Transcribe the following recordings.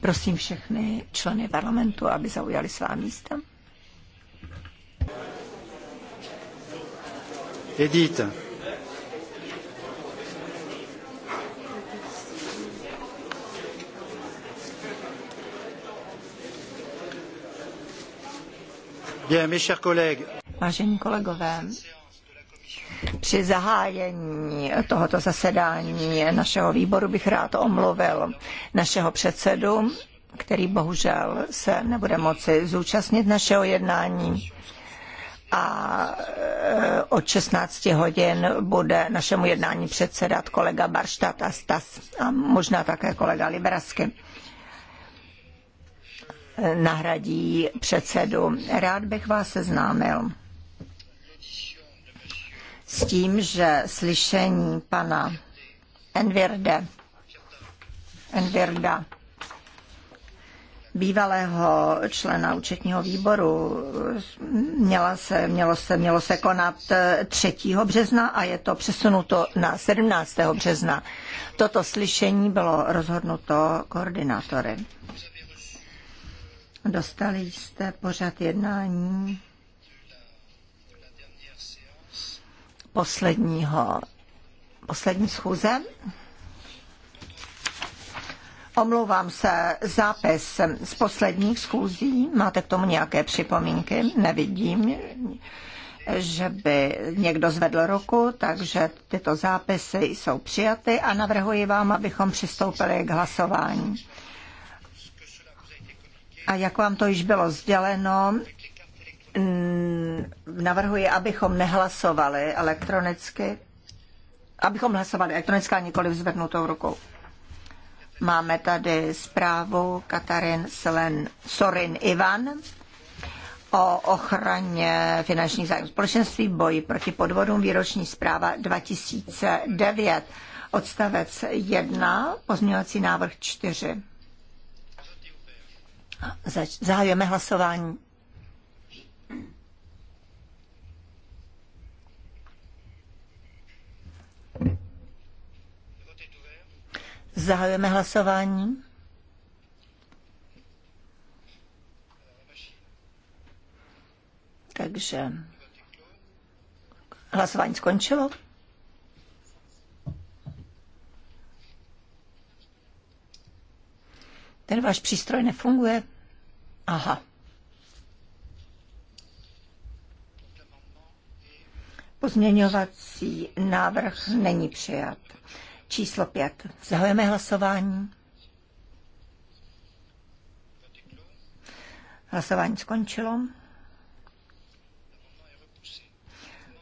Prosím všechny členy parlamentu, aby zaujali svá místa. Edith. Bien, mes chers collègues. Vážení kolegové, při zahájení tohoto zasedání našeho výboru bych rád omluvil našeho předsedu, který bohužel se nebude moci zúčastnit našeho jednání a e, od 16 hodin bude našemu jednání předsedat kolega Barštat a Stas a možná také kolega Liberasky. E, nahradí předsedu. Rád bych vás seznámil s tím, že slyšení pana Envirde, Envirda, bývalého člena účetního výboru. Měla se, mělo, se, mělo se konat 3. Eh, března a je to přesunuto na 17. března. Toto slyšení bylo rozhodnuto koordinátory. Dostali jste pořad jednání posledního, poslední schůze. Omlouvám se, zápis z posledních schůzí. Máte k tomu nějaké připomínky? Nevidím, že by někdo zvedl ruku, takže tyto zápisy jsou přijaty a navrhuji vám, abychom přistoupili k hlasování. A jak vám to již bylo sděleno, navrhuji, abychom nehlasovali elektronicky, abychom hlasovali elektronicky a nikoli zvednutou rukou. Máme tady zprávu Katarin Selen Sorin Ivan o ochraně finančních zájmů společenství, boji proti podvodům, výroční zpráva 2009, odstavec 1, pozměňovací návrh 4. Zahajujeme hlasování. Zahajujeme hlasování. Takže hlasování skončilo. Ten váš přístroj nefunguje? Aha. Pozměňovací návrh není přijat. Číslo 5. Zahajeme hlasování. Hlasování skončilo.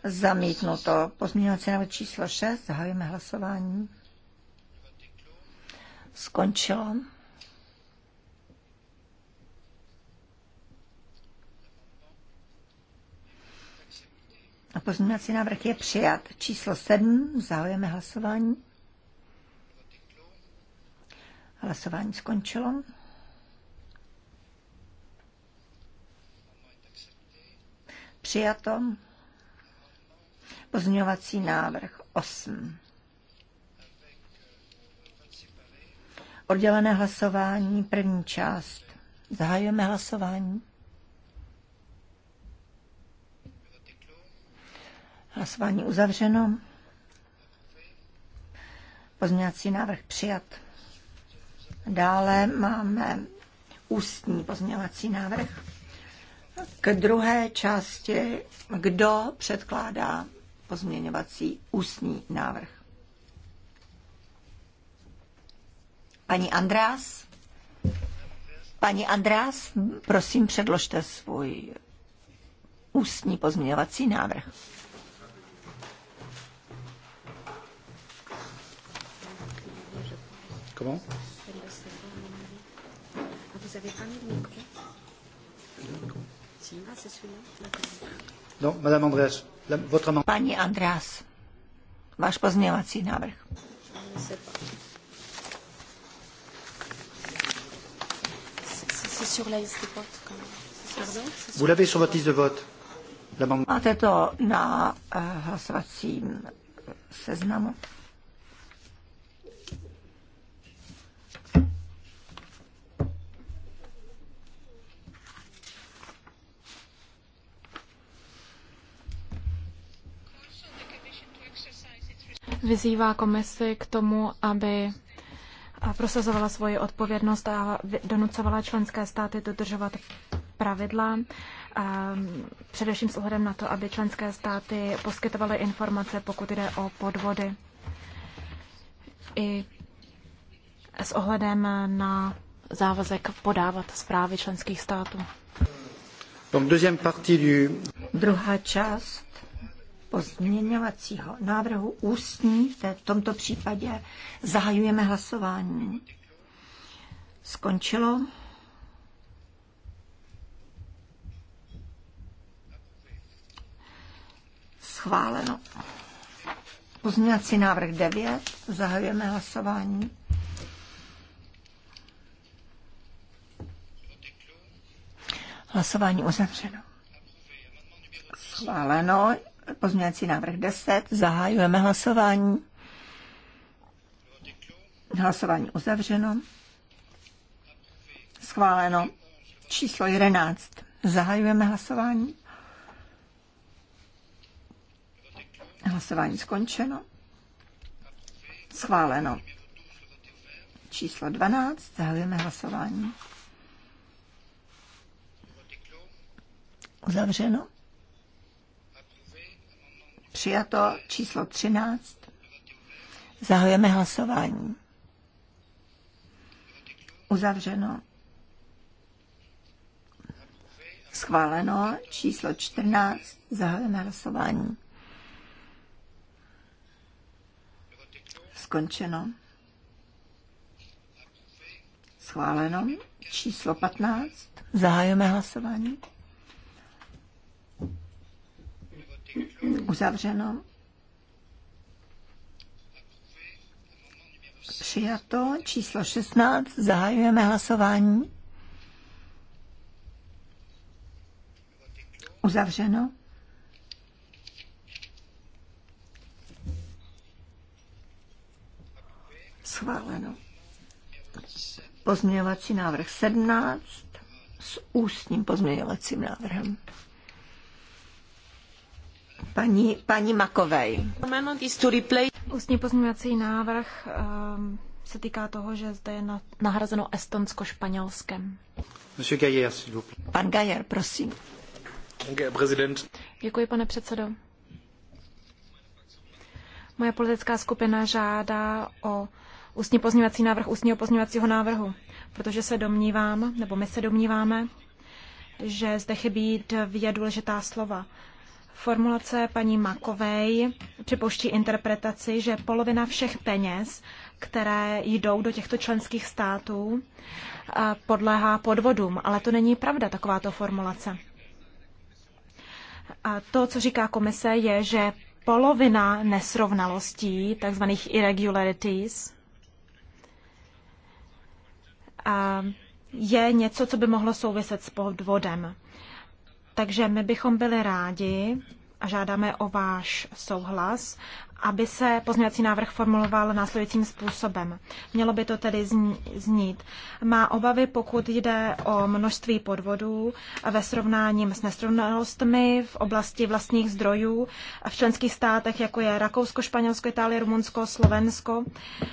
Zamítnuto. Pozměňovací návrh číslo 6. Zahajujeme hlasování. Skončilo. A pozměňovací návrh je přijat. Číslo 7. Zahajujeme hlasování. Hlasování skončilo. Přijato. Pozměňovací návrh 8. Oddělené hlasování, první část. Zahajujeme hlasování. Hlasování uzavřeno. Pozměňovací návrh přijat. Dále máme ústní pozměňovací návrh k druhé části, kdo předkládá pozměňovací ústní návrh. Paní András? Paní András, prosím, předložte svůj ústní pozměňovací návrh. Comment Vous avez pas mis le micro Ah, c'est celui-là Madame Andreas, la, votre amendement. Pani Andreas, váš pozměňovací návrh. Vous l'avez sur votre liste de vote. Máte to na uh, hlasovacím seznamu. vyzývá komisi k tomu, aby prosazovala svoji odpovědnost a donucovala členské státy dodržovat pravidla, především s ohledem na to, aby členské státy poskytovaly informace, pokud jde o podvody. I s ohledem na závazek podávat zprávy členských států. Druhá část pozměňovacího návrhu ústní, v tomto případě zahajujeme hlasování. Skončilo. Schváleno. Pozměňovací návrh 9. Zahajujeme hlasování. Hlasování uzavřeno. Schváleno. Pozměňovací návrh 10. Zahájujeme hlasování. Hlasování uzavřeno. Schváleno. Číslo 11. Zahajujeme hlasování. Hlasování skončeno. Schváleno. Číslo 12. Zahajujeme hlasování. Uzavřeno. Přijato číslo 13. Zahajeme hlasování. Uzavřeno. Schváleno číslo 14. Zahajeme hlasování. Skončeno. Schváleno číslo 15. Zahajeme hlasování. Uzavřeno. Přijato. Číslo 16. Zahajujeme hlasování. Uzavřeno. Schváleno. Pozměňovací návrh 17 s ústním pozměňovacím návrhem. Paní, paní Makovej. Ústní pozměňovací návrh um, se týká toho, že zde je nahrazeno Estonsko španělskem. Pan Gajer, prosím. Děkuji, pane předsedo. Moje politická skupina žádá o ústní pozměňovací návrh ústního pozměňovacího návrhu, protože se domnívám, nebo my se domníváme, že zde chybí dvě důležitá slova. Formulace paní Makovej připouští interpretaci, že polovina všech peněz, které jdou do těchto členských států, eh, podléhá podvodům, ale to není pravda, takováto formulace. A to, co říká komise, je, že polovina nesrovnalostí, takzvaných irregularities, eh, je něco, co by mohlo souviset s podvodem. Takže my bychom byli rádi a žádáme o váš souhlas, aby se pozměňovací návrh formuloval následujícím způsobem. Mělo by to tedy znít. Má obavy, pokud jde o množství podvodů ve srovnání s nesrovnalostmi v oblasti vlastních zdrojů v členských státech, jako je Rakousko, Španělsko, Itálie, Rumunsko, Slovensko,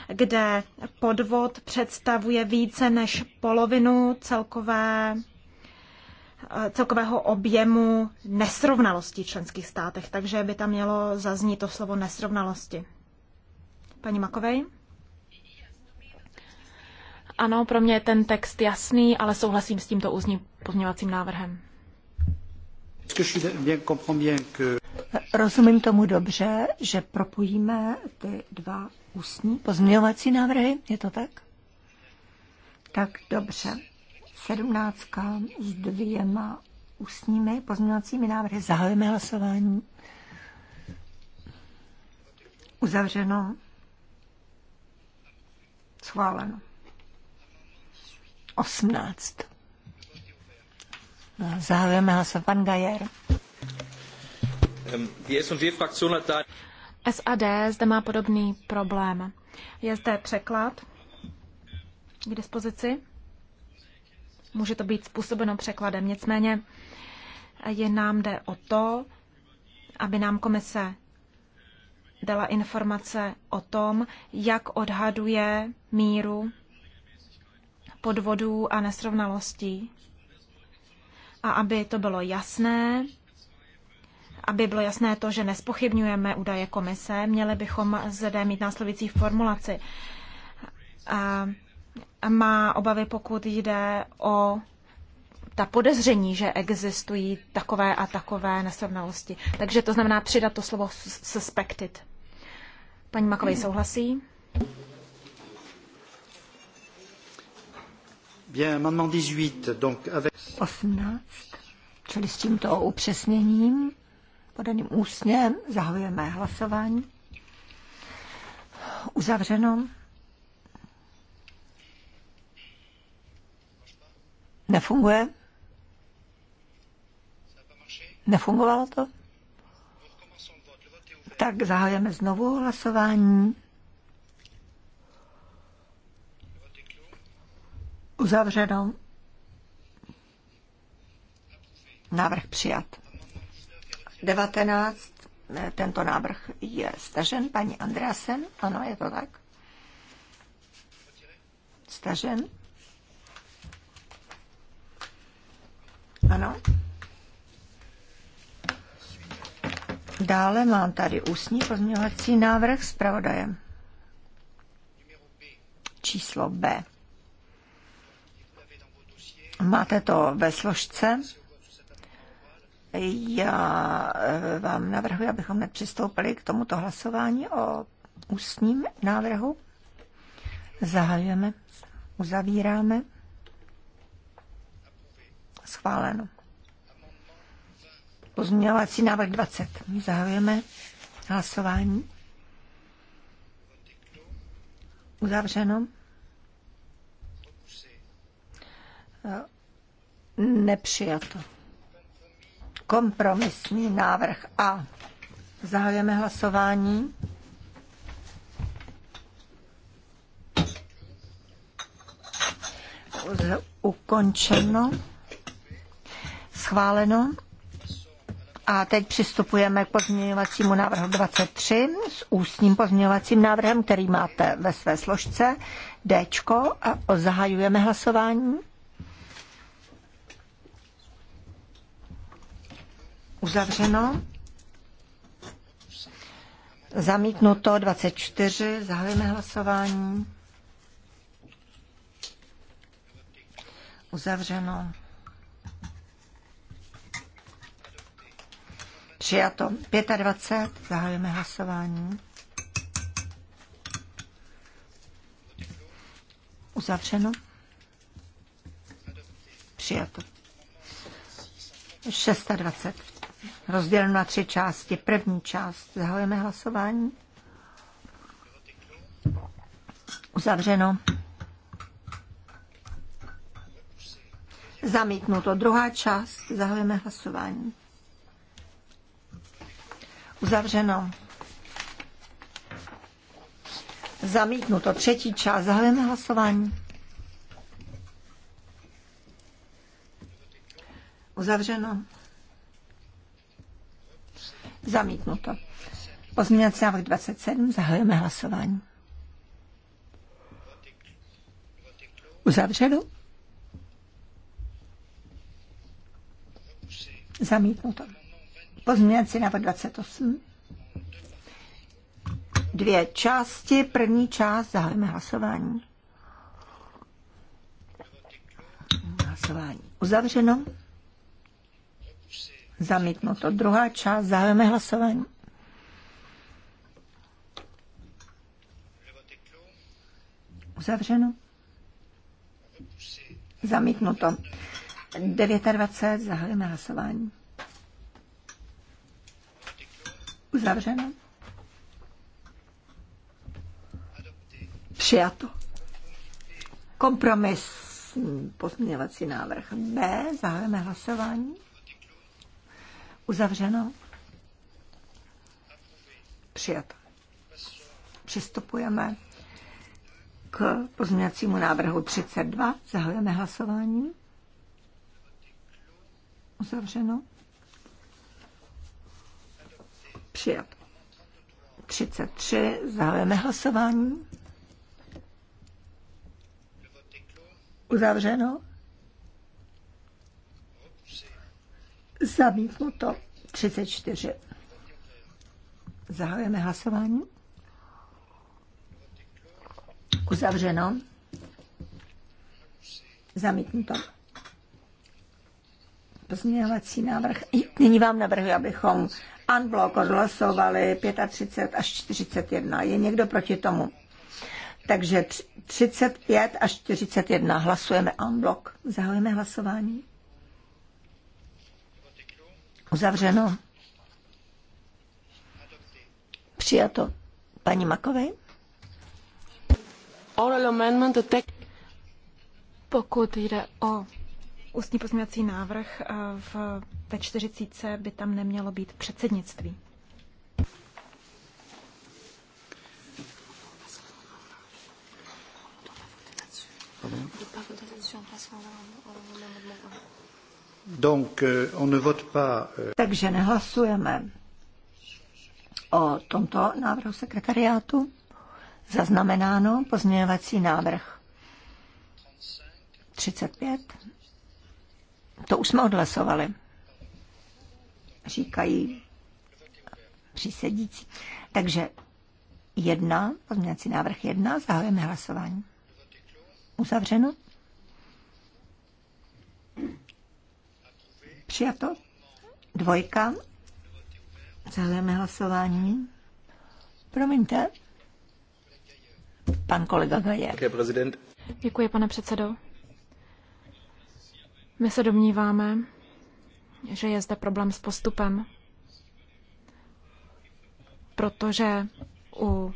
kde podvod představuje více než polovinu celkové celkového objemu nesrovnalosti v členských státech, takže by tam mělo zaznít to slovo nesrovnalosti. Paní Makovej? Ano, pro mě je ten text jasný, ale souhlasím s tímto úzním pozměňovacím návrhem. Rozumím tomu dobře, že propojíme ty dva ústní pozměňovací návrhy, je to tak? Tak dobře. 17 s dvěma ústními pozměňovacími návrhy. Zahajeme hlasování. Uzavřeno. Schváleno. 18. Zahajeme hlasování. Pan Gajer. SAD zde má podobný problém. Je zde překlad k dispozici může to být způsobeno překladem. Nicméně je nám jde o to, aby nám komise dala informace o tom, jak odhaduje míru podvodů a nesrovnalostí. A aby to bylo jasné, aby bylo jasné to, že nespochybňujeme údaje komise, měli bychom zde mít následující formulaci. A má obavy, pokud jde o ta podezření, že existují takové a takové nesrovnalosti. Takže to znamená přidat to slovo suspected. Paní Makovej hmm. souhlasí? Bien, amendement 18, donc avec... 18, čili s tímto upřesněním, podaným ústně, zahajujeme hlasování. Uzavřeno. Nefunguje? Nefungovalo to? Tak zahajeme znovu hlasování. Uzavřeno. Návrh přijat. 19. Tento návrh je stažen. Paní Andreasen, ano, je to tak? Stažen. Ano. Dále mám tady ústní pozměňovací návrh s pravodajem. Číslo B. Máte to ve složce. Já eh, vám navrhuji, abychom nepřistoupili k tomuto hlasování o ústním návrhu. Zahajujeme, uzavíráme. Schváleno. Pozměňovací návrh 20. Zahajujeme hlasování. Uzavřeno. Nepřijato. Kompromisní návrh A. Zahajujeme hlasování. Ukončeno schváleno. A teď přistupujeme k pozměňovacímu návrhu 23 s ústním pozměňovacím návrhem, který máte ve své složce D a zahajujeme hlasování. Uzavřeno. Zamítnuto 24, zahajujeme hlasování. Uzavřeno. Přijato. 25. Zahajujeme hlasování. Uzavřeno. Přijato. 26. Rozděleno na tři části. První část. Zahajujeme hlasování. Uzavřeno. Zamítnuto. Druhá část. Zahajujeme hlasování. Uzavřeno. Zamítnuto. Třetí část. Zahajeme hlasování. Uzavřeno. Zamítnuto. Pozměňovací návrh 27. Zahajeme hlasování. Uzavřeno. Zamítnuto. Pozměňovací návrh 28. Dvě části. První část zahájíme hlasování. Hlasování uzavřeno. Zamítnuto. Druhá část zahájíme hlasování. Uzavřeno. Zamítnuto. 29. Zahajujeme hlasování. Uzavřeno. Přijato. Kompromis pozměňovací návrh B. Zahájeme hlasování. Uzavřeno. Přijato. Přistupujeme k pozměňovacímu návrhu 32. Zahajeme hlasování. Uzavřeno. Přijat. 33. Zahajeme hlasování. Uzavřeno. Zamítnuto. 34. Zahajeme hlasování. Uzavřeno. Zamítnuto. Pozměňovací návrh. Nyní vám navrhuji, abychom unblock odhlasovali 35 až 41. Je někdo proti tomu? Takže 35 až 41 hlasujeme unblock. Zahajujeme hlasování. Uzavřeno. Přijato. Paní Makovej? Pokud jde o ústní pozměňovací návrh eh, v, ve 40 by tam nemělo být předsednictví. Donc, euh, on ne vote pas... Euh, Takže nehlasujeme o tomto návrhu sekretariátu. Zaznamenáno pozměňovací návrh 35 to už jsme odhlasovali, říkají přísedící. Takže jedna, pozměňovací návrh jedna, zahajeme hlasování. Uzavřeno? Přijato? Dvojka? Zahajeme hlasování. Promiňte. Pan kolega Gajer. Děkuji, pane předsedo. My se domníváme, že je zde problém s postupem, protože u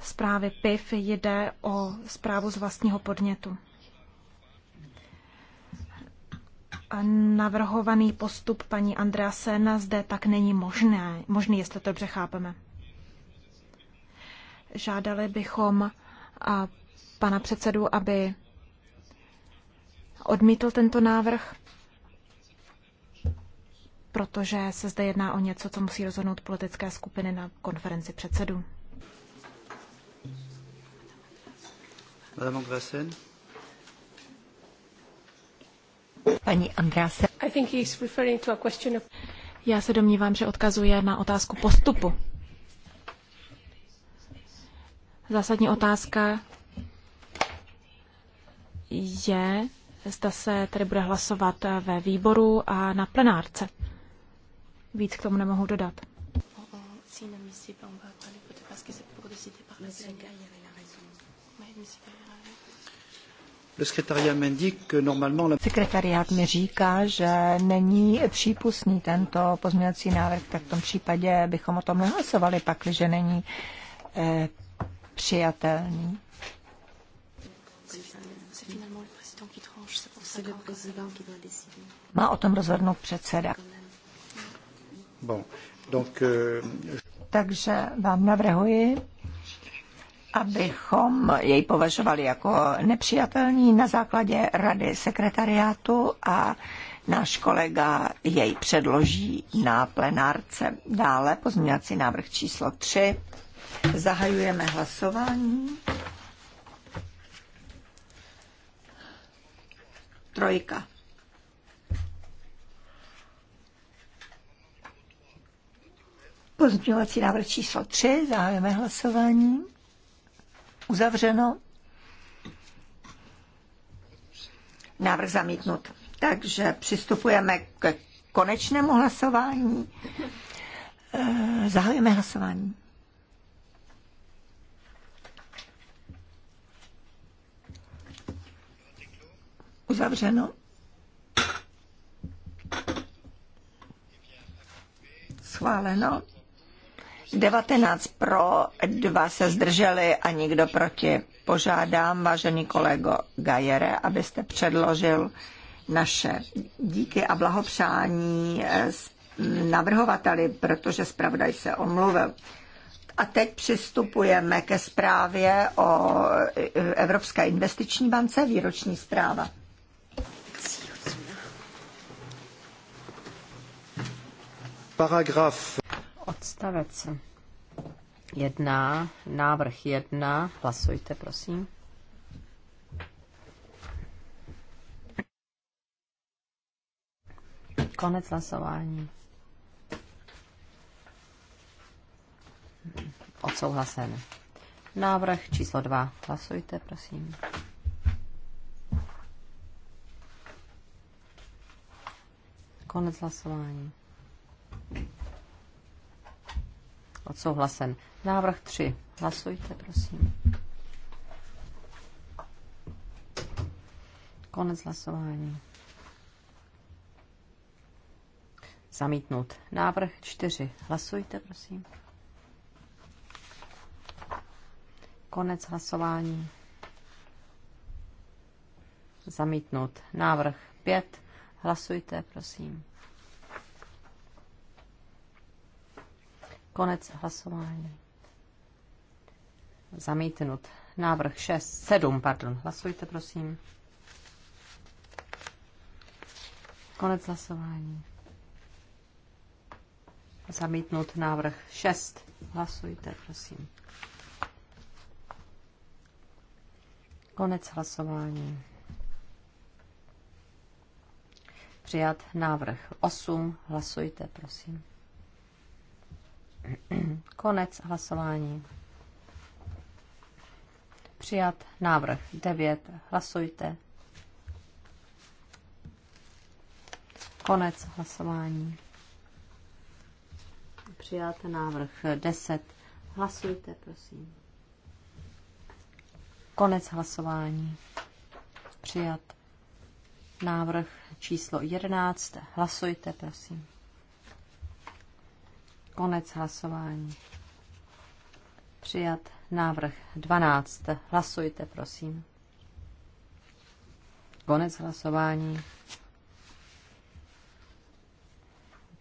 zprávy PIF jde o zprávu z vlastního podnětu. Navrhovaný postup paní Sena zde tak není možné, možný, jestli to dobře chápeme. Žádali bychom pana předsedu, aby odmítl tento návrh, protože se zde jedná o něco, co musí rozhodnout politické skupiny na konferenci předsedů. Paní Andráse. Já se domnívám, že odkazuje na otázku postupu. Zásadní otázka je, zda se tedy bude hlasovat eh, ve výboru a na plenárce. Víc k tomu nemohu dodat. Sekretariát mi říká, že není přípustný tento pozměňovací návrh, tak v tom případě bychom o tom nehlasovali, pakliže není eh, přijatelný. Má o tom rozhodnout předseda. Bon. Donc, euh... Takže vám navrhuji, abychom jej považovali jako nepřijatelný na základě rady sekretariátu a náš kolega jej předloží na plenárce. Dále pozměňovací návrh číslo 3. Zahajujeme hlasování. trojka. Pozměňovací návrh číslo 3, zájeme hlasování. Uzavřeno. Návrh zamítnut. Takže přistupujeme k konečnému hlasování. Eh, Zahajujeme hlasování. Uzavřeno. Schváleno. 19 pro, 2 se zdrželi a nikdo proti. Požádám, vážený kolego Gajere, abyste předložil naše díky a blahopřání eh, navrhovateli, protože zpravodaj se omluvil. A teď přistupujeme ke zprávě o eh, Evropské investiční bance, výroční zpráva. Paragraf. Odstavec 1, návrh 1, hlasujte, prosím. Konec hlasování. Odsouhlasen. Návrh číslo 2. Hlasujte, prosím. Konec hlasování. Odsouhlasen. Návrh 3. Hlasujte, prosím. Konec hlasování. Zamítnut. Návrh 4. Hlasujte, prosím. Konec hlasování. Zamítnut. Návrh 5. Hlasujte, prosím. Konec hlasování. Zamítnut. Návrh 6, 7, pardon. Hlasujte, prosím. Konec hlasování. Zamítnut návrh 6. Hlasujte, prosím. Konec hlasování. Přijat návrh 8. Hlasujte, prosím. Konec hlasování. Přijat návrh 9. Hlasujte. Konec hlasování. Přijat návrh 10. Hlasujte, prosím. Konec hlasování. Přijat návrh číslo 11. Hlasujte, prosím. Konec hlasování. Přijat návrh 12. Hlasujte, prosím. Konec hlasování.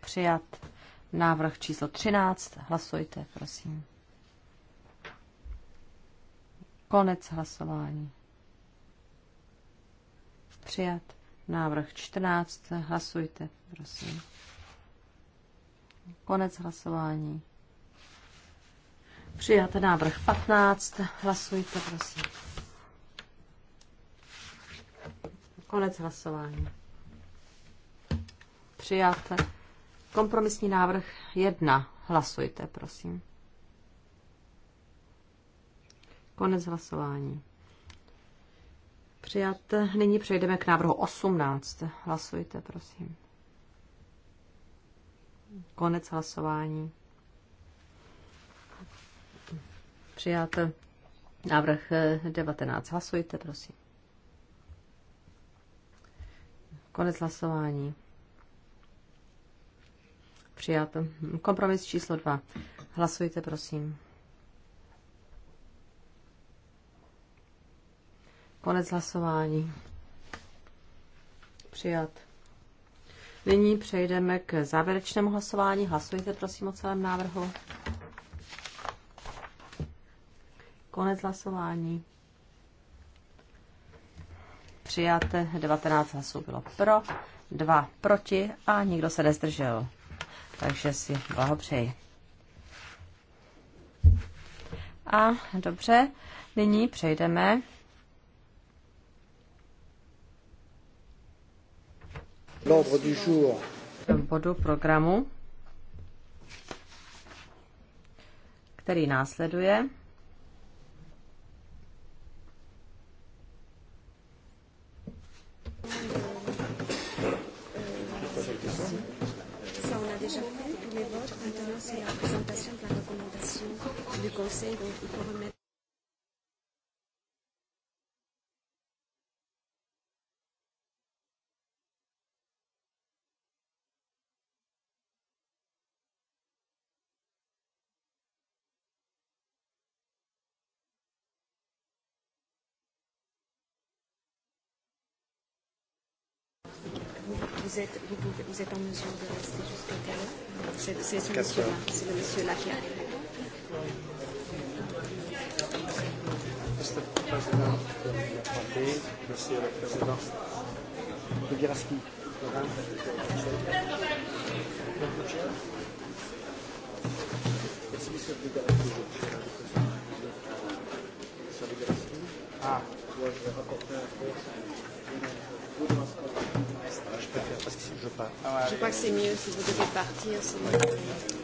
Přijat návrh číslo 13. Hlasujte, prosím. Konec hlasování. Přijat návrh 14. Hlasujte, prosím. Konec hlasování. Přijate návrh 15. Hlasujte, prosím. Konec hlasování. Přijat. Kompromisní návrh 1. Hlasujte, prosím. Konec hlasování. Přijat. Nyní přejdeme k návrhu 18. Hlasujte, prosím. Konec hlasování. Přijat návrh 19. Eh, Hlasujte, prosím. Konec hlasování. Přijat. Kompromis číslo 2. Hlasujte, prosím. Konec hlasování. Přijat. Nyní přejdeme k závěrečnému hlasování. Hlasujte prosím o celém návrhu. Konec hlasování. Přijáte 19 hlasů bylo pro, 2 proti a nikdo se nezdržel. Takže si blahopřeji. A dobře, nyní přejdeme bodu programu, který následuje. vous êtes, vous, pouvez, vous êtes en mesure de rester jusqu'à quelle heure C'est ce monsieur-là c'est le monsieur qui arrive. le Président, Monsieur le Président, Libiraski, Madame, Président, Monsieur le Libiraski. Ah, je vais rapporter un peu je préfère, parce que je pars. Ah, ouais, je crois que c'est mieux si vous devez partir. Sinon... Ouais.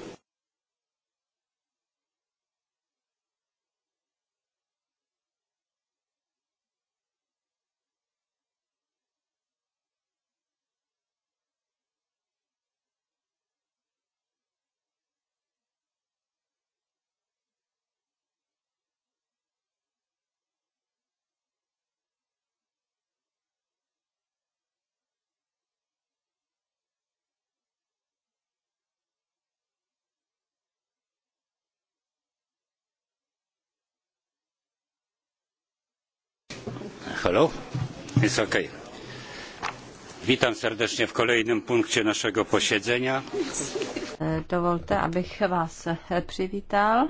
Hello? It's okay. Witam serdecznie w kolejnym punkcie naszego posiedzenia. Dovolte, abych vás přivítal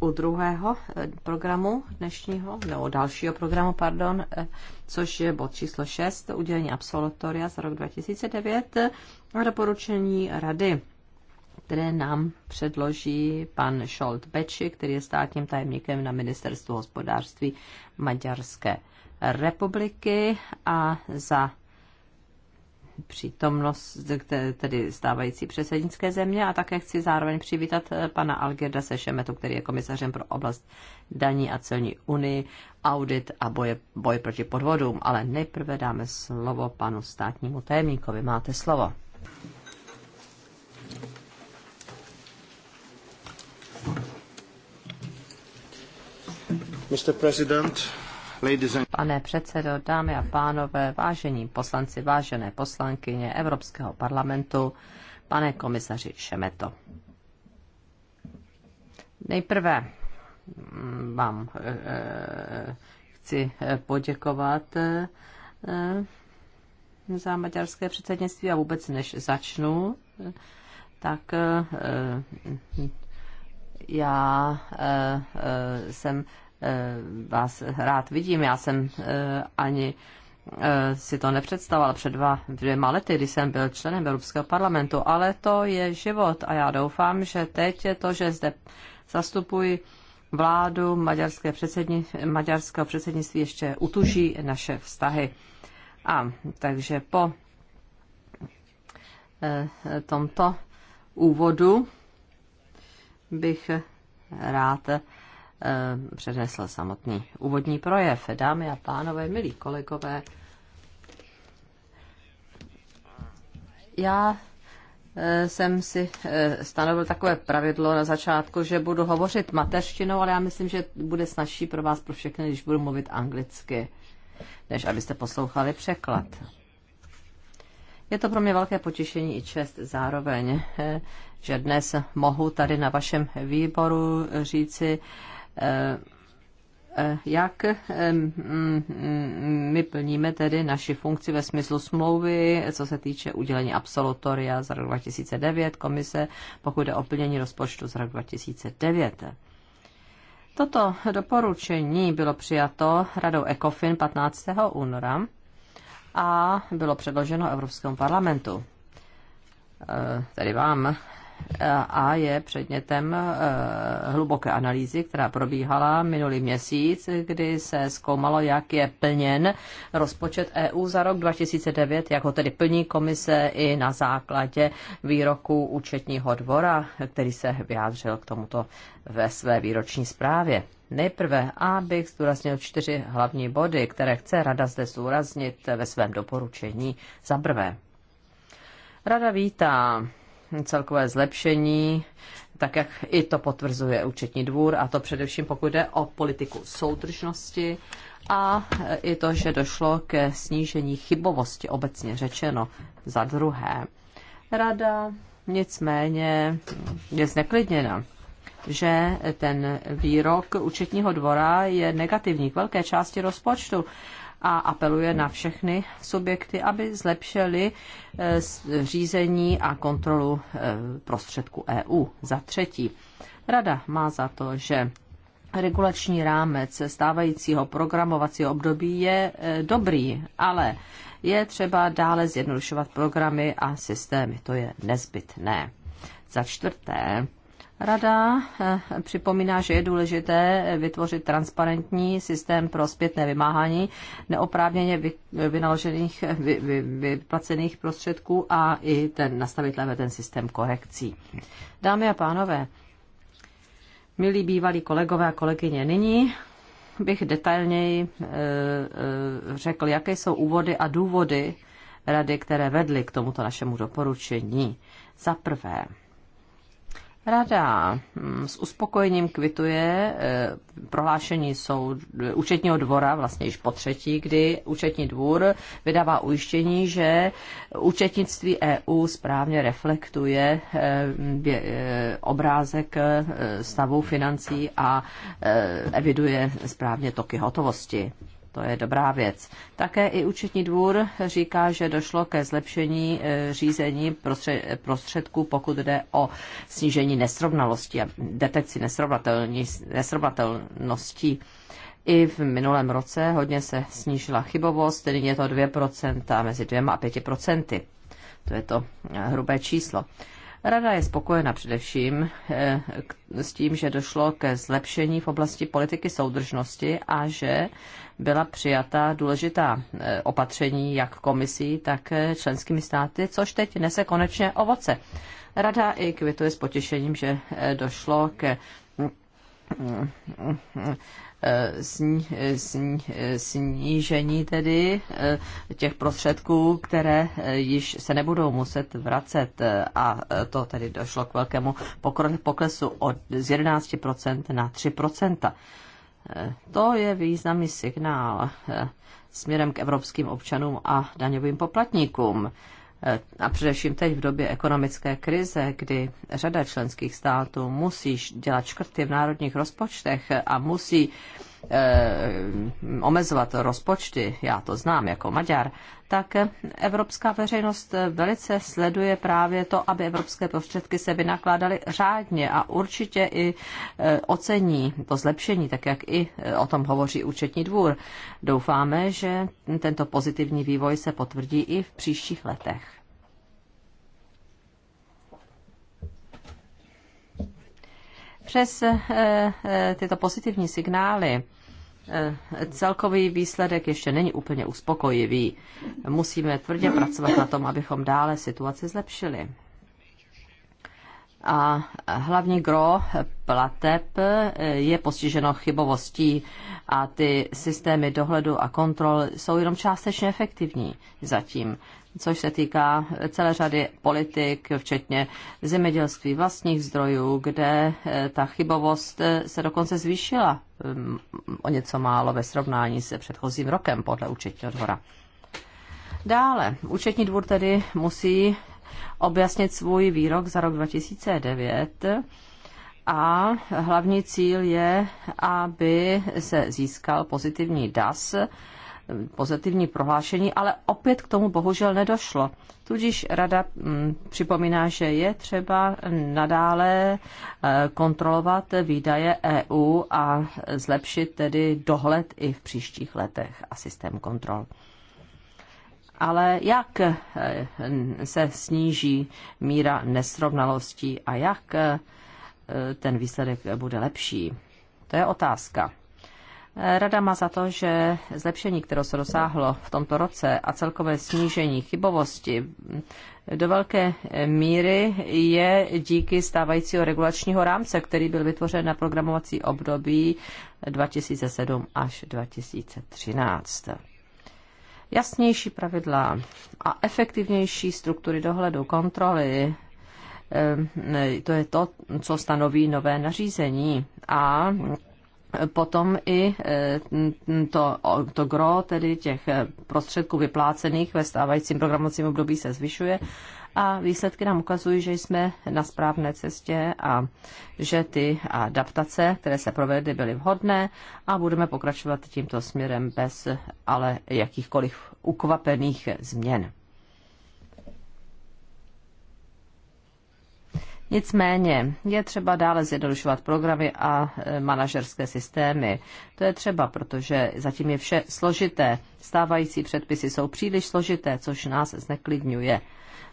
u druhého programu dnešního, nebo dalšího programu, pardon, což je bod číslo 6, udělení absolutoria za rok 2009 a doporučení rady které nám předloží pan Scholt Beči, který je státním tajemníkem na Ministerstvu hospodářství Maďarské republiky a za přítomnost, tedy stávající předsednické země a také chci zároveň přivítat eh, pana Algerda Sešemetu, který je komisařem pro oblast daní a celní unii, audit a boje, boj proti podvodům. Ale nejprve dáme slovo panu státnímu tajemníkovi. Máte slovo. Pane předsedo, dámy a pánové, vážení poslanci, vážené poslankyně Evropského parlamentu, pane komisaři Šemeto. Nejprve mm, vám eh, eh, chci eh, poděkovat za maďarské předsednictví a vůbec než začnu, tak já eh, eh, jsem eh, vás rád vidím, já jsem ani si to nepředstavoval před dva, dvěma lety, kdy jsem byl členem Evropského parlamentu, ale to je život a já doufám, že teď je to, že zde zastupuji vládu maďarské předsední, maďarského předsednictví ještě utuží naše vztahy. A takže po tomto úvodu bych rád eh, přednesl samotný úvodní projev. Dámy a pánové, milí kolegové, já eh, jsem si eh, stanovil takové pravidlo na začátku, že budu hovořit mateřštinou, ale já myslím, že bude snažší pro vás, pro všechny, když budu mluvit anglicky, než abyste poslouchali překlad. Je to pro mě velké potěšení i čest zároveň, že dnes mohu tady na vašem výboru říci, eh, eh, jak eh, my plníme tedy naši funkci ve smyslu smlouvy, co se týče udělení absolutoria z roku 2009 komise, pokud jde o plnění rozpočtu z roku 2009. Toto doporučení bylo přijato radou ECOFIN 15. února a bylo předloženo Evropskému parlamentu, tedy vám, a je předmětem eh, hluboké analýzy, která probíhala minulý měsíc, kdy se zkoumalo, jak je plněn rozpočet EU za rok 2009, jak ho tedy plní komise i na základě výroku účetního dvora, který se vyjádřil k tomuto ve své výroční zprávě. Nejprve, abych zdůraznil čtyři hlavní body, které chce Rada zde zdůraznit ve svém doporučení. Za prvé, Rada vítá celkové zlepšení, tak jak i to potvrzuje účetní dvůr, a to především pokud jde o politiku soudržnosti a i to, že došlo ke snížení chybovosti obecně řečeno za druhé. Rada nicméně je zneklidněna že ten výrok účetního dvora je negativní k velké části rozpočtu a apeluje na všechny subjekty, aby zlepšili eh, řízení a kontrolu eh, prostředků EU. Za třetí, Rada má za to, že regulační rámec stávajícího programovacího období je eh, dobrý, ale je třeba dále zjednodušovat programy a systémy. To je nezbytné. Za čtvrté, Rada eh, připomíná, že je důležité vytvořit transparentní systém pro zpětné vymáhání neoprávněně vynaložených, vy, vy, vyplacených prostředků a i ten nastavit lépe ten systém korekcí. Dámy a pánové, milí bývalí kolegové a kolegyně, nyní bych detailněji eh, eh, řekl, jaké jsou úvody a důvody rady, které vedly k tomuto našemu doporučení. Za prvé, Rada hm, s uspokojením kvituje eh, prohlášení soud, eh, účetního dvora, vlastně již po třetí, kdy účetní dvůr vydává ujištění, že účetnictví EU správně reflektuje eh, obrázek stavu financí a eviduje správně toky hotovosti to je dobrá věc. Také i účetní dvůr říká, že došlo ke zlepšení e, řízení prostředků, pokud jde o snížení nesrovnalosti a detekci nesrovnatelnosti. I v minulém roce hodně se snížila chybovost, tedy je to 2% mezi 2 a 5%. To je to e, hrubé číslo. Rada je spokojena především eh, s tím, že došlo ke zlepšení v oblasti politiky soudržnosti a že byla přijata důležitá eh, opatření jak komisí, tak eh, členskými státy, což teď nese konečně ovoce. Rada i kvituje s potěšením, že došlo ke mm, mm, mm, sní, sní, snížení tedy eh, těch prostředků, které eh, již se nebudou muset vracet eh, a to tedy došlo k velkému poklesu od z 11% na 3%. To je významný signál směrem k evropským občanům a daňovým poplatníkům. Eh, a především teď v době ekonomické krize, kdy řada členských států musí dělat škrty v národních rozpočtech a musí Eh, omezovat rozpočty, já to znám jako Maďar, tak evropská veřejnost velice sleduje právě to, aby evropské prostředky se vynakládaly řádně a určitě i eh, ocení to zlepšení, tak jak i eh, o tom hovoří účetní dvůr. Doufáme, že tento pozitivní vývoj se potvrdí i v příštích letech. Přes eh, eh, tyto pozitivní signály eh, celkový výsledek ještě není úplně uspokojivý. Musíme tvrdě pracovat na tom, abychom dále situaci zlepšili a hlavně gro plateb e, je postiženo chybovostí a ty systémy dohledu a kontrol jsou jenom částečně efektivní zatím, což se týká celé řady politik, včetně zemědělství vlastních zdrojů, kde e, ta chybovost e, se dokonce zvýšila o něco málo ve srovnání se předchozím rokem podle účetního dvora. Dále, účetní dvůr tedy musí objasnit svůj výrok za rok 2009 a hlavní cíl je, aby se získal pozitivní DAS, pozitivní prohlášení, ale opět k tomu bohužel nedošlo. Tudíž rada mm, připomíná, že je třeba nadále eh, kontrolovat výdaje EU a zlepšit tedy dohled i v příštích letech a systém kontrol ale jak eh, se sníží míra nesrovnalostí a jak eh, ten výsledek bude lepší? To je otázka. Eh, Rada má za to, že zlepšení, které se dosáhlo v tomto roce a celkové snížení chybovosti do velké míry je díky stávajícího regulačního rámce, který byl vytvořen na programovací období 2007 až 2013 jasnější pravidla a efektivnější struktury dohledu, kontroly, ehm, to je to, co stanoví nové nařízení. A potom i ehm, to, to gro tedy těch prostředků vyplácených ve stávajícím programovacím období se zvyšuje a výsledky nám ukazují, že jsme na správné cestě a že ty adaptace, které se provedly, byly vhodné a budeme pokračovat tímto směrem bez ale jakýchkoliv ukvapených změn. Nicméně je třeba dále zjednodušovat programy a e, manažerské systémy. To je třeba, protože zatím je vše složité. Stávající předpisy jsou příliš složité, což nás zneklidňuje.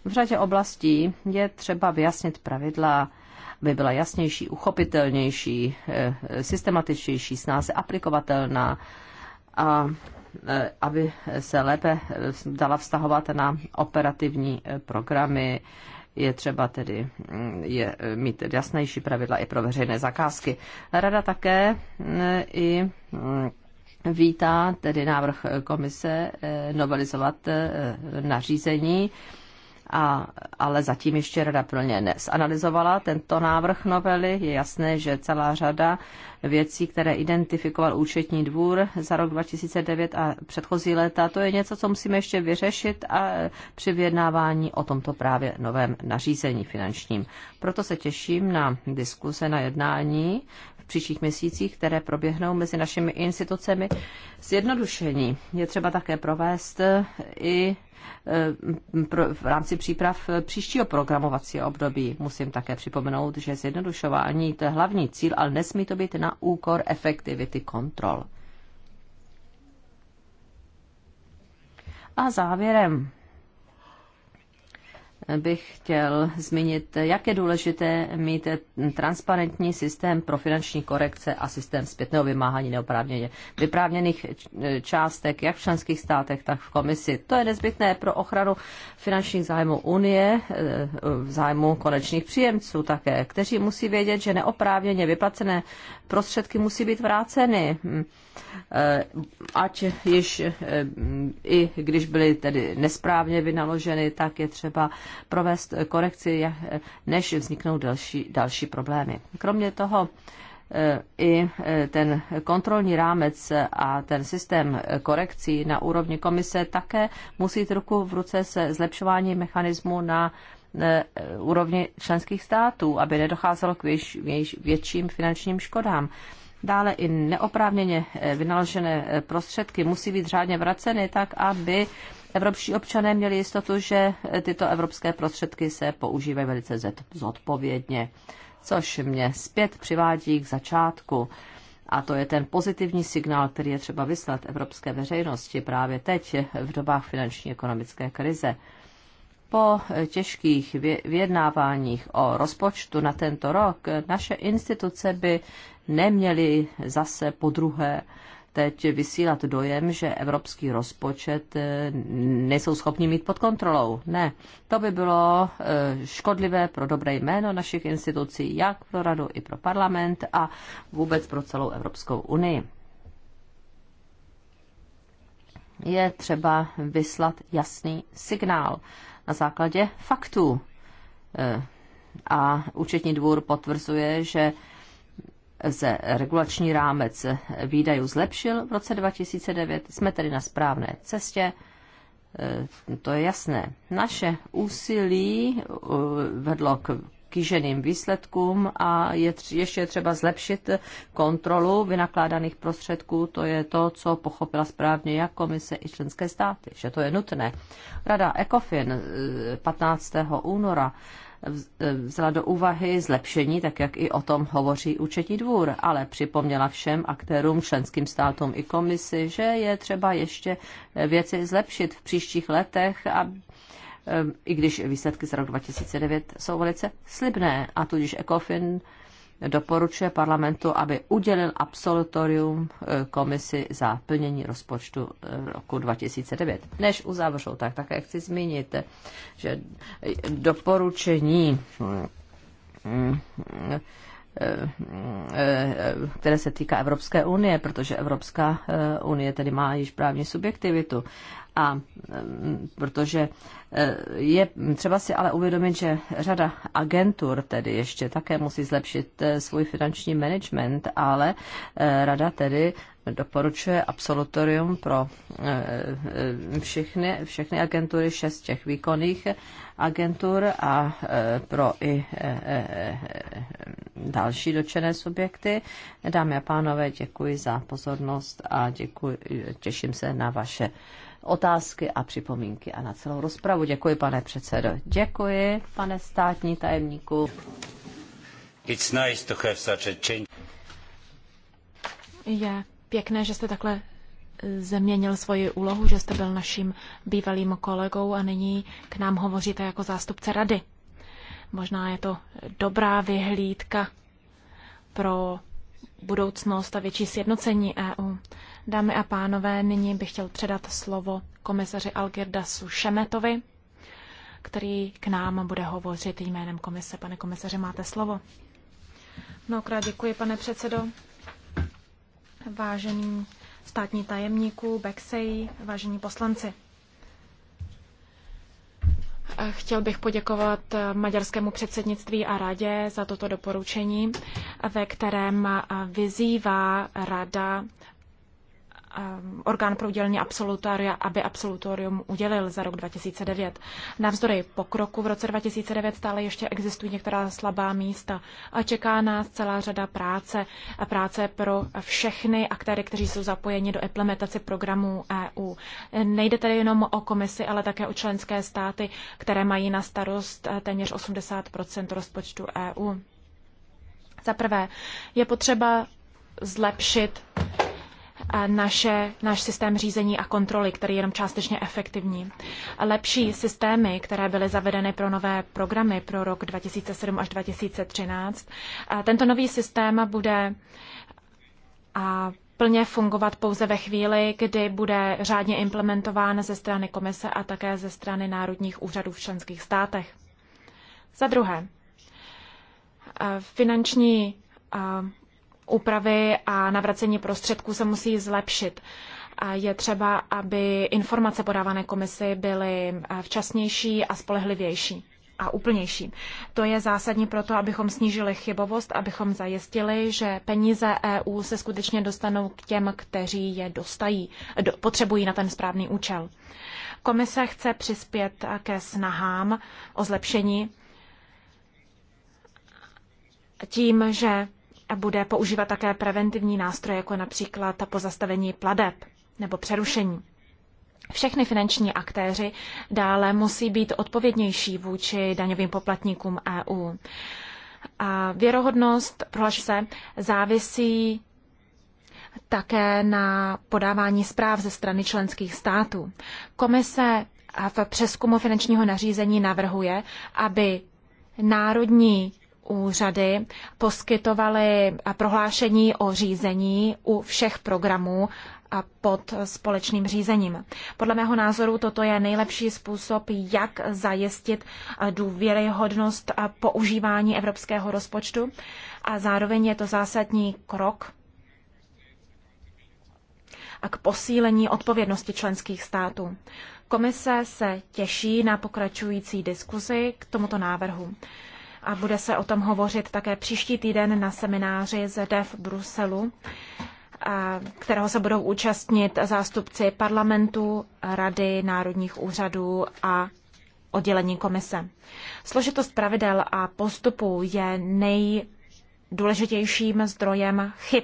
V řadě oblastí je třeba vyjasnit pravidla, aby byla jasnější, uchopitelnější, eh, systematičtější, snáze aplikovatelná a eh, aby se lépe eh, dala vztahovat na operativní programy, je třeba tedy mm, je, mít jasnější pravidla i pro veřejné zakázky. Rada také mm, i mm, vítá tedy návrh komise novelizovat nařízení a, ale zatím ještě rada plně nesanalizovala tento návrh novely. Je jasné, že celá řada věcí, které identifikoval účetní dvůr za rok 2009 a předchozí léta, to je něco, co musíme ještě vyřešit a při vyjednávání o tomto právě novém nařízení finančním. Proto se těším na diskuse, na jednání v příštích měsících, které proběhnou mezi našimi institucemi. Zjednodušení je třeba také provést i Eh, v rámci příprav eh, příštího programovacího období. Musím také připomenout, že zjednodušování to je hlavní cíl, ale nesmí to být na úkor efektivity kontrol. A závěrem bych chtěl zmínit, jak je důležité mít transparentní systém pro finanční korekce a systém zpětného vymáhání neoprávněně vyprávněných částek jak v členských státech, tak v komisi. To je nezbytné pro ochranu finančních zájmů Unie, eh, zájmu konečných příjemců také, kteří musí vědět, že neoprávněně vyplacené prostředky musí být vráceny, eh, ať již eh, i když byly tedy nesprávně vynaloženy, tak je třeba provést korekci, než vzniknou další, další problémy. Kromě toho, eh, i eh, ten kontrolní rámec a ten systém korekcí na úrovni komise také musí jít ruku v ruce se zlepšováním mechanismu na eh, úrovni členských států, aby nedocházelo k větším finančním škodám. Dále i neoprávněně vynaložené prostředky musí být řádně vraceny tak, aby Evropští občané měli jistotu, že tyto evropské prostředky se používají velice zodpovědně, což mě zpět přivádí k začátku. A to je ten pozitivní signál, který je třeba vyslat evropské veřejnosti právě teď v dobách finanční ekonomické krize. Po těžkých vyjednáváních o rozpočtu na tento rok naše instituce by neměly zase po druhé teď vysílat dojem, že evropský rozpočet eh, nejsou schopni mít pod kontrolou. Ne, to by bylo eh, škodlivé pro dobré jméno našich institucí, jak pro radu, i pro parlament a vůbec pro celou Evropskou unii. Je třeba vyslat jasný signál na základě faktů. Eh, a účetní dvůr potvrzuje, že se regulační rámec výdajů zlepšil v roce 2009. Jsme tedy na správné cestě, e, to je jasné. Naše úsilí e, vedlo k kýženým výsledkům a je tři, ještě třeba zlepšit kontrolu vynakládaných prostředků. To je to, co pochopila správně jak komise i členské státy, že to je nutné. Rada ECOFIN 15. E, února E, vzala do úvahy zlepšení, tak jak i o tom hovoří účetní dvůr, ale připomněla všem aktérům, členským státům i komisi, že je třeba ještě věci zlepšit v příštích letech, a, e, i když výsledky z roku 2009 jsou velice slibné a tudíž ECOFIN doporučuje parlamentu, aby udělil absolutorium e, komisi za plnění rozpočtu e, roku 2009. Než uzavřu, tak také chci zmínit, že doporučení které se týká Evropské unie, protože Evropská e, unie tedy má již právní subjektivitu. A protože e, je třeba si ale uvědomit, že řada agentur tedy ještě také musí zlepšit e, svůj finanční management, ale e, rada tedy doporučuje absolutorium pro všechny, všechny agentury, šest těch výkonných agentur a pro i další dočené subjekty. Dámy a pánové, děkuji za pozornost a děkuji, těším se na vaše otázky a připomínky a na celou rozpravu. Děkuji, pane předsedo. Děkuji, pane státní tajemníku. It's nice to have such a change. Je pěkné, že jste takhle změnil svoji úlohu, že jste byl naším bývalým kolegou a nyní k nám hovoříte jako zástupce rady. Možná je to dobrá vyhlídka pro budoucnost a větší sjednocení EU. Dámy a pánové, nyní bych chtěl předat slovo komisaři Algirdasu Šemetovi, který k nám bude hovořit jménem komise. Pane komisaři, máte slovo. Mnohokrát děkuji, pane předsedo. vážený státní tajemníků, Bexej, vážení poslanci. Chtěl bych poděkovat maďarskému předsednictví a radě za toto doporučení, ve kterém vyzývá rada Eh, orgán pro udělení absolutoria, aby absolutorium udělil za rok 2009. Navzdory pokroku v roce 2009 stále ještě existují některá slabá místa a čeká nás celá řada práce a práce pro všechny aktéry, kteří jsou zapojeni do implementace programů EU. Nejde tedy jenom o komisi, ale také o členské státy, které mají na starost eh, téměř 80 rozpočtu EU. Za prvé, je potřeba zlepšit naše, náš systém řízení a kontroly, který je jenom částečně efektivní. Lepší systémy, které byly zavedeny pro nové programy pro rok 2007 až 2013, tento nový systém bude a plně fungovat pouze ve chvíli, kdy bude řádně implementován ze strany komise a také ze strany národních úřadů v členských státech. Za druhé, finanční úpravy a navracení prostředků se musí zlepšit. Je třeba, aby informace podávané komisi byly eh, včasnější a spolehlivější a úplnější. To je zásadní proto, abychom snížili chybovost, abychom zajistili, že peníze EU se skutečně dostanou k těm, kteří je dostají, do, potřebují na ten správný účel. Komise chce přispět eh, ke snahám o zlepšení tím, že bude používat také preventivní nástroje, jako například pozastavení pladeb nebo přerušení. Všechny finanční aktéři dále musí být odpovědnější vůči daňovým poplatníkům EU. A věrohodnost prohlašce závisí také na podávání zpráv ze strany členských států. Komise v přeskumu finančního nařízení navrhuje, aby národní úřady poskytovaly prohlášení o řízení u všech programů a pod společným řízením. Podle mého názoru toto je nejlepší způsob, jak zajistit důvěryhodnost a používání evropského rozpočtu a zároveň je to zásadní krok a k posílení odpovědnosti členských států. Komise se těší na pokračující diskuzi k tomuto návrhu a bude se o tom hovořit také příští týden na semináři zde v Bruselu, kterého se budou účastnit zástupci parlamentu, rady, národních úřadů a oddělení komise. Složitost pravidel a postupů je nejdůležitějším zdrojem chyb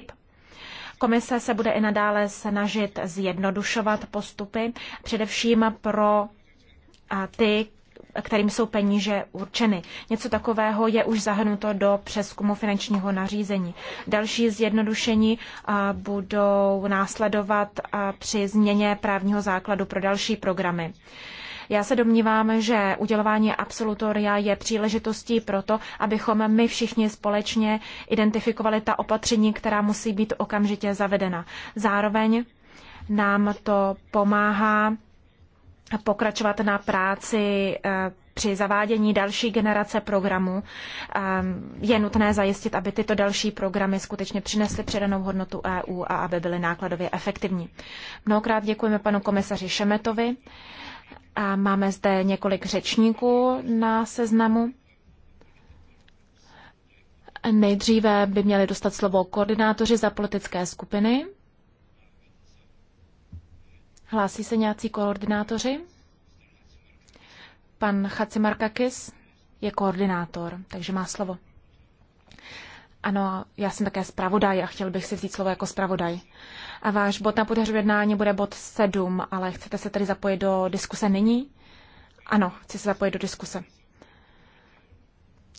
Komise se bude i nadále snažit zjednodušovat postupy, především pro ty, kterým jsou peníze určeny. Něco takového je už zahrnuto do přeskumu finančního nařízení. Další zjednodušení budou následovat při změně právního základu pro další programy. Já se domnívám, že udělování absolutoria je příležitostí pro to, abychom my všichni společně identifikovali ta opatření, která musí být okamžitě zavedena. Zároveň nám to pomáhá pokračovat na práci eh, při zavádění další generace programů. Eh, je nutné zajistit, aby tyto další programy skutečně přinesly předanou hodnotu EU a aby byly nákladově efektivní. Mnohokrát děkujeme panu komisaři Šemetovi. A máme zde několik řečníků na seznamu. Nejdříve by měli dostat slovo koordinátoři za politické skupiny. Hlásí se nějací koordinátoři? Pan Chacimarkakis je koordinátor, takže má slovo. Ano, já jsem také zpravodaj a chtěl bych si vzít slovo jako zpravodaj. A váš bod na podařu jednání bude bod 7, ale chcete se tedy zapojit do diskuse nyní? Ano, chci se zapojit do diskuse.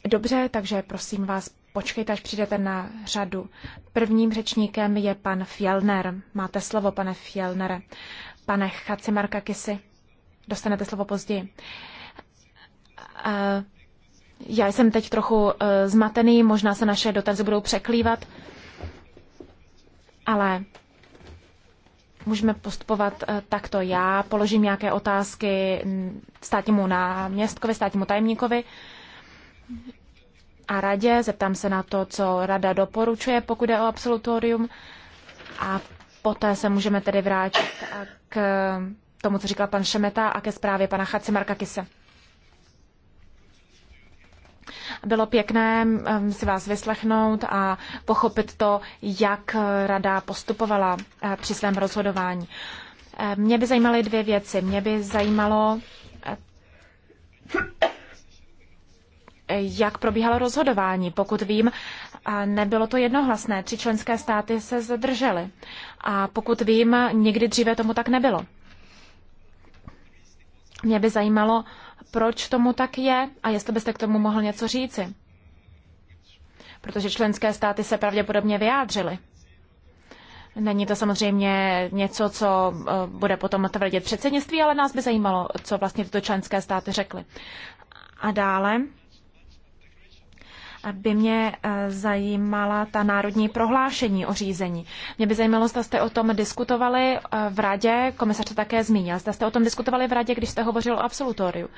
Dobře, takže prosím vás, počkejte, až přijdete na řadu. Prvním řečníkem je pan Fjellner. Máte slovo, pane Fjellnere. Pane Chacimarka Kisi, dostanete slovo později. Já jsem teď trochu e, zmatený, možná se naše dotazy budou překlívat, ale můžeme postupovat e, takto. Já položím nějaké otázky státnímu náměstkovi, státnímu tajemníkovi a radě, zeptám se na to, co rada doporučuje, pokud je o absolutorium. A Poté se můžeme tedy vrátit k tomu, co říkal pan Šemeta a ke zprávě pana Marka Kise. Bylo pěkné um, si vás vyslechnout a pochopit to, jak rada postupovala eh, při svém rozhodování. Eh, mě by zajímaly dvě věci. Mě by zajímalo, eh, jak probíhalo rozhodování. Pokud vím, a nebylo to jednohlasné. Tři členské státy se zdržely. A pokud vím, nikdy dříve tomu tak nebylo. Mě by zajímalo, proč tomu tak je a jestli byste k tomu mohl něco říci. Protože členské státy se pravděpodobně vyjádřily. Není to samozřejmě něco, co e, bude potom tvrdit předsednictví, ale nás by zajímalo, co vlastně tyto členské státy řekly. A dále by mě eh, zajímala ta národní prohlášení o řízení. Mě by zajímalo, zda jste o tom diskutovali eh, v radě, komisař to také zmínil, zda jste o tom diskutovali v radě, když jste hovořil o absolutoriu.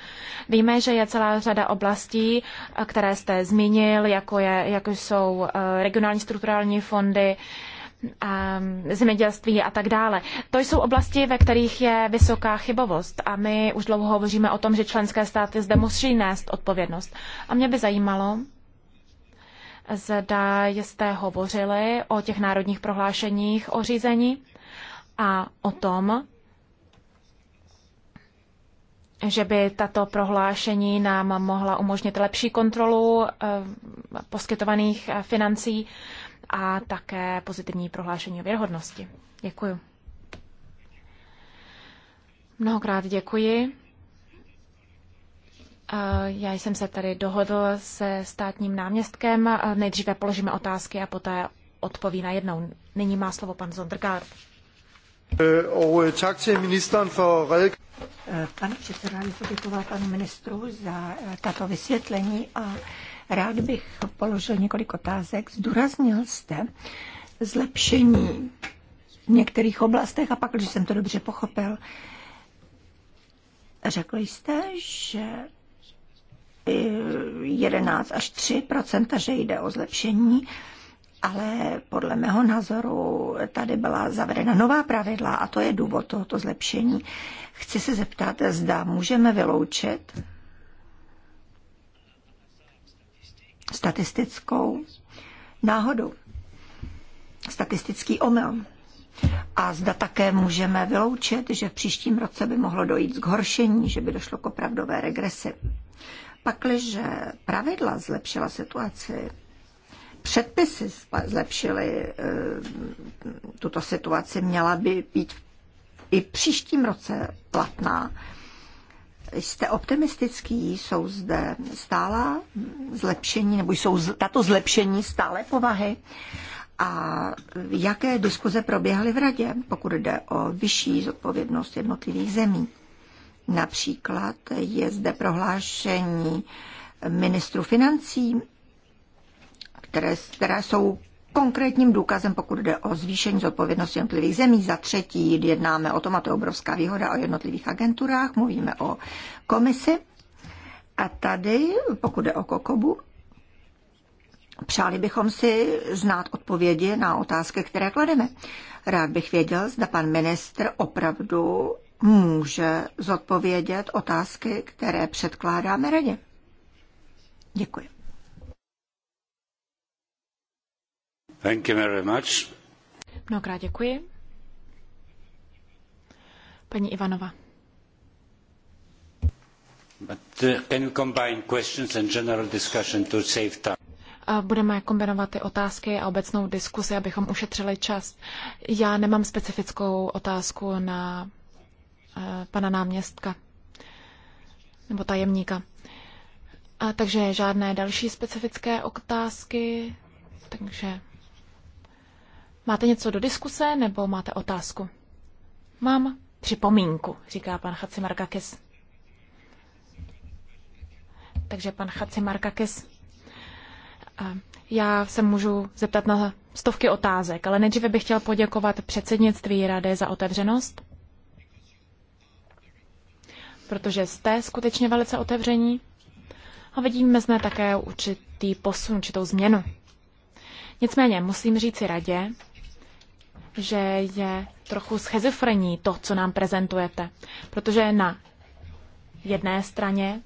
Víme, že je celá řada oblastí, eh, které jste zmínil, jako, je, jako jsou regionální strukturální fondy, ehm, zemědělství a tak dále. To jsou oblasti, ve kterých je vysoká chybovost a my už dlouho hovoříme o tom, že členské státy zde musí nést odpovědnost. A mě by zajímalo, zda jste hovořili o těch národních prohlášeních o řízení a o tom, že by tato prohlášení nám mohla umožnit lepší kontrolu eh, poskytovaných eh, financí a také pozitivní prohlášení o věrhodnosti. Děkuji. Mnohokrát děkuji. Já jsem se tady dohodl se státním náměstkem. Nejdříve položíme otázky a poté odpoví na jednou. Nyní má slovo pan Zondergaard. E, e, e, Pane předsedo, rád bych poděkoval panu ministru za tato vysvětlení a rád bych položil několik otázek. Zdůraznil jste zlepšení v některých oblastech a pak, když jsem to dobře pochopil, řekl jste, že 11 až 3 že jde o zlepšení, ale podle mého názoru tady byla zavedena nová pravidla a to je důvod tohoto zlepšení. Chci se zeptat, zda můžeme vyloučit statistickou náhodu, statistický omyl. A zda také můžeme vyloučit, že v příštím roce by mohlo dojít k horšení, že by došlo k opravdové regresi. Pakliže pravidla zlepšila situaci, předpisy zlepšily eh, tuto situaci, měla by být i příštím roce platná. Jste optimistický, jsou zde stála zlepšení, nebo jsou tato zlepšení stále povahy? A jaké diskuze proběhly v radě, pokud jde o vyšší zodpovědnost jednotlivých zemí? Například je zde prohlášení ministru financí, které, které jsou konkrétním důkazem, pokud jde o zvýšení zodpovědnosti jednotlivých zemí. Za třetí jednáme o tom, a to je obrovská výhoda, o jednotlivých agenturách, mluvíme o komisi. A tady, pokud jde o Kokobu, přáli bychom si znát odpovědi na otázky, které klademe. Rád bych věděl, zda pan ministr opravdu může zodpovědět otázky, které předkládáme radě. Děkuji. Thank you very much. Mnohokrát děkuji. Paní Ivanova. But uh, can you combine questions and general discussion to save time? budeme kombinovat ty otázky a obecnou diskusi, abychom ušetřili čas. Já nemám specifickou otázku na Eh, pana náměstka nebo tajemníka. A takže žádné další specifické otázky, takže máte něco do diskuse nebo máte otázku? Mám připomínku, říká pan Markakis. Takže pan Markakis, eh, já se můžu zeptat na stovky otázek, ale nejdříve bych chtěl poděkovat předsednictví rady za otevřenost protože jste skutečně velice otevření a vidíme zde také určitý posun, určitou změnu. Nicméně musím říci radě, že je trochu schizofrení to, co nám prezentujete, protože na jedné straně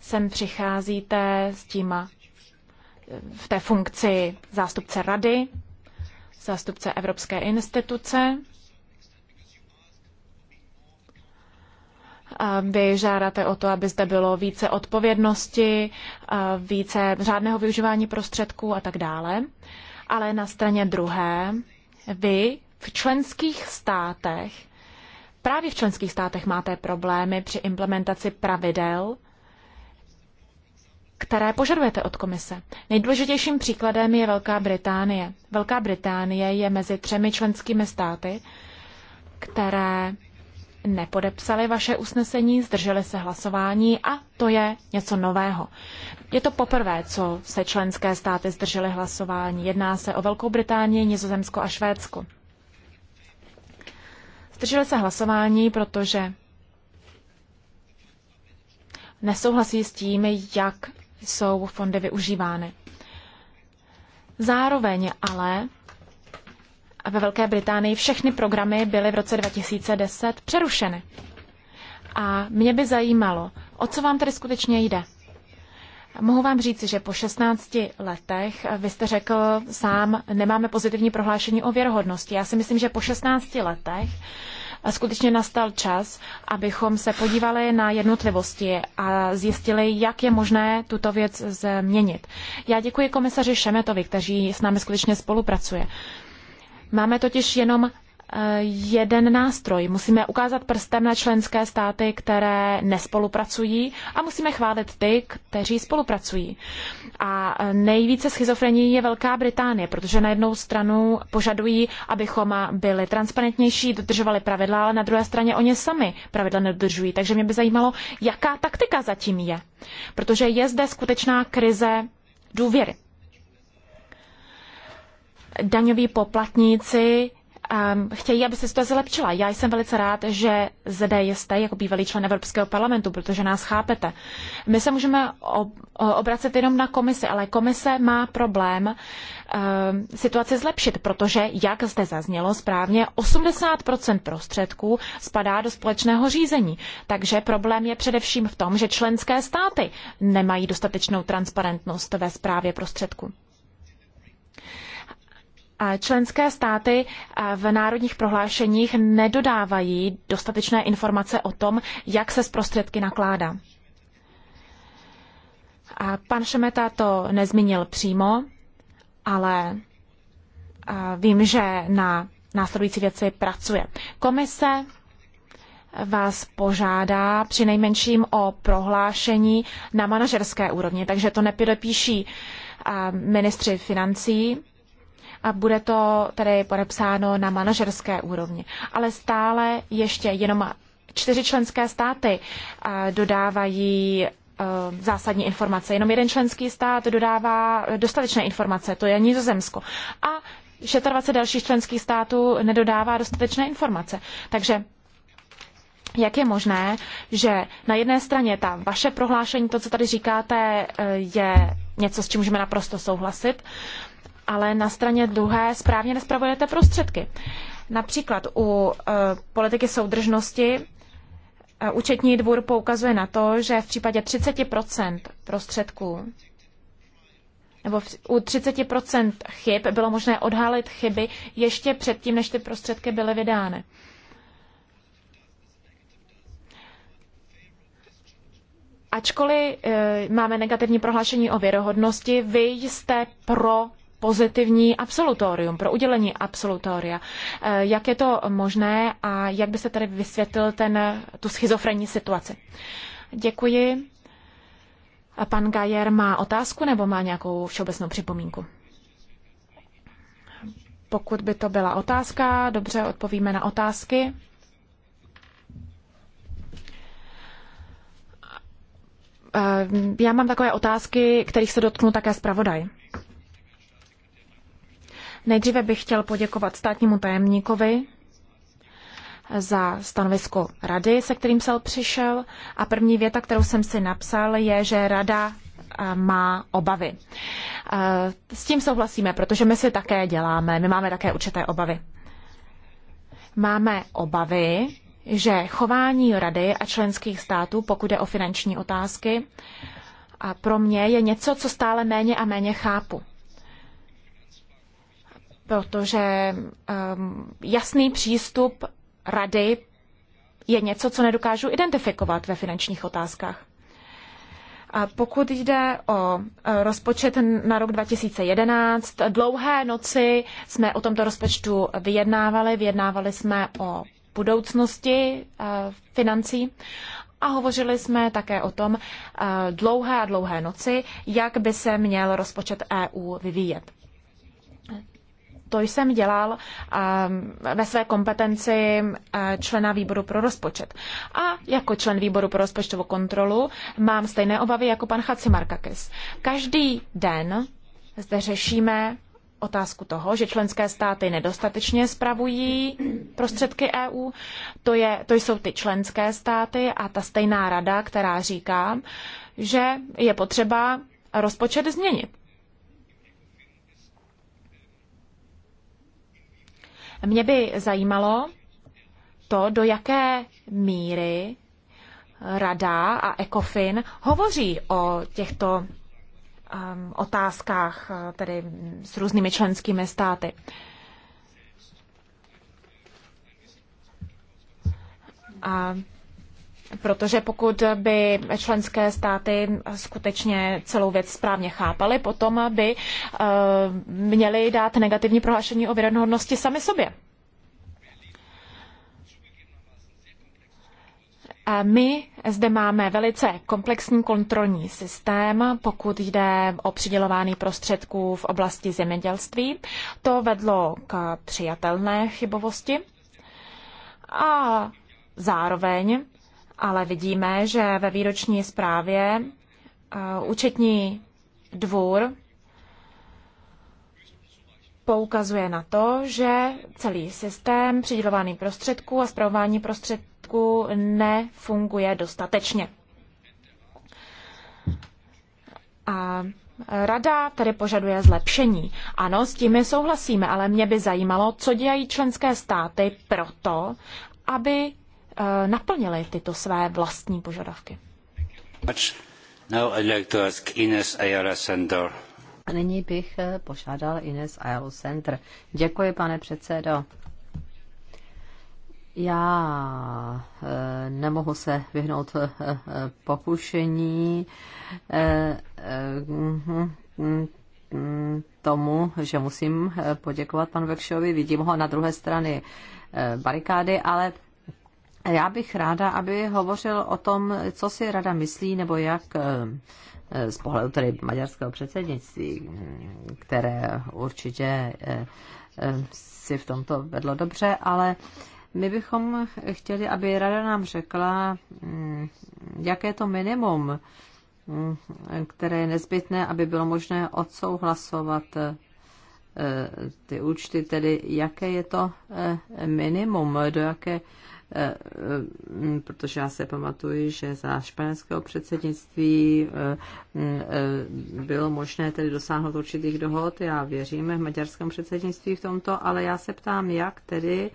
sem přicházíte s tím eh, v té funkci zástupce rady, zástupce Evropské instituce, Vy žádáte o to, aby zde bylo více odpovědnosti, více řádného využívání prostředků a tak dále. Ale na straně druhé, vy v členských státech, právě v členských státech máte problémy při implementaci pravidel, které požadujete od komise. Nejdůležitějším příkladem je Velká Británie. Velká Británie je mezi třemi členskými státy, které nepodepsali vaše usnesení, zdrželi se hlasování a to je něco nového. Je to poprvé, co se členské státy zdržely hlasování. Jedná se o Velkou Británii, Nizozemsko a Švédsko. Zdrželi se hlasování, protože nesouhlasí s tím, jak jsou fondy využívány. Zároveň ale a ve Velké Británii všechny programy byly v roce 2010 přerušeny. A mě by zajímalo, o co vám tedy skutečně jde. Mohu vám říct, že po 16 letech, eh, vy jste řekl sám, nemáme pozitivní prohlášení o věrohodnosti. Já si myslím, že po 16 letech eh, skutečně nastal čas, abychom se podívali na jednotlivosti a zjistili, jak je možné tuto věc změnit. Já děkuji komisaři Šemetovi, kteří s námi skutečně spolupracuje. Máme totiž jenom eh, jeden nástroj. Musíme ukázat prstem na členské státy, které nespolupracují a musíme chválit ty, kteří spolupracují. A eh, nejvíce schizofrení je Velká Británie, protože na jednou stranu požadují, abychom byli transparentnější, dodržovali pravidla, ale na druhé straně oni sami pravidla nedodržují. Takže mě by zajímalo, jaká taktika zatím je. Protože je zde skutečná krize důvěry daňoví poplatníci um, chtějí, aby se situace zlepšila. Já jsem velice rád, že zde jste jako bývalý člen Evropského parlamentu, protože nás chápete. My se můžeme ob, obracet jenom na komisi, ale komise má problém um, situaci zlepšit, protože, jak zde zaznělo správně, 80% prostředků spadá do společného řízení. Takže problém je především v tom, že členské státy nemají dostatečnou transparentnost ve správě prostředků. Členské státy eh, v národních prohlášeních nedodávají dostatečné informace o tom, jak se s prostředky nakládá. A pan Šemeta to nezmínil přímo, ale eh, vím, že na následující věci pracuje. Komise vás požádá při nejmenším o prohlášení na manažerské úrovni, takže to nepodepíší eh, ministři financí, a bude to tedy podepsáno na manažerské úrovni. Ale stále ještě jenom čtyři členské státy eh, dodávají eh, zásadní informace. Jenom jeden členský stát dodává dostatečné informace, to je Nizozemsko. A 26 dalších členských států nedodává dostatečné informace. Takže jak je možné, že na jedné straně ta vaše prohlášení, to, co tady říkáte, eh, je něco, s čím můžeme naprosto souhlasit, ale na straně druhé správně nespravujete prostředky. Například u e, politiky soudržnosti e, účetní dvůr poukazuje na to, že v případě 30 prostředků nebo u 30 chyb bylo možné odhalit chyby ještě předtím, než ty prostředky byly vydány. Ačkoliv e, máme negativní prohlášení o věrohodnosti, vy jste pro pozitivní absolutorium, pro udělení absolutoria. Eh, jak je to možné a jak byste tady vysvětlil ten, tu schizofrenní situaci? Děkuji. A pan Gajer má otázku nebo má nějakou všeobecnou připomínku? Pokud by to byla otázka, dobře, odpovíme na otázky. Eh, já mám takové otázky, kterých se dotknu také zpravodaj. Nejdříve bych chtěl poděkovat státnímu tajemníkovi za stanovisko rady, se kterým jsem přišel. A první věta, kterou jsem si napsal, je, že rada eh, má obavy. Eh, s tím souhlasíme, protože my si také děláme, my máme také určité obavy. Máme obavy, že chování rady a členských států, pokud je o finanční otázky, a pro mě je něco, co stále méně a méně chápu protože ehm, jasný přístup rady je něco, co nedokážu identifikovat ve finančních otázkách. A pokud jde o e, rozpočet na rok 2011, dlouhé noci jsme o tomto rozpočtu vyjednávali, vyjednávali jsme o budoucnosti e, financí a hovořili jsme také o tom e, dlouhé a dlouhé noci, jak by se měl rozpočet EU vyvíjet to jsem dělal ehm, ve své kompetenci eh, člena výboru pro rozpočet. A jako člen výboru pro rozpočtovou kontrolu mám stejné obavy jako pan Markakis. Každý den zde řešíme otázku toho, že členské státy nedostatečně spravují prostředky EU. To, je, to jsou ty členské státy a ta stejná rada, která říká, že je potřeba rozpočet změnit. Mě by zajímalo to, do jaké míry Rada a ECOFIN hovoří o těchto um, otázkách, eh, tedy s různými členskými státy. A Protože pokud by členské státy skutečně celou věc správně chápaly, potom by eh, měly dát negativní prohlášení o věrohodnosti sami sobě. A my zde máme velice komplexní kontrolní systém, pokud jde o přidělování prostředků v oblasti zemědělství. To vedlo k přijatelné chybovosti a zároveň ale vidíme, že ve výroční zprávě eh, účetní dvůr poukazuje na to, že celý systém přidělování prostředků a zpravování prostředků nefunguje dostatečně. A Rada tedy požaduje zlepšení. Ano, s tím my souhlasíme, ale mě by zajímalo, co dělají členské státy proto, aby Eh, naplnili tyto své vlastní požadavky. A nyní bych eh, požádal Ines Ayala Center. Děkuji, pane předsedo. Já eh, nemohu se vyhnout pokušení tomu, že musím poděkovat panu Vekšovi. Vidím ho na druhé strany barikády, ale já bych ráda, aby hovořil o tom, co si rada myslí, nebo jak eh, eh, z pohledu tedy maďarského předsednictví, které určitě eh, si v tomto vedlo dobře, ale my bychom chtěli, aby rada nám řekla, mm, jaké to minimum, mm, které je nezbytné, aby bylo možné odsouhlasovat ty účty, tedy jaké je to minimum, do jaké Eh, eh, protože já se pamatuju, že za španělského předsednictví eh, mm, bylo možné tedy dosáhnout určitých dohod. Já věřím v maďarském předsednictví v tomto, ale já se ptám, jak tedy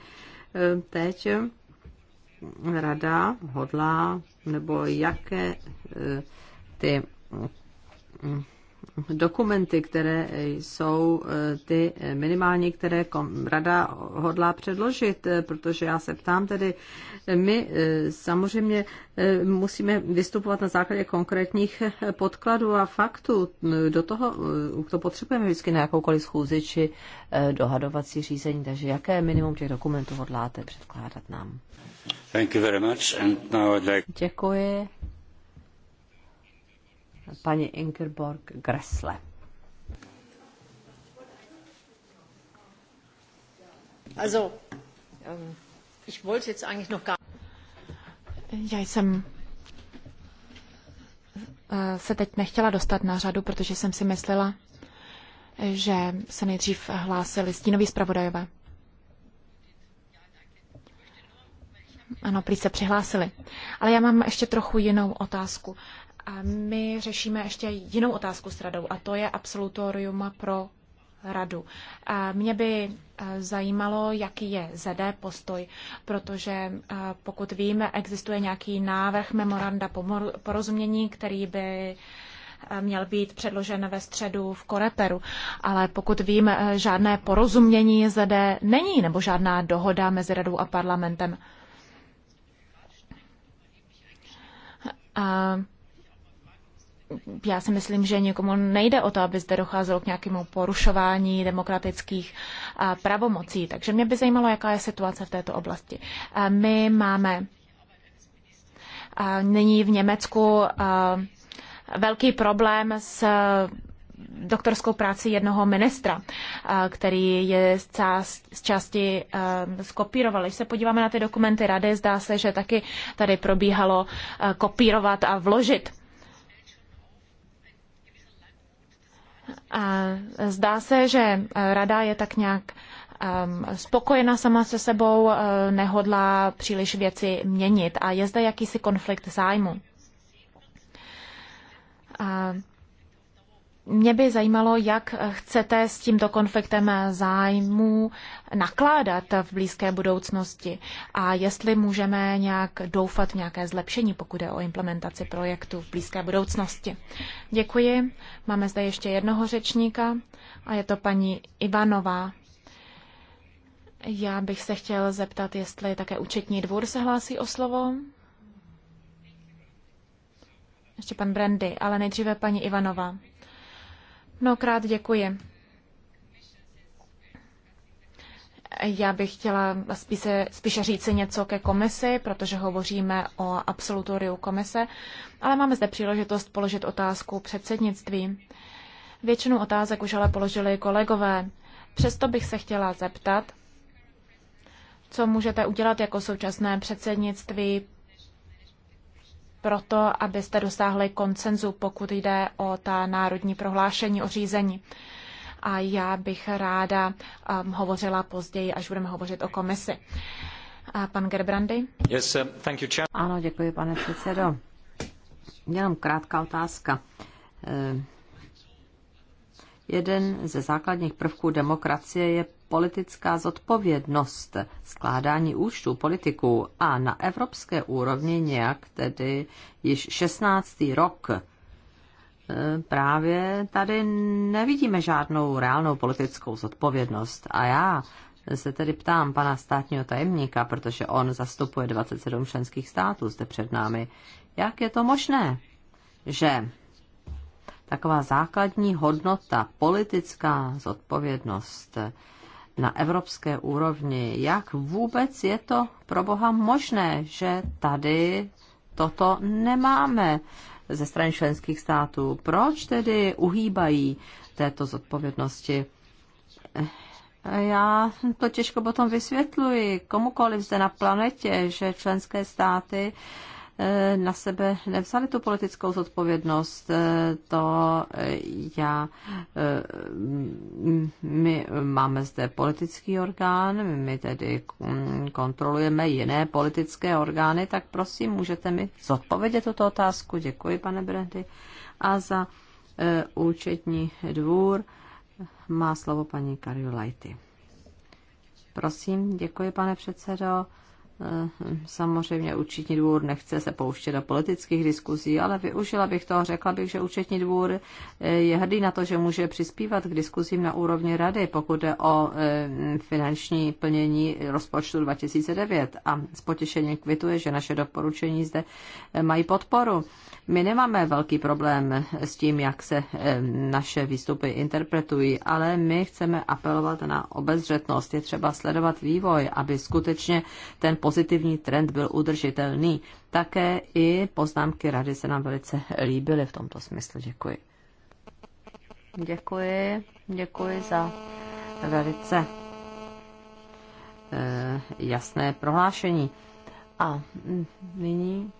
teď rada hodlá, nebo jaké ty dokumenty, které jsou eh, ty eh, minimální, které rada hodlá předložit, eh, protože já se ptám tedy, my samozřejmě musíme vystupovat na základě konkrétních podkladů a faktů. Do toho to potřebujeme vždycky na jakoukoliv schůzi či dohadovací řízení, takže jaké minimum těch dokumentů hodláte předkládat nám? Thank you very much and now I'd like... Děkuji paní Ingeborg Gressle. Also, ähm, ich wollte jetzt eigentlich noch gar... Já jsem äh, se teď nechtěla dostat na řadu, protože jsem si myslela, že se nejdřív hlásili stínoví zpravodajové. Ano, prý se přihlásili. Ale já mám ještě trochu jinou otázku my řešíme ještě jinou otázku s radou a to je absolutorium pro radu. Mě by e, zajímalo, jaký je ZD postoj, protože e, pokud víme, existuje nějaký návrh memoranda porozumění, který by e, měl být předložen ve středu v Koreperu. Ale pokud vím, žádné porozumění ZD není, nebo žádná dohoda mezi radou a parlamentem. A já si myslím, že někomu nejde o to, aby zde docházelo k nějakému porušování demokratických pravomocí. Takže mě by zajímalo, jaká je situace v této oblasti. My máme nyní v Německu velký problém s doktorskou práci jednoho ministra, který je z, části skopíroval. Když se podíváme na ty dokumenty rady, zdá se, že taky tady probíhalo kopírovat a vložit. Zdá se, že rada je tak nějak um, spokojena sama se sebou, uh, nehodlá příliš věci měnit a je zde jakýsi konflikt zájmu. Mě by zajímalo, jak chcete s tímto konfliktem zájmů nakládat v blízké budoucnosti a jestli můžeme nějak doufat v nějaké zlepšení, pokud je o implementaci projektu v blízké budoucnosti. Děkuji. Máme zde ještě jednoho řečníka a je to paní Ivanová. Já bych se chtěl zeptat, jestli také účetní dvůr se hlásí o slovo. Ještě pan Brandy, ale nejdříve paní Ivanová. Mnohokrát děkuji. Já bych chtěla spíše, spíše říci něco ke komisi, protože hovoříme o absolutoriu komise, ale máme zde příležitost položit otázku předsednictví. Většinu otázek už ale položili kolegové. Přesto bych se chtěla zeptat, co můžete udělat jako současné předsednictví proto, abyste dosáhli koncenzu, pokud jde o ta národní prohlášení o řízení. A já bych ráda um, hovořila později, až budeme hovořit o komisi. A pan Gerbrandy? Yes, um, thank you, ano, děkuji, pane předsedo. Jenom krátká otázka. Eh, jeden ze základních prvků demokracie je politická zodpovědnost skládání účtů politiků a na evropské úrovni nějak tedy již 16. rok e, právě tady nevidíme žádnou reálnou politickou zodpovědnost. A já se tedy ptám pana státního tajemníka, protože on zastupuje 27 členských států zde před námi, jak je to možné, že taková základní hodnota, politická zodpovědnost, na evropské úrovni. Jak vůbec je to pro Boha možné, že tady toto nemáme ze strany členských států? Proč tedy uhýbají této zodpovědnosti? Já to těžko potom vysvětluji komukoliv zde na planetě, že členské státy eh, Eh, na sebe nevzali tu politickou zodpovědnost. Eh, to eh, já, my máme zde politický orgán, my tedy kontrolujeme jiné politické orgány, tak prosím, můžete mi zodpovědět tuto otázku. Děkuji, pane Brendy. A za účetní dvůr má slovo paní Kariolajty. Prosím, děkuji, pane předsedo. Eh, samozřejmě účetní dvůr nechce se pouštět do politických diskuzí, ale využila bych toho, řekla bych, že účetní dvůr eh, je hrdý na to, že může přispívat k diskuzím na úrovni rady, pokud jde o eh, finanční plnění rozpočtu 2009 a s potěšením kvituje, že naše doporučení zde mají podporu. My nemáme velký problém s tím, jak se naše výstupy interpretují, ale my chceme apelovat na obezřetnost. Je třeba sledovat vývoj, aby skutečně ten pozitivní trend byl udržitelný. Také i poznámky rady se nám velice líbily v tomto smyslu. Děkuji. Děkuji, děkuji za velice eh, jasné prohlášení. A nyní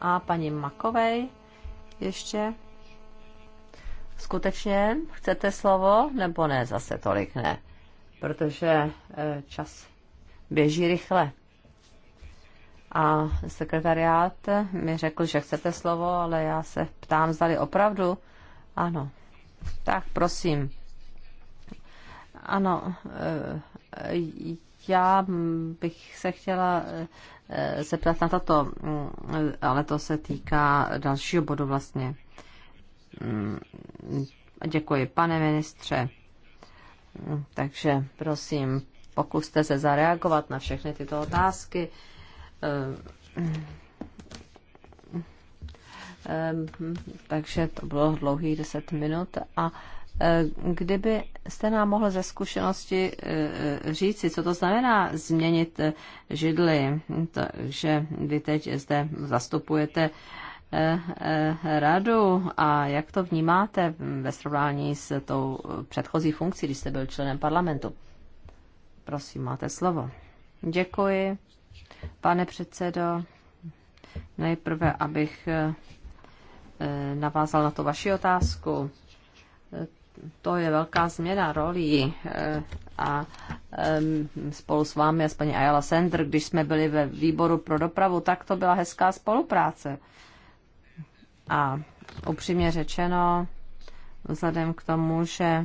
a paní Makovej ještě. Skutečně chcete slovo, nebo ne? Zase tolik ne protože eh, čas běží rychle. A sekretariát mi řekl, že chcete slovo, ale já se ptám, zdali opravdu. Ano. Tak, prosím. Ano, eh, já bych se chtěla eh, zeptat na toto, mm, ale to se týká dalšího bodu vlastně. Mm, děkuji, pane ministře. Takže prosím, pokuste se zareagovat na všechny tyto otázky. Eh, eh, takže to bylo dlouhých 10 minut a eh, Kdyby jste nám mohl ze zkušenosti říci, co to znamená změnit židly, takže vy teď zde zastupujete Eh, eh, radu a jak to vnímáte ve srovnání s tou předchozí funkcí, když jste byl členem parlamentu? Prosím, máte slovo. Děkuji, pane předsedo. Nejprve, abych eh, navázal na to vaši otázku. To je velká změna rolí a spolu s vámi a s paní Ayala Sender, když jsme byli ve výboru pro dopravu, tak to byla hezká spolupráce a upřímně řečeno, vzhledem k tomu, že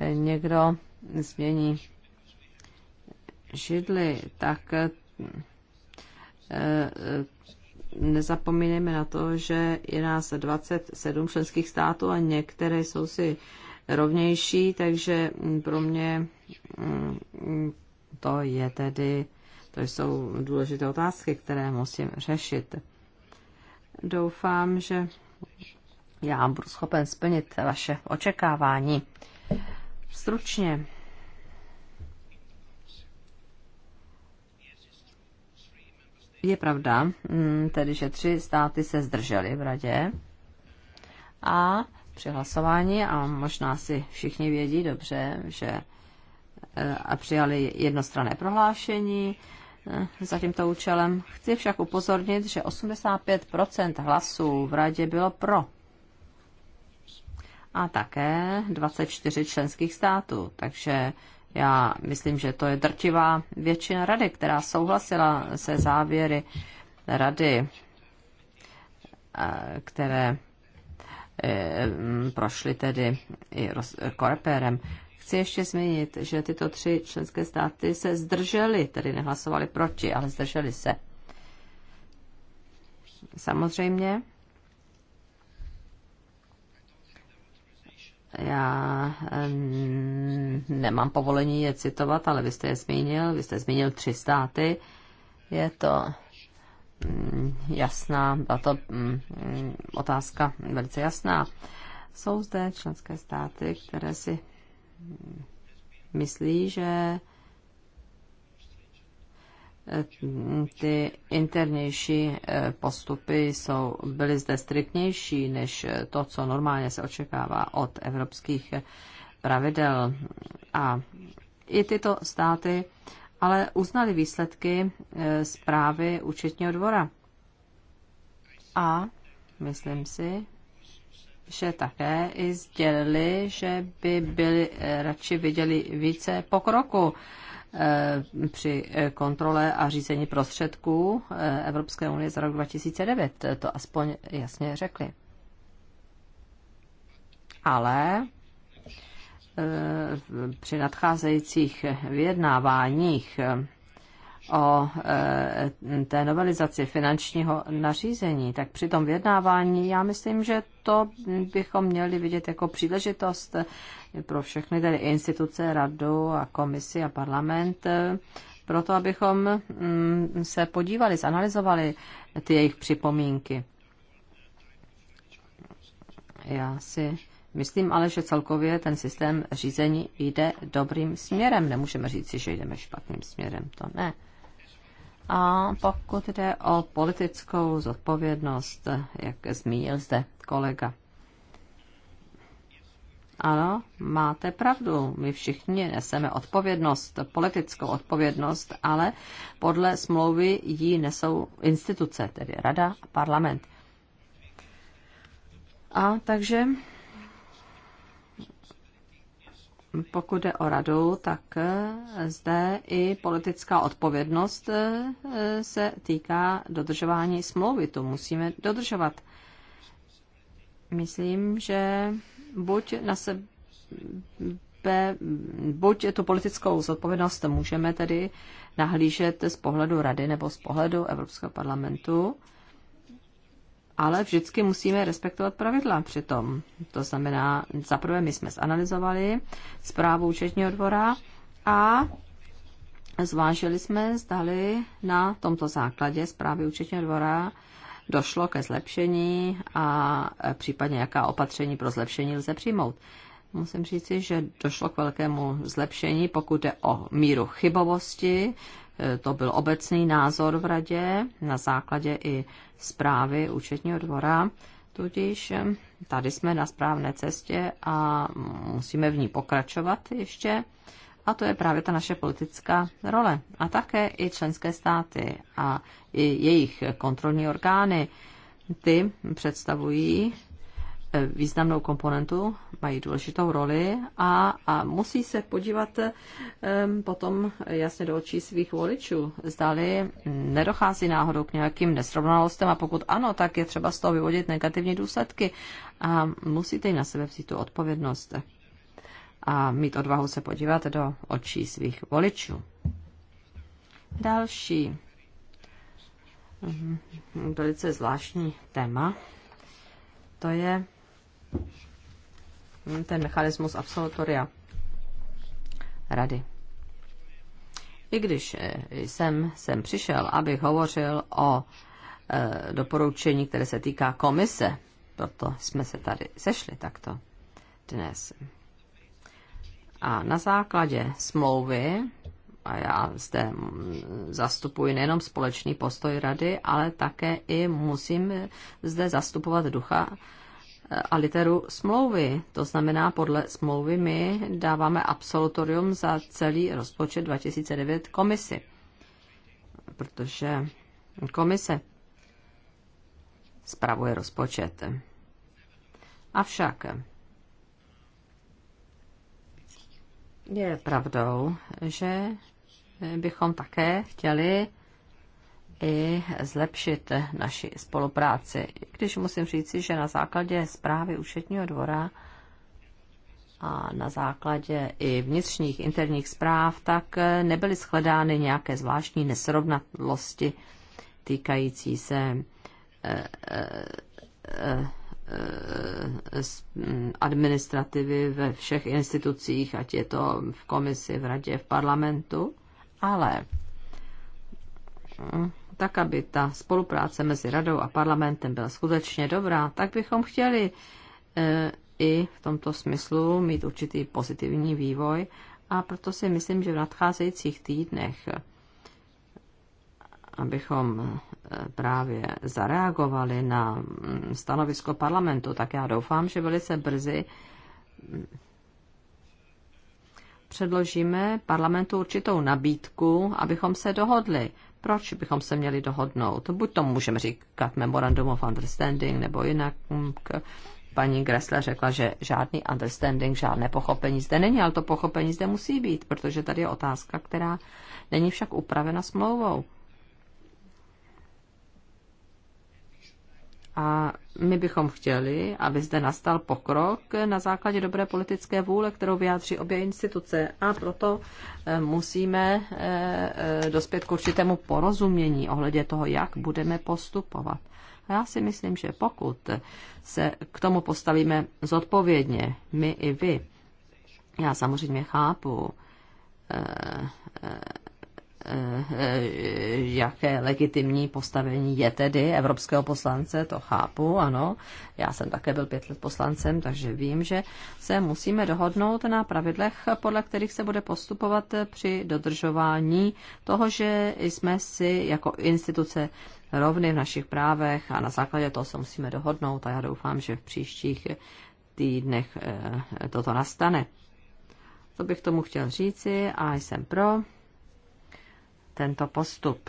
eh, někdo změní židly, tak eh, eh, nezapomínejme na to, že je nás 27 členských států a některé jsou si rovnější, takže pro mě mm, to je tedy, to jsou důležité otázky, které musím řešit doufám, že já budu schopen splnit vaše očekávání. Stručně. Je pravda, mm, tedy, že tři státy se zdržely v radě a při hlasování, a možná si všichni vědí dobře, že eh, a přijali jednostrané prohlášení, Eh, za tímto účelem. Chci však upozornit, že 85 hlasů v radě bylo pro. A také 24 členských států. Takže já myslím, že to je drtivá většina rady, která souhlasila se závěry rady, eh, které eh, prošly tedy i korepérem. Chci ještě zmínit, že tyto tři členské státy se zdržely, tedy nehlasovali proti, ale zdrželi se. Samozřejmě. Já nemám povolení je citovat, ale vy jste je zmínil, vy jste zmínil tři státy. Je to mm, jasná, byla to mm, mm, otázka velice jasná. Jsou zde členské státy, které si myslí, že eh, ty internější eh, postupy jsou, byly zde striktnější než eh, to, co normálně se očekává od evropských pravidel. A i tyto státy ale uznali výsledky zprávy účetního dvora. A myslím si, že také i sdělili, že by byli eh, radši viděli více pokroku eh, při eh, kontrole a řízení prostředků Evropské unie za rok 2009. To aspoň jasně řekli. Ale při nadcházejících vyjednáváních o e, té novelizaci finančního nařízení, tak při tom vyjednávání já myslím, že to bychom měli vidět jako příležitost pro všechny tedy instituce, radu a komisi a parlament, e, proto abychom mm, se podívali, zanalizovali ty jejich připomínky. Já si myslím ale, že celkově ten systém řízení jde dobrým směrem. Nemůžeme říci, že jdeme špatným směrem, to ne. A pokud jde o politickou zodpovědnost, jak zmínil zde kolega. Ano, máte pravdu. My všichni neseme odpovědnost, politickou odpovědnost, ale podle smlouvy ji nesou instituce, tedy rada a parlament. A takže pokud jde o radu, tak eh, zde i politická odpovědnost eh, se týká dodržování smlouvy. To musíme dodržovat. Myslím, že buď na sebe, buď tu politickou zodpovědnost můžeme tedy nahlížet z pohledu rady nebo z pohledu Evropského parlamentu ale vždycky musíme respektovat pravidla přitom. To znamená, zaprvé my jsme zanalizovali zprávu účetního dvora a zvážili jsme, zdali na tomto základě zprávy účetního dvora došlo ke zlepšení a případně jaká opatření pro zlepšení lze přijmout. Musím říci, že došlo k velkému zlepšení, pokud jde o míru chybovosti Eh, to byl obecný názor v radě na základě i zprávy účetního dvora, tudíž eh, tady jsme na správné cestě a musíme v ní pokračovat ještě. A to je právě ta naše politická role. A také i členské státy a i jejich kontrolní orgány, ty představují Eh, významnou komponentu, mají důležitou roli a, a musí se podívat um, potom jasně do očí svých voličů. Zdali nedochází náhodou k nějakým nesrovnalostem a pokud ano, tak je třeba z toho vyvodit negativní důsledky a musíte i na sebe vzít tu odpovědnost a mít odvahu se podívat do očí svých voličů. Další mhm, velice zvláštní téma, to je ten mechanismus absolutoria rady. I když eh, jsem sem přišel, abych hovořil o e, doporučení, které se týká komise, proto jsme se tady sešli takto dnes. A na základě smlouvy, a já zde zastupuji nejenom společný postoj rady, ale také i musím zde zastupovat ducha a literu smlouvy. To znamená, podle smlouvy my dáváme absolutorium za celý rozpočet 2009 komisi. Protože komise spravuje rozpočet. Avšak je pravdou, že bychom také chtěli i zlepšit naši spolupráci. Když musím říci, že na základě zprávy účetního dvora a na základě i vnitřních interních zpráv, tak nebyly shledány nějaké zvláštní nesrovnatlosti týkající se e, e, e, administrativy ve všech institucích, ať je to v komisi, v radě, v parlamentu, ale tak aby ta spolupráce mezi radou a parlamentem byla skutečně dobrá, tak bychom chtěli eh, i v tomto smyslu mít určitý pozitivní vývoj a proto si myslím, že v nadcházejících týdnech, abychom eh, právě zareagovali na mm, stanovisko parlamentu, tak já doufám, že velice brzy mm, předložíme parlamentu určitou nabídku, abychom se dohodli proč bychom se měli dohodnout? Buď to můžeme říkat memorandum of understanding, nebo jinak mm, paní Gressler řekla, že žádný understanding, žádné pochopení zde není, ale to pochopení zde musí být, protože tady je otázka, která není však upravena smlouvou. A my bychom chtěli, aby zde nastal pokrok na základě dobré politické vůle, kterou vyjádří obě instituce. A proto eh, musíme eh, eh, dospět k určitému porozumění ohledě toho, jak budeme postupovat. A já si myslím, že pokud se k tomu postavíme zodpovědně, my i vy, já samozřejmě chápu Eh, jaké legitimní postavení je tedy evropského poslance, to chápu, ano. Já jsem také byl pět let poslancem, takže vím, že se musíme dohodnout na pravidlech, podle kterých se bude postupovat při dodržování toho, že jsme si jako instituce rovny v našich právech a na základě toho se musíme dohodnout a já doufám, že v příštích týdnech eh, toto nastane. To bych tomu chtěl říci a jsem pro tento postup.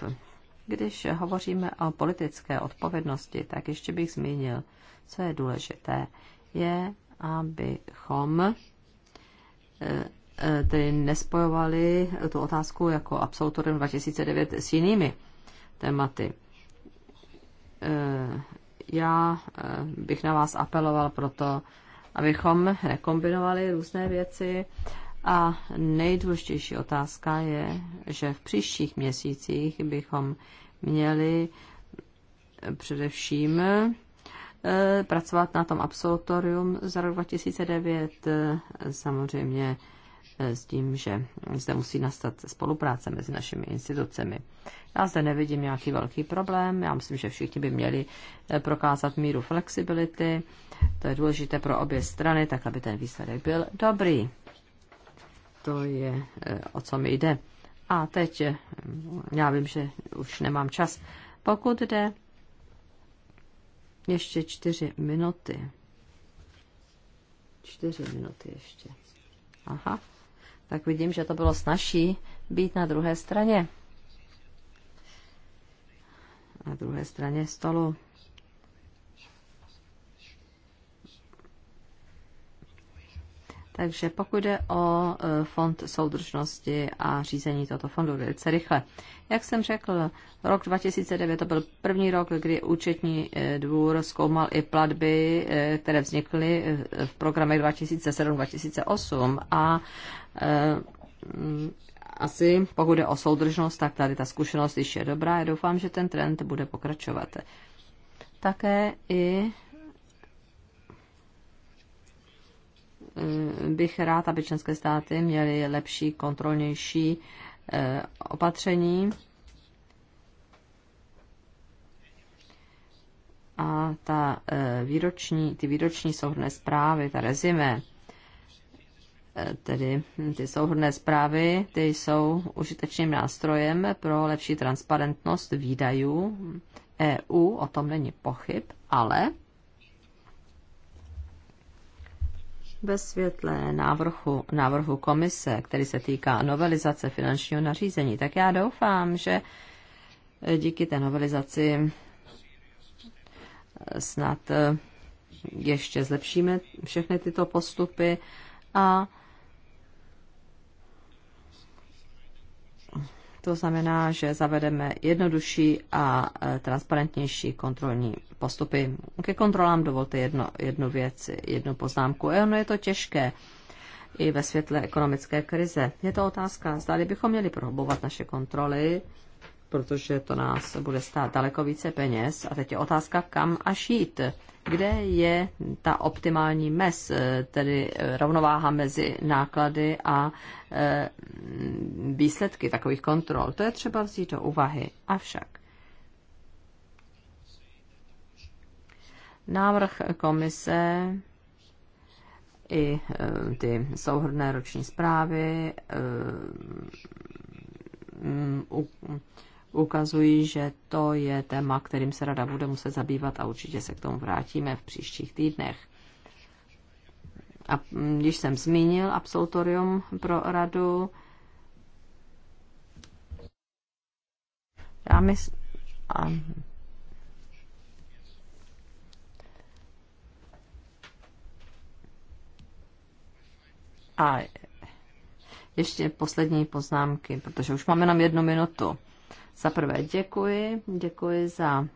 Když hovoříme o politické odpovědnosti, tak ještě bych zmínil, co je důležité, je, abychom e, e, tedy nespojovali tu otázku jako absolutorem 2009 s jinými tématy. E, já bych na vás apeloval proto, abychom nekombinovali různé věci a nejdůležitější otázka je, že v příštích měsících bychom měli především e, pracovat na tom absolutorium za rok 2009, e, samozřejmě e, s tím, že zde musí nastat spolupráce mezi našimi institucemi. Já zde nevidím nějaký velký problém, já myslím, že všichni by měli prokázat míru flexibility, to je důležité pro obě strany, tak aby ten výsledek byl dobrý to je, eh, o co mi jde. A teď, eh, já vím, že už nemám čas. Pokud jde ještě čtyři minuty. Čtyři minuty ještě. Aha. Tak vidím, že to bylo snažší být na druhé straně. Na druhé straně stolu. Takže pokud jde o e, fond soudržnosti a řízení tohoto fondu velice rychle. Jak jsem řekl, rok 2009 to byl první rok, kdy účetní e, dvůr zkoumal i platby, e, které vznikly v programech 2007-2008 a asi pokud jde o soudržnost, tak tady ta zkušenost již je dobrá. Já doufám, že ten trend bude pokračovat. Také i Mm, bych rád, aby členské státy měly lepší, kontrolnější eh, opatření. A ta eh, výroční, ty výroční souhrné zprávy, ta rezime, eh, tedy ty souhrné zprávy, ty jsou užitečným nástrojem pro lepší transparentnost výdajů EU, o tom není pochyb, ale ve světle návrhu, návrhu komise, který se týká novelizace finančního nařízení, tak já doufám, že díky té novelizaci snad ještě zlepšíme všechny tyto postupy a To znamená, že zavedeme jednodušší a e, transparentnější kontrolní postupy. Ke kontrolám dovolte jedno, jednu věc, jednu poznámku. E, ono je to těžké i ve světle ekonomické krize. Je to otázka, zda bychom měli prohlubovat naše kontroly, protože to nás bude stát daleko více peněz. A teď je otázka, kam až jít. Kde je ta optimální mez, eh, tedy eh, rovnováha mezi náklady a eh, výsledky takových kontrol? To je třeba vzít do úvahy. Avšak návrh komise i ty souhrné roční zprávy ukazují, že to je téma, kterým se rada bude muset zabývat a určitě se k tomu vrátíme v příštích týdnech. A když jsem zmínil absolutorium pro radu, já myslím, a ještě poslední poznámky, protože už máme jenom jednu minutu. Za prvé děkuji, děkuji za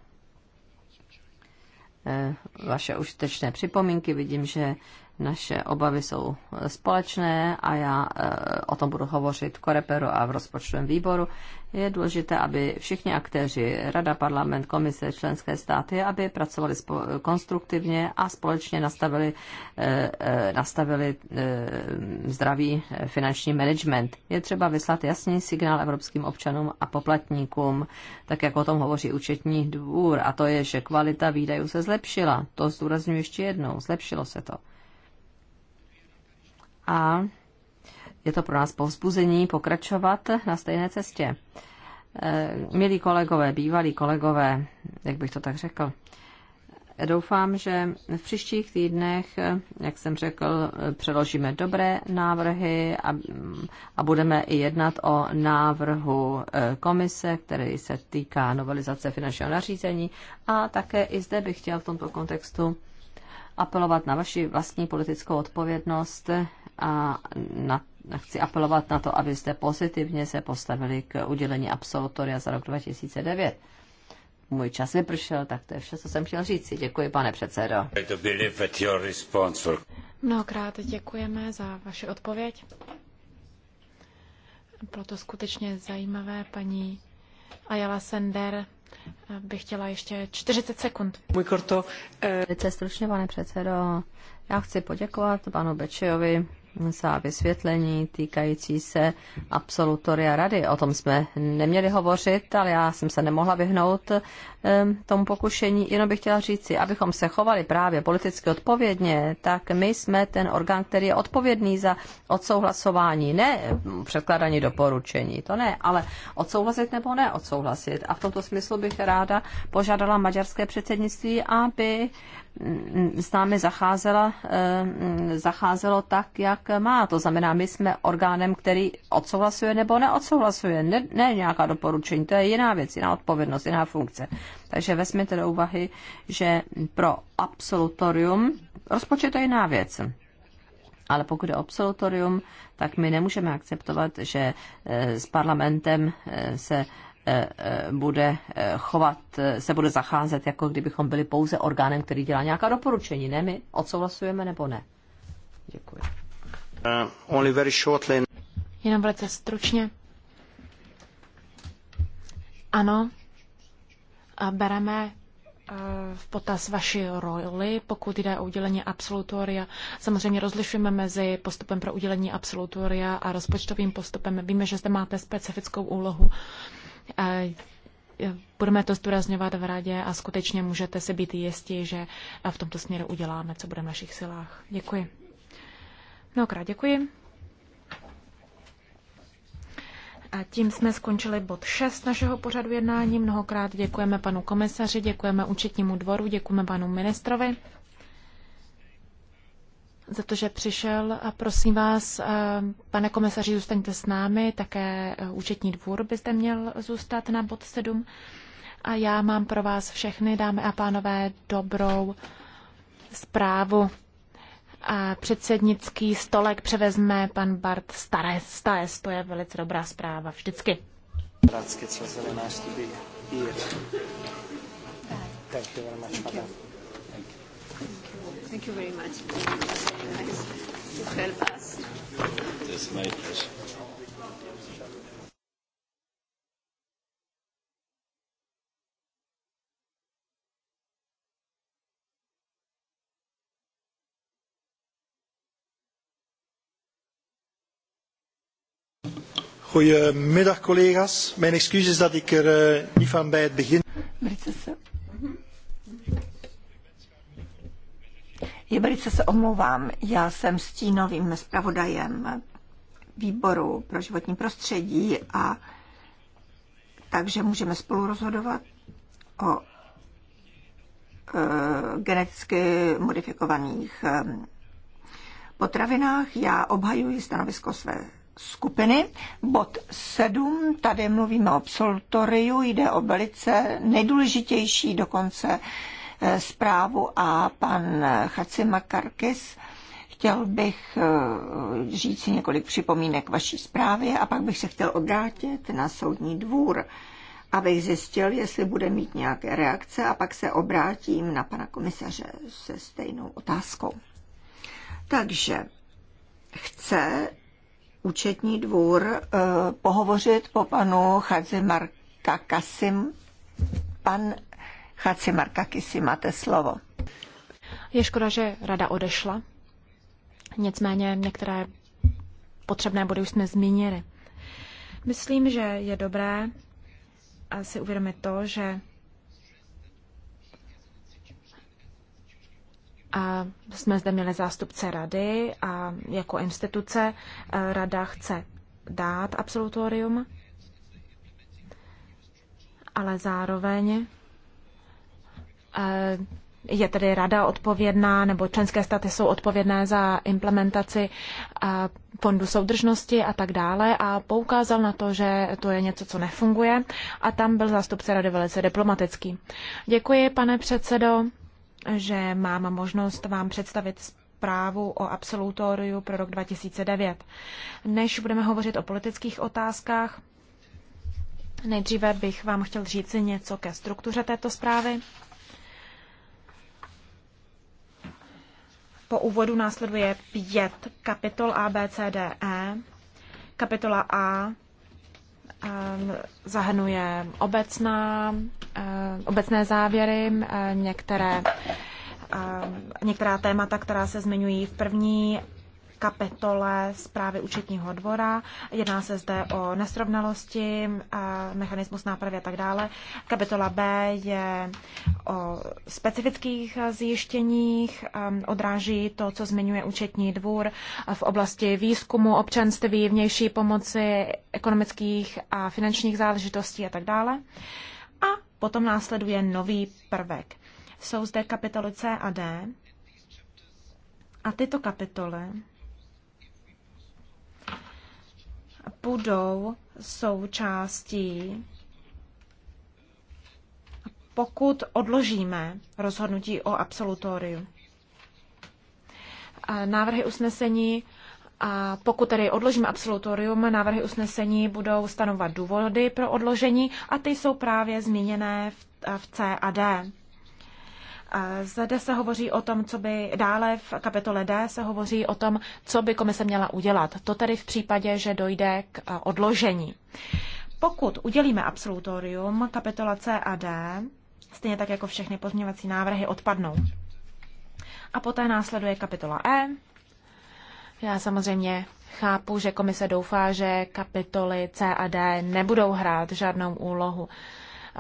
eh, vaše užitečné připomínky. Vidím, že naše obavy jsou eh, společné a já eh, o tom budu hovořit v Koreperu a v rozpočtovém výboru. Je důležité, aby všichni aktéři, Rada, Parlament, Komise, členské státy, aby pracovali konstruktivně a společně nastavili, eh, nastavili zdravý finanční management. Je třeba vyslat jasný signál evropským občanům a poplatníkům, tak jak o tom hovoří účetní dvůr, a to je, že kvalita výdajů se zlepšila. To zdůraznuju ještě jednou, zlepšilo se to a je to pro nás povzbuzení pokračovat na stejné cestě. E, milí kolegové, bývalí kolegové, jak bych to tak řekl, Doufám, že v příštích týdnech, jak jsem řekl, předložíme dobré návrhy a, a budeme i jednat o návrhu e, komise, který se týká novelizace finančního nařízení. A také i zde bych chtěl v tomto kontextu apelovat na vaši vlastní politickou odpovědnost, a na chci apelovat na to, abyste pozitivně se postavili k udělení absolutoria za rok 2009. Můj čas vypršel, tak to je vše, co jsem chtěl říct. Děkuji, pane předsedo. Mnohokrát děkujeme za vaši odpověď. Bylo to skutečně zajímavé, paní Ayala Sender bych chtěla ještě 40 sekund. Můj korto. Eh, Velice stručně, pane předsedo. Já chci poděkovat panu Bečejovi za vysvětlení týkající se absolutoria rady. O tom jsme neměli hovořit, ale já jsem se nemohla vyhnout tomu pokušení. Jenom bych chtěla říci, abychom se chovali právě politicky odpovědně, tak my jsme ten orgán, který je odpovědný za odsouhlasování, ne předkládání doporučení, to ne, ale odsouhlasit nebo ne odsouhlasit. A v tomto smyslu bych ráda požádala maďarské předsednictví, aby s námi zacházela, eh, zacházelo tak, jak má. To znamená, my jsme orgánem, který odsouhlasuje nebo neodsouhlasuje. Ne, ne nějaká doporučení, to je jiná věc, jiná odpovědnost, jiná funkce. Takže vezměte do úvahy, že pro absolutorium rozpočet je jiná věc. Ale pokud je absolutorium, tak my nemůžeme akceptovat, že eh, s parlamentem eh, se Eh, eh, bude eh, chovat, se bude zacházet, jako kdybychom byli pouze orgánem, který dělá nějaká doporučení. Ne, my odsouhlasujeme nebo ne. Děkuji. Uh, only very shortly. Jenom velice stručně. Ano, bereme v potaz vaši roli, pokud jde o udělení absolutoria. Samozřejmě rozlišujeme mezi postupem pro udělení absolutoria a rozpočtovým postupem. Víme, že zde máte specifickou úlohu. Uh, Eh, budeme to zdůrazňovat v radě a skutečně můžete si být jistí, že v tomto směru uděláme, co bude v našich silách. Děkuji. Mnohokrát děkuji. A tím jsme skončili bod 6 našeho pořadu jednání. Mnohokrát děkujeme panu komisaři, děkujeme účetnímu dvoru, děkujeme panu ministrovi za to, že přišel. A prosím vás, eh, pane komisaři, zůstaňte s námi, také eh, účetní dvůr byste měl zůstat na bod 7. A já mám pro vás všechny, dámy a pánové, dobrou zprávu. A předsednický stolek převezme pan Bart Stares. Stares, to je velice dobrá zpráva, vždycky. Bratské, co zelená studie. Thank you very much, madam. Thank you very much. It to help us. It's my pleasure. Goedemiddag collega's. Mijn excuses dat ik er uh, niet van bij het begin. Velice Je velice se omlouvám, já jsem stínovým zpravodajem výboru pro životní prostředí a takže můžeme spolu rozhodovat o e, geneticky modifikovaných e, potravinách. Já obhajuji stanovisko své skupiny. Bod 7, tady mluvíme o absolutoriu, jde o velice nejdůležitější dokonce Eh, zprávu a pan Chacimakarkis. Chtěl bych eh, říct několik připomínek vaší zprávě a pak bych se chtěl obrátit na soudní dvůr, abych zjistil, jestli bude mít nějaké reakce a pak se obrátím na pana komisaře se stejnou otázkou. Takže chce účetní dvůr eh, pohovořit po panu Chadzimarka Kasim. Pan Chaci Markakisi, máte slovo. Je škoda, že rada odešla. Nicméně některé potřebné body už jsme zmínili. Myslím, že je dobré si uvědomit to, že A jsme zde měli zástupce rady a jako instituce rada chce dát absolutorium, ale zároveň Eh, je tedy rada odpovědná, nebo členské státy jsou odpovědné za implementaci eh, fondu soudržnosti a tak dále a poukázal na to, že to je něco, co nefunguje a tam byl zástupce rady velice diplomatický. Děkuji, pane předsedo, že mám možnost vám představit zprávu o absolutoriu pro rok 2009. Než budeme hovořit o politických otázkách, nejdříve bych vám chtěl říct něco ke struktuře této zprávy. Po úvodu následuje pět kapitol A, B, C, D, E. Kapitola A ehm, zahrnuje obecná, ehm, obecné závěry, ehm, některé, některá témata, která se zmiňují v první kapitole zprávy účetního dvora. Jedná se zde o nesrovnalosti, mechanismus nápravy a tak dále. Kapitola B je o specifických zjištěních, odráží to, co zmiňuje účetní dvůr v oblasti výzkumu, občanství, vnější pomoci, ekonomických a finančních záležitostí a tak dále. A potom následuje nový prvek. Jsou zde kapitoly C a D. A tyto kapitoly budou součástí, pokud odložíme rozhodnutí o absolutoriu. Návrhy usnesení a pokud tedy odložíme absolutorium, návrhy usnesení budou stanovat důvody pro odložení a ty jsou právě zmíněné v, v C a D. Zde se hovoří o tom, co by dále v kapitole D se hovoří o tom, co by komise měla udělat. To tedy v případě, že dojde k odložení. Pokud udělíme absolutorium, kapitola C a D, stejně tak jako všechny pozměňovací návrhy, odpadnou. A poté následuje kapitola E. Já samozřejmě chápu, že komise doufá, že kapitoly C a D nebudou hrát žádnou úlohu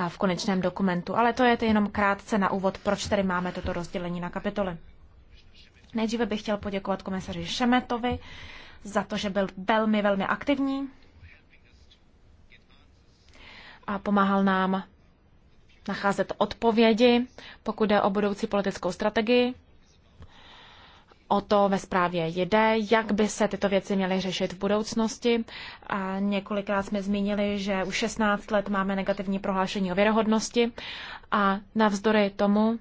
v konečném dokumentu. Ale to je to jenom krátce na úvod, proč tady máme toto rozdělení na kapitoly. Nejdříve bych chtěl poděkovat komisaři Šemetovi za to, že byl velmi, velmi aktivní a pomáhal nám nacházet odpovědi, pokud jde o budoucí politickou strategii o to ve zprávě jde, jak by se tyto věci měly řešit v budoucnosti. A několikrát jsme zmínili, že už 16 let máme negativní prohlášení o věrohodnosti a navzdory tomu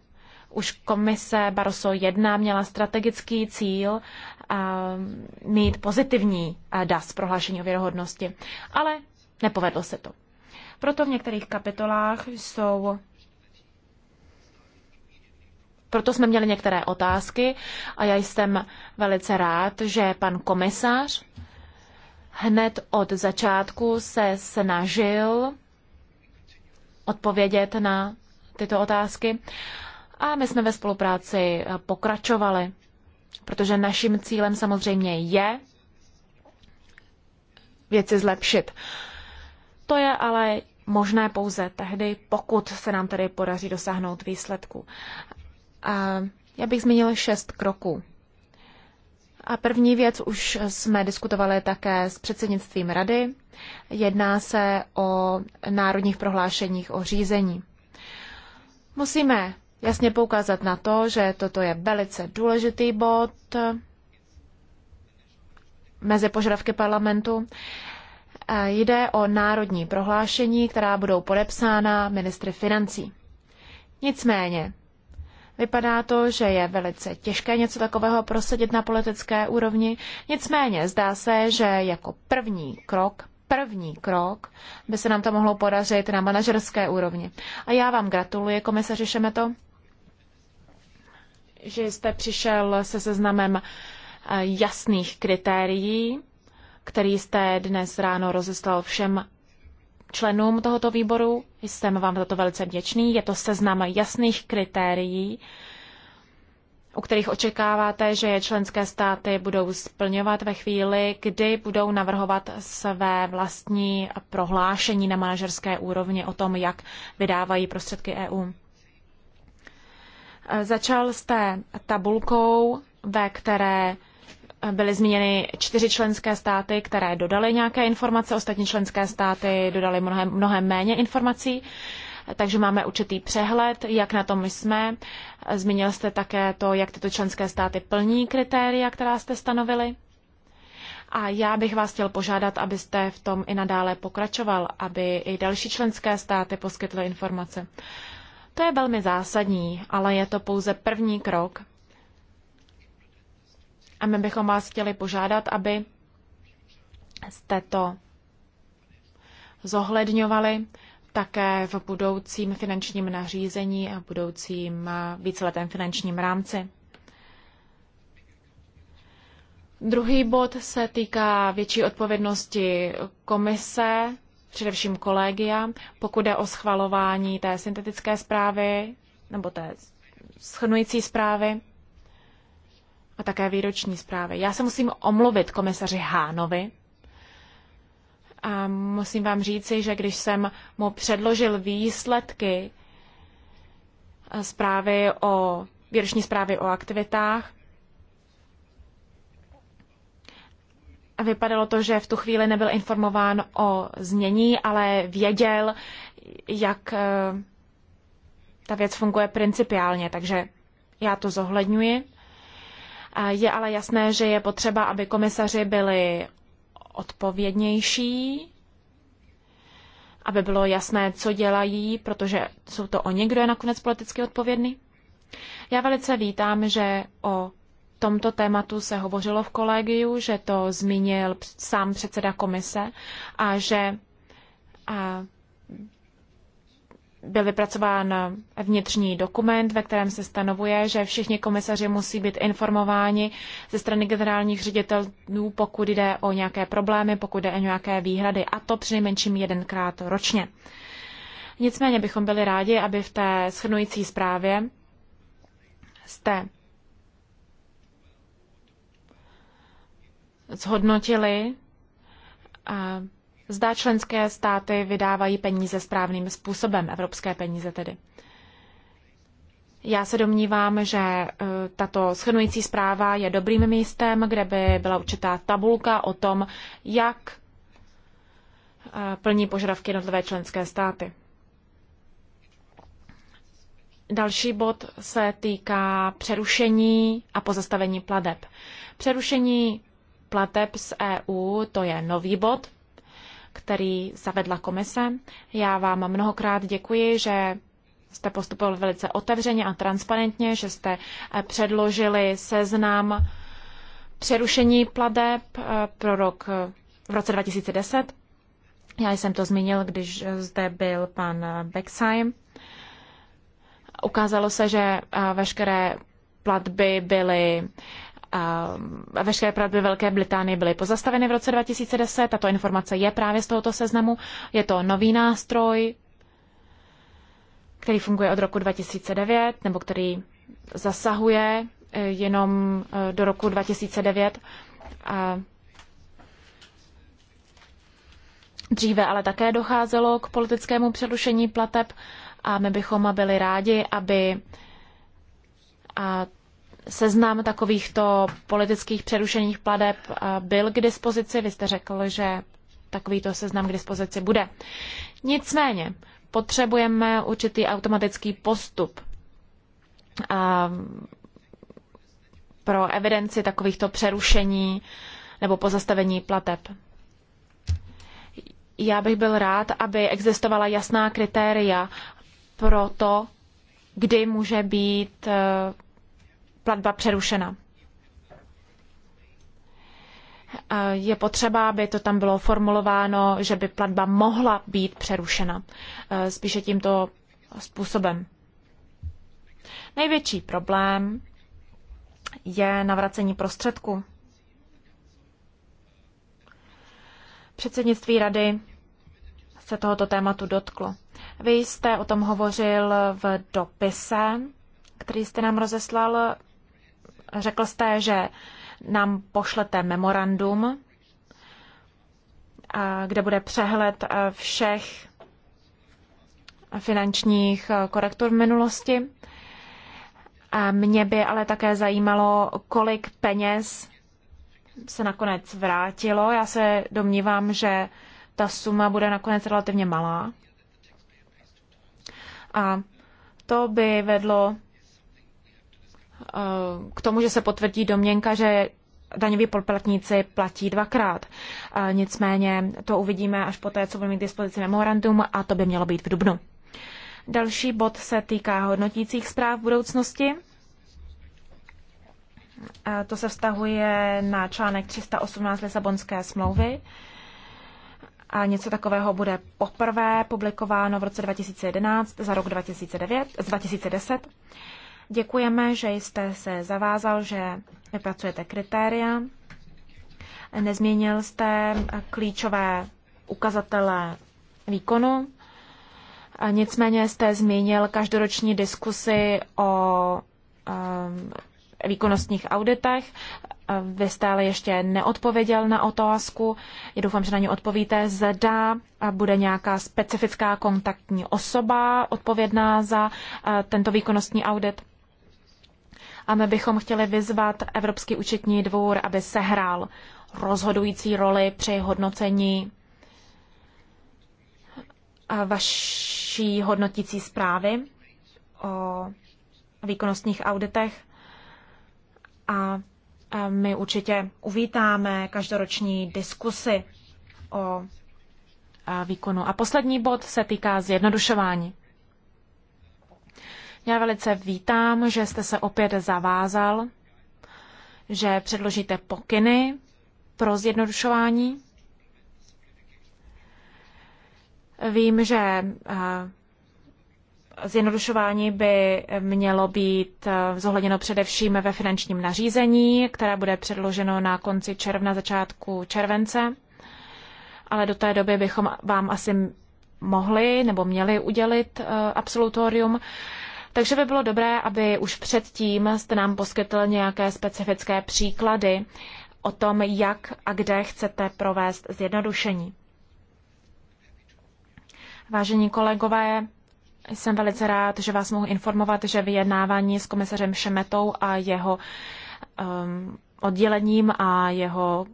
už komise Barroso 1 měla strategický cíl mít pozitivní DAS prohlášení o věrohodnosti, ale nepovedlo se to. Proto v některých kapitolách jsou proto jsme měli některé otázky a já jsem velice rád, že pan komisař hned od začátku se snažil odpovědět na tyto otázky a my jsme ve spolupráci pokračovali, protože naším cílem samozřejmě je věci zlepšit. To je ale možné pouze tehdy, pokud se nám tedy podaří dosáhnout výsledku. A Já bych zmínil šest kroků. A první věc už jsme diskutovali také s předsednictvím rady. Jedná se o národních prohlášeních o řízení. Musíme jasně poukázat na to, že toto je velice důležitý bod mezi požadavky parlamentu. Jde o národní prohlášení, která budou podepsána ministry financí. Nicméně, Vypadá to, že je velice těžké něco takového prosadit na politické úrovni. Nicméně zdá se, že jako první krok první krok by se nám to mohlo podařit na manažerské úrovni. A já vám gratuluji, komisaři Šemeto, že jste přišel se seznamem eh, jasných kritérií, který jste dnes ráno rozeslal všem členům tohoto výboru. Jsem vám za to velice vděčný. Je to seznam jasných kritérií, u kterých očekáváte, že je členské státy budou splňovat ve chvíli, kdy budou navrhovat své vlastní prohlášení na manažerské úrovni o tom, jak vydávají prostředky EU. Začal jste tabulkou, ve které byly zmíněny čtyři členské státy, které dodaly nějaké informace, ostatní členské státy dodaly mnohem, mnohem méně informací, takže máme určitý přehled, jak na tom jsme. Zmínil jste také to, jak tyto členské státy plní kritéria, která jste stanovili. A já bych vás chtěl požádat, abyste v tom i nadále pokračoval, aby i další členské státy poskytly informace. To je velmi zásadní, ale je to pouze první krok a my bychom vás chtěli požádat, aby jste to zohledňovali také v budoucím finančním nařízení a budoucím víceletém finančním rámci. Druhý bod se týká větší odpovědnosti komise, především kolegia, pokud je o schvalování té syntetické zprávy nebo té schrnující zprávy a také výroční zprávy. Já se musím omluvit komisaři Hánovi. A musím vám říci, že když jsem mu předložil výsledky zprávy o, výroční zprávy o aktivitách, vypadalo to, že v tu chvíli nebyl informován o znění, ale věděl, jak eh, ta věc funguje principiálně, takže já to zohledňuji. Je ale jasné, že je potřeba, aby komisaři byli odpovědnější, aby bylo jasné, co dělají, protože jsou to oni, kdo je nakonec politicky odpovědný. Já velice vítám, že o tomto tématu se hovořilo v kolegiu, že to zmínil sám předseda komise a že a byl vypracován vnitřní dokument, ve kterém se stanovuje, že všichni komisaři musí být informováni ze strany generálních ředitelů, pokud jde o nějaké problémy, pokud jde o nějaké výhrady, a to přinejmenším jedenkrát ročně. Nicméně bychom byli rádi, aby v té schrnující zprávě jste zhodnotili zda členské státy vydávají peníze správným způsobem, evropské peníze tedy. Já se domnívám, že e, tato schrnující zpráva je dobrým místem, kde by byla určitá tabulka o tom, jak e, plní požadavky jednotlivé členské státy. Další bod se týká přerušení a pozastavení plateb. Přerušení plateb z EU, to je nový bod, který zavedla komise. Já vám mnohokrát děkuji, že jste postupoval velice otevřeně a transparentně, že jste eh, předložili seznam přerušení pladeb eh, pro rok eh, v roce 2010. Já jsem to zmínil, když zde byl pan Becksheim. Ukázalo se, že veškeré platby byly veškeré platby Velké Británie byly pozastaveny v roce 2010. Tato informace je právě z tohoto seznamu. Je to nový nástroj, který funguje od roku 2009, nebo který zasahuje eh, jenom eh, do roku 2009. A dříve ale také docházelo k politickému přerušení plateb a my bychom byli rádi, aby a seznam takovýchto politických přerušených pladeb eh, byl k dispozici. Vy jste řekl, že takovýto seznam k dispozici bude. Nicméně potřebujeme určitý automatický postup eh, pro evidenci takovýchto přerušení nebo pozastavení plateb. Já bych byl rád, aby existovala jasná kritéria pro to, kdy může být eh, platba přerušena. Je potřeba, aby to tam bylo formulováno, že by platba mohla být přerušena. E, spíše tímto způsobem. Největší problém je navracení prostředku. Předsednictví rady se tohoto tématu dotklo. Vy jste o tom hovořil v dopise, který jste nám rozeslal Řekl jste, že nám pošlete memorandum, kde bude přehled všech finančních korektur v minulosti. A mě by ale také zajímalo, kolik peněz se nakonec vrátilo. Já se domnívám, že ta suma bude nakonec relativně malá. A to by vedlo Eh, k tomu, že se potvrdí domněnka, že daňoví poplatníci platí dvakrát. Eh, nicméně to uvidíme až poté, co budeme mít k dispozici memorandum a to by mělo být v dubnu. Další bod se týká hodnotících zpráv v budoucnosti. A eh, to se vztahuje na článek 318 Lisabonské smlouvy. A něco takového bude poprvé publikováno v roce 2011 za rok 2009, 2010. Děkujeme, že jste se zavázal, že vypracujete kritéria. Nezměnil jste klíčové ukazatele výkonu. Nicméně jste zmínil každoroční diskusy o um, výkonnostních auditech. Vy jste ale ještě neodpověděl na otázku. Já doufám, že na ně odpovíte. Zda bude nějaká specifická kontaktní osoba odpovědná za uh, tento výkonnostní audit. A my bychom chtěli vyzvat Evropský účetní dvůr, aby sehrál rozhodující roli při hodnocení vaší hodnotící zprávy o výkonnostních auditech. A my určitě uvítáme každoroční diskusy o výkonu. A poslední bod se týká zjednodušování. Já velice vítám, že jste se opět zavázal, že předložíte pokyny pro zjednodušování. Vím, že eh, Zjednodušování by mělo být eh, zohledněno především ve finančním nařízení, které bude předloženo na konci června, začátku července. Ale do té doby bychom vám asi mohli nebo měli udělit eh, absolutorium. Takže by bylo dobré, aby už předtím jste nám poskytl nějaké specifické příklady o tom, jak a kde chcete provést zjednodušení. Vážení kolegové, jsem velice rád, že vás mohu informovat, že vyjednávání s komisařem Šemetou a jeho um, oddělením a jeho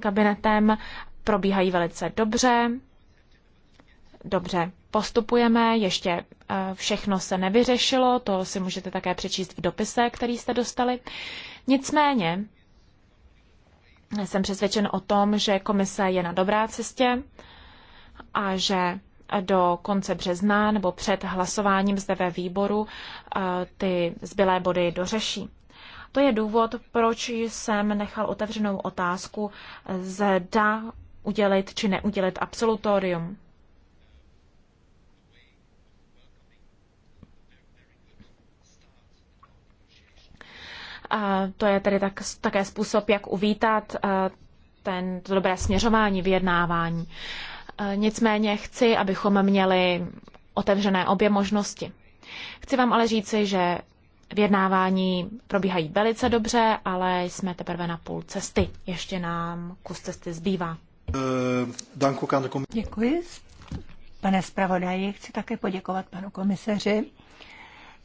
kabinetem probíhají velice dobře. Dobře, postupujeme, ještě eh, všechno se nevyřešilo, to si můžete také přečíst v dopise, který jste dostali. Nicméně jsem přesvědčen o tom, že komise je na dobré cestě a že do konce března nebo před hlasováním zde ve výboru eh, ty zbylé body dořeší. To je důvod, proč jsem nechal otevřenou otázku, zda udělit či neudělit absolutorium. To je tedy tak, také způsob, jak uvítat eh, ten, to dobré směřování vyjednávání. Eh, nicméně chci, abychom měli otevřené obě možnosti. Chci vám ale říci, že vyjednávání probíhají velice dobře, ale jsme teprve na půl cesty. Ještě nám kus cesty zbývá. Eh, Děkuji. Pane zpravodaji, chci také poděkovat panu komisaři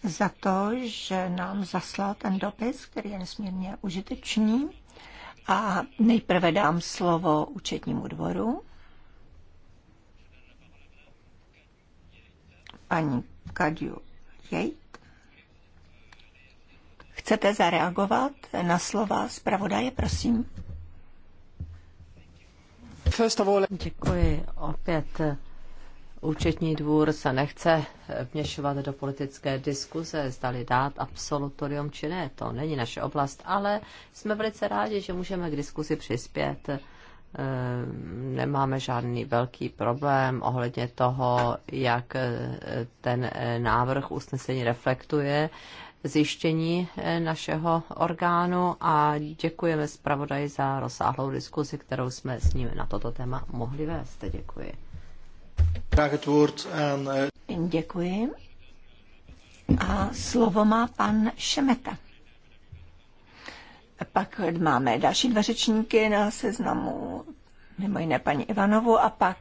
za to, že nám zaslal ten dopis, který je nesmírně užitečný. A nejprve dám slovo účetnímu dvoru. Paní Kadiu Jejt. Chcete zareagovat na slova zpravodaje, prosím? Děkuji opět Účetní dvůr se nechce vměšovat do politické diskuze, zdali dát absolutorium či ne. To není naše oblast, ale jsme velice rádi, že můžeme k diskuzi přispět. Eh, nemáme žádný velký problém ohledně toho, jak eh, ten eh, návrh usnesení reflektuje zjištění našeho orgánu a děkujeme zpravodaji za rozsáhlou diskuzi, kterou jsme s ním na toto téma mohli vést. Děkuji. Děkuji. A slovo má pan Šemeta. Pak máme další dva řečníky na seznamu, mimo jiné paní Ivanovu, a pak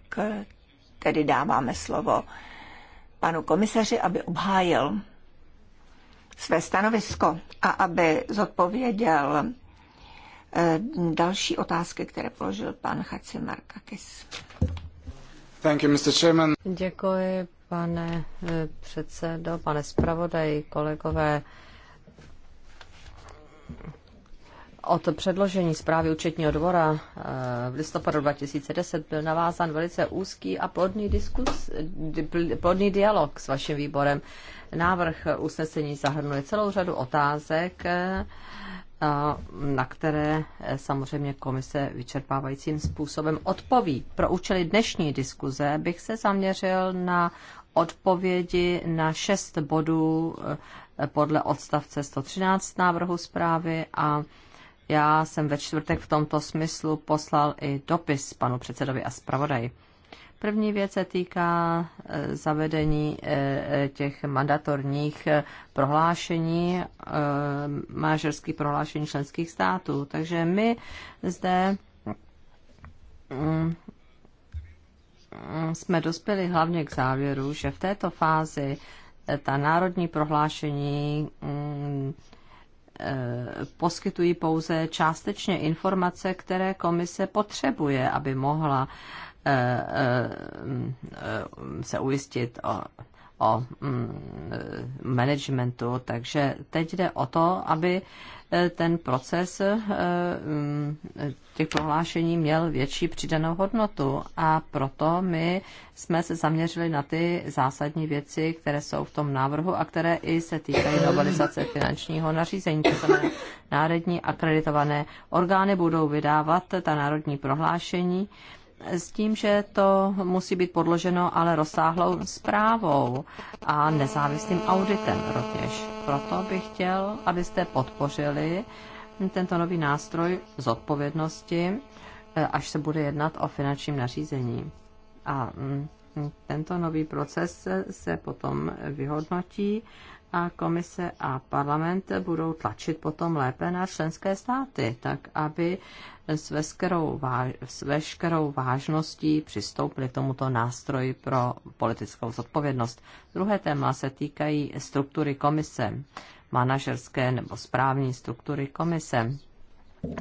tedy dáváme slovo panu komisaři, aby obhájil své stanovisko a aby zodpověděl eh, další otázky, které položil pan Chacimarkakis. Markakis. Děkuji, pane eh, předsedo, pane zpravodaji, kolegové. Od předložení zprávy účetního dvora eh, v listopadu 2010 byl navázán velice úzký a plodný, diskus, plodný dialog s vaším výborem. Návrh usnesení zahrnuje celou řadu otázek, eh, na které e, samozřejmě komise vyčerpávajícím způsobem odpoví. Pro účely dnešní diskuze bych se zaměřil na odpovědi na šest bodů e, podle odstavce 113 návrhu zprávy a já jsem ve čtvrtek v tomto smyslu poslal i dopis panu předsedovi a zpravodaji. První věc se týká e, zavedení e, e, těch mandatorních prohlášení, mážerských prohlášení členských států. Takže my zde mm, jsme dospěli hlavně k závěru, že v této fázi ta národní prohlášení mm, poskytují pouze částečně informace, které komise potřebuje, aby mohla Eh, eh, se ujistit o, o mm, managementu. Takže teď jde o to, aby eh, ten proces mm, těch prohlášení měl větší přidanou hodnotu a proto my jsme se zaměřili na ty zásadní věci, které jsou v tom návrhu a které i se týkají novelizace finančního nařízení. To znamená, národní akreditované orgány budou vydávat ta národní prohlášení s tím, že to musí být podloženo ale rozsáhlou zprávou a nezávislým auditem rovněž. Proto bych chtěl, abyste podpořili tento nový nástroj odpovědnosti, eh, až se bude jednat o finančním nařízení. A mm, tento nový proces se potom vyhodnotí a komise a parlament budou tlačit potom lépe na členské státy, tak aby s veškerou, váž- s veškerou vážností přistoupili k tomuto nástroji pro politickou zodpovědnost. Druhé téma se týkají struktury komise, manažerské nebo správní struktury komise.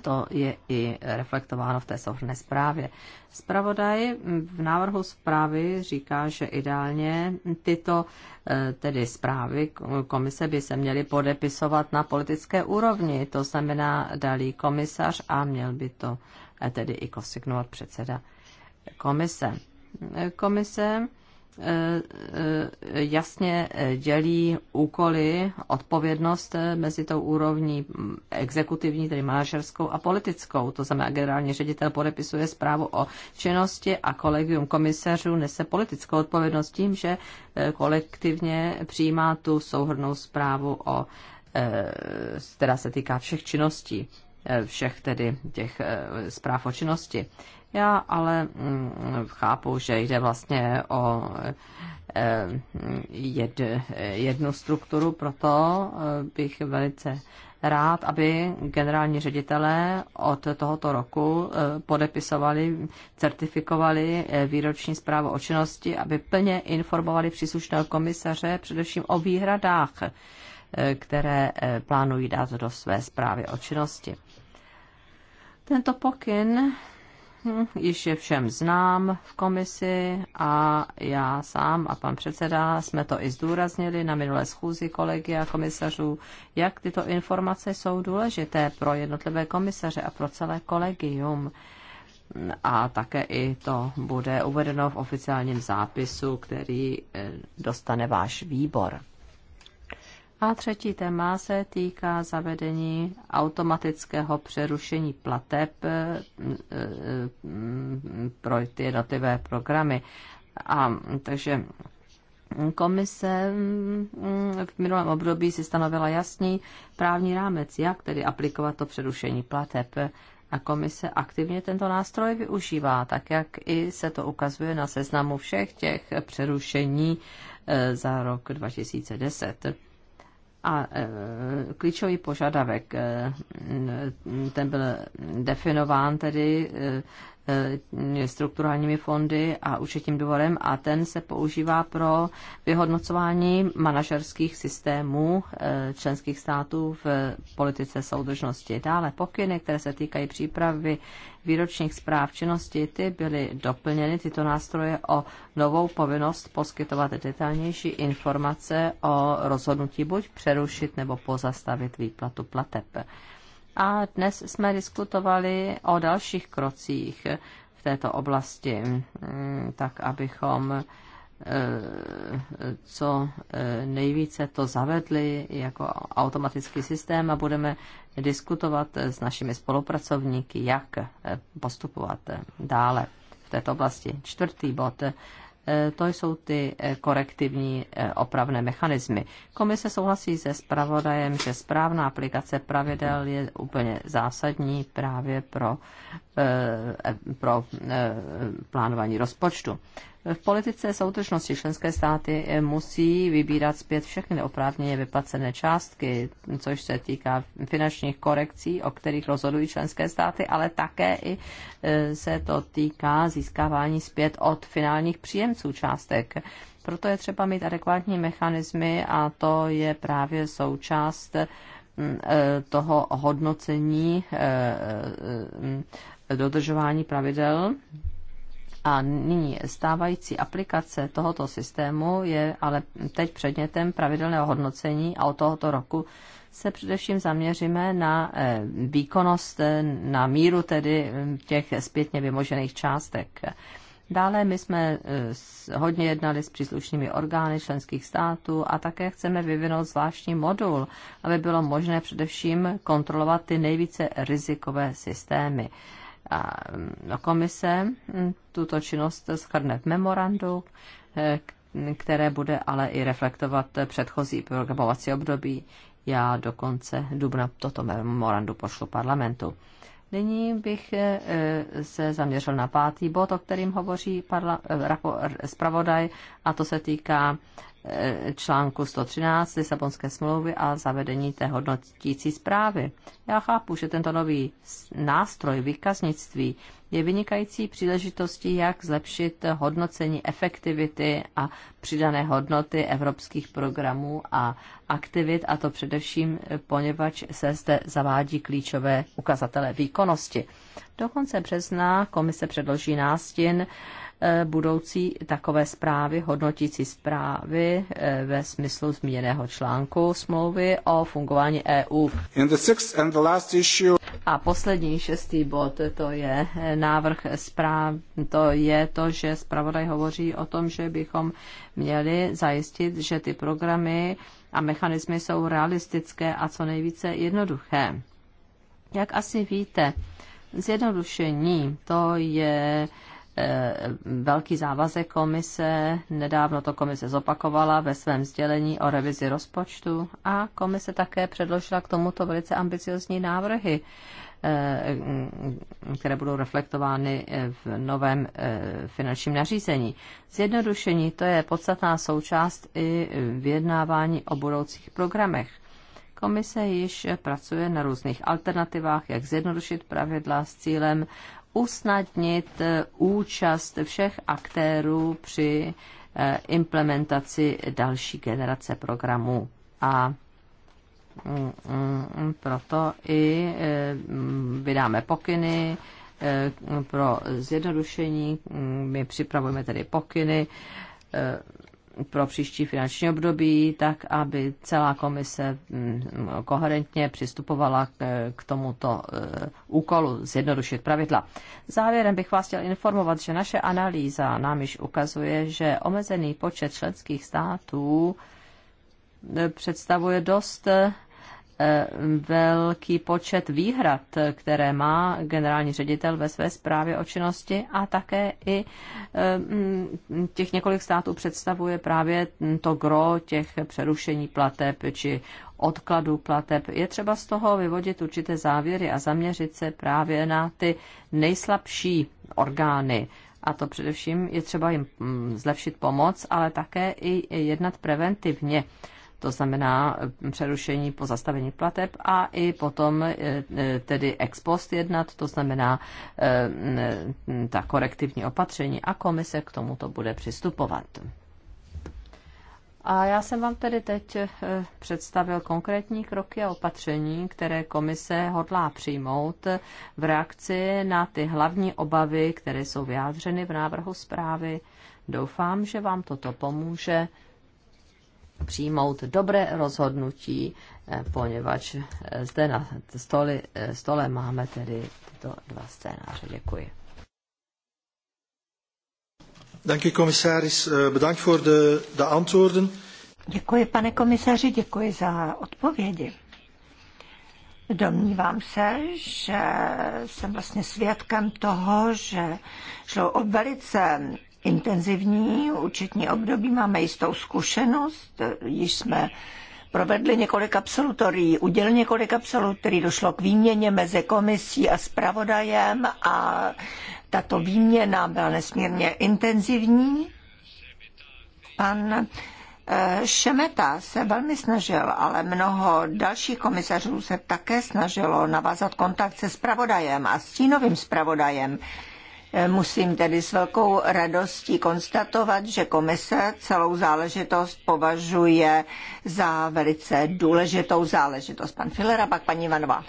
To je i reflektováno v té souhrné zprávě. Spravodaj v návrhu zprávy říká, že ideálně tyto eh, tedy zprávy komise by se měly podepisovat na politické úrovni. To znamená dalý komisař a měl by to eh, tedy i kosignovat předseda komise. Eh, komise Eh, eh, jasně dělí úkoly, odpovědnost eh, mezi tou úrovní mm, exekutivní, tedy manažerskou a politickou. To znamená, generální ředitel podepisuje zprávu o činnosti a kolegium komisařů nese politickou odpovědnost tím, že kolektivně přijímá tu souhrnou zprávu, o, která se týká všech činností všech tedy těch zpráv o činnosti. Já ale mm, chápu, že jde vlastně o eh, jed, jednu strukturu, proto eh, bych velice rád, aby generální ředitelé od tohoto roku eh, podepisovali, certifikovali výroční zprávu o činnosti, aby plně informovali příslušného komisaře především o výhradách, které plánují dát do své zprávy o činnosti. Tento pokyn Hm, již je všem znám v komisi a já sám a pan předseda jsme to i zdůraznili na minulé schůzi kolegy a komisařů, jak tyto informace jsou důležité pro jednotlivé komisaře a pro celé kolegium. A také i to bude uvedeno v oficiálním zápisu, který eh, dostane váš výbor. A třetí téma se týká zavedení automatického přerušení plateb eh, eh, pro ty jednotlivé programy. A takže Komise mm, v minulém období si stanovila jasný právní rámec, jak tedy aplikovat to přerušení plateb. A komise aktivně tento nástroj využívá, tak jak i se to ukazuje na seznamu všech těch přerušení eh, za rok 2010. A e, klíčový požadavek, e, ten byl definován tedy e, Eh, strukturálními fondy a účetním dvorem a ten se používá pro vyhodnocování manažerských systémů eh, členských států v politice soudržnosti. Dále pokyny, které se týkají přípravy výročních zpráv činnosti, ty byly doplněny, tyto nástroje, o novou povinnost poskytovat detailnější informace o rozhodnutí buď přerušit nebo pozastavit výplatu plateb a dnes jsme diskutovali o dalších krocích v této oblasti, mm, tak abychom e, co e, nejvíce to zavedli jako automatický systém a budeme diskutovat s našimi spolupracovníky, jak e, postupovat dále v této oblasti. Čtvrtý bod, Eh, to jsou ty eh, korektivní eh, opravné mechanismy. Komise souhlasí se zpravodajem, že správná aplikace pravidel je úplně zásadní právě pro, pro plánování rozpočtu. V politice soudržnosti členské státy musí vybírat zpět všechny neoprávněně vyplacené částky, což se týká finančních korekcí, o kterých rozhodují členské státy, ale také i e, se to týká získávání zpět od finálních příjemců částek. Proto je třeba mít adekvátní mechanismy a to je právě součást e, toho hodnocení e, dodržování pravidel a nyní stávající aplikace tohoto systému je ale teď předmětem pravidelného hodnocení a od tohoto roku se především zaměříme na eh, výkonnost, eh, na míru tedy hm, těch zpětně vymožených částek. Dále my jsme eh, hodně jednali s příslušnými orgány členských států a také chceme vyvinout zvláštní modul, aby bylo možné především kontrolovat ty nejvíce rizikové systémy. A no, komise mm, tuto činnost schrne v memorandu, eh, které bude ale i reflektovat předchozí programovací období. Já do konce dubna toto memorandu pošlu parlamentu. Nyní bych eh, eh, se zaměřil na pátý bod, o kterým hovoří zpravodaj, a to se týká Eh, článku 113 Lisabonské smlouvy a zavedení té hodnotící zprávy. Já chápu, že tento nový nástroj vykaznictví je vynikající příležitostí, jak zlepšit hodnocení efektivity a přidané hodnoty evropských programů a aktivit, a to především, eh, poněvadž se zde zavádí klíčové ukazatele výkonnosti. Do konce března komise předloží nástin Eh, budoucí takové zprávy, hodnotící zprávy eh, ve smyslu zmíněného článku smlouvy o fungování EU. Issue... A poslední šestý bod, to je eh, návrh zpráv, to je to, že zpravodaj hovoří o tom, že bychom měli zajistit, že ty programy a mechanismy jsou realistické a co nejvíce jednoduché. Jak asi víte, zjednodušení to je Eh, velký závazek komise. Nedávno to komise zopakovala ve svém sdělení o revizi rozpočtu a komise také předložila k tomuto velice ambiciozní návrhy, eh, které budou reflektovány eh, v novém finančním nařízení. Zjednodušení to je podstatná součást i vyjednávání o budoucích programech. Komise již pracuje na různých alternativách, jak zjednodušit pravidla s cílem usnadnit eh, účast všech aktérů při eh, implementaci další generace programů. A mm, mm, mm, proto i eh, vydáme pokyny pro zjednodušení. My připravujeme tedy pokyny pro příští finanční období, tak aby celá komise mm, koherentně přistupovala k tomuto e, úkolu zjednodušit pravidla. Závěrem bych vás chtěl informovat, že naše analýza nám již ukazuje, že omezený počet členských států e, představuje dost e, velký počet výhrad, které má generální ředitel ve své zprávě o činnosti a také i mm, těch několik států představuje právě to gro těch přerušení plateb či odkladu plateb. Je třeba z toho vyvodit určité závěry a zaměřit se právě na ty nejslabší orgány. A to především je třeba jim mm, zlepšit pomoc, ale také i jednat preventivně to znamená eh, přerušení po zastavení plateb a i potom eh, eh, tedy ex post jednat, to znamená mm, ta korektivní opatření a komise k tomuto bude přistupovat. A já jsem vám tedy teď představil konkrétní kroky a opatření, které komise hodlá přijmout v reakci na ty hlavní obavy, které jsou vyjádřeny v návrhu zprávy. Doufám, že vám toto pomůže přijmout dobré rozhodnutí, eh, poněvadž eh, zde na stole, eh, stole máme tedy tyto dva scénáře. Děkuji. Děkuji, komisaris. Bedankt Děkuji, pane komisaři, děkuji za odpovědi. Domnívám se, že jsem vlastně svědkem toho, že šlo o velice intenzivní účetní období, máme jistou zkušenost, již jsme provedli několik absolutorií, udělili několik absolutorií, došlo k výměně mezi komisí a spravodajem a tato výměna byla nesmírně intenzivní. Pan eh, Šemeta se velmi snažil, ale mnoho dalších komisařů se také snažilo navázat kontakt se spravodajem a stínovým spravodajem. Musím tedy s velkou radostí konstatovat, že komise celou záležitost považuje za velice důležitou záležitost. Pan Filera, pak paní Ivanová.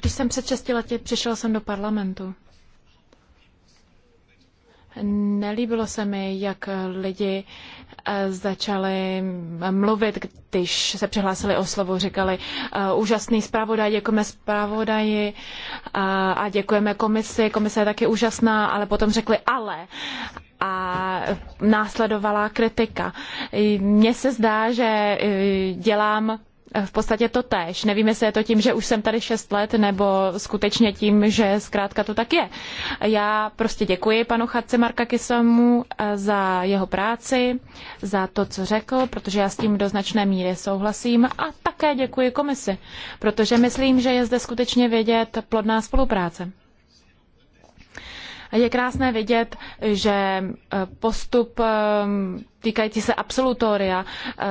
Když jsem před 6 lety přišel jsem do parlamentu. Nelíbilo se mi, jak lidi Eh, začali mluvit, když se přihlásili o slovo, říkali eh, úžasný zpravodaj, děkujeme zpravodaji eh, a děkujeme komisi, komise je taky úžasná, ale potom řekli ale a následovala kritika. Mně se zdá, že dělám Eh, v podstatě to též. Nevím, jestli je to tím, že už jsem tady šest let, nebo skutečně tím, že zkrátka to tak je. Já prostě děkuji panu Chatce Marka Kisomu eh, za jeho práci, za to, co řekl, protože já s tím do značné míry souhlasím a také děkuji komisi, protože myslím, že je zde skutečně vědět plodná spolupráce. Je krásné vidět, že eh, postup eh, týkající se absolutoria eh,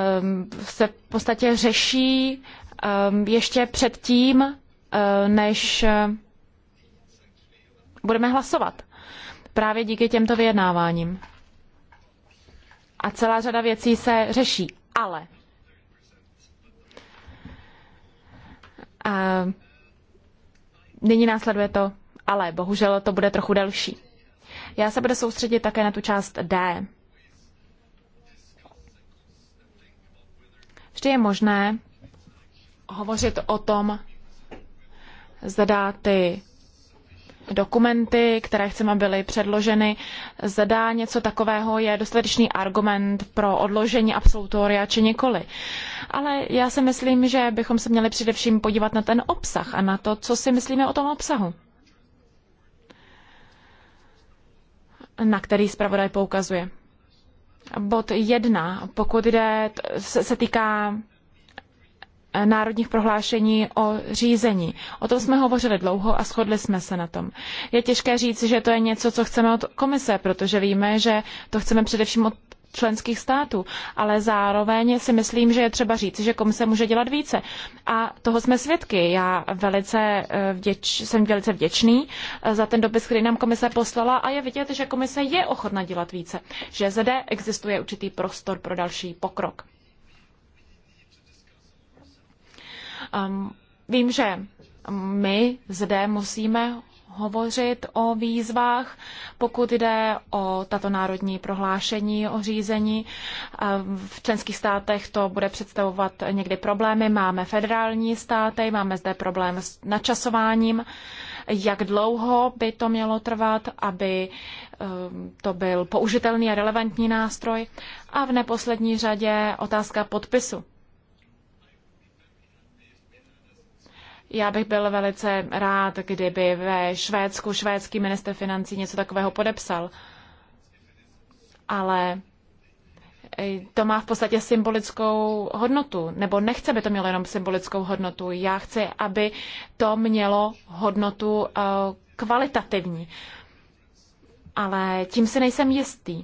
se v podstatě řeší ještě předtím, než budeme hlasovat. Právě díky těmto vyjednáváním. A celá řada věcí se řeší. Ale a nyní následuje to, ale bohužel to bude trochu delší. Já se budu soustředit také na tu část D. Vždy je možné hovořit o tom, zda ty dokumenty, které chceme byly předloženy, zda něco takového je dostatečný argument pro odložení absolutoria či nikoli. Ale já si myslím, že bychom se měli především podívat na ten obsah a na to, co si myslíme o tom obsahu. na který zpravodaj poukazuje. Bod jedna, pokud jde, se týká eh, národních prohlášení o řízení. O tom jsme hovořili dlouho a shodli jsme se na tom. Je těžké říct, že to je něco, co chceme od komise, protože víme, že to chceme především od členských států, ale zároveň si myslím, že je třeba říct, že komise může dělat více. A toho jsme svědky. Já velice eh, vděč, jsem velice vděčný eh, za ten dopis, který nám komise poslala a je vidět, že komise je ochotna dělat více, že zde existuje určitý prostor pro další pokrok. Um, vím, že my zde musíme hovořit o výzvách, pokud jde o tato národní prohlášení o řízení. V členských státech to bude představovat někdy problémy. Máme federální státy, máme zde problém s načasováním, jak dlouho by to mělo trvat, aby um, to byl použitelný a relevantní nástroj. A v neposlední řadě otázka podpisu. Já bych byl velice rád, kdyby ve Švédsku švédský minister financí něco takového podepsal. Ale e, to má v podstatě symbolickou hodnotu, nebo nechce, aby to mělo jenom symbolickou hodnotu. Já chci, aby to mělo hodnotu e, kvalitativní. Ale tím si nejsem jistý.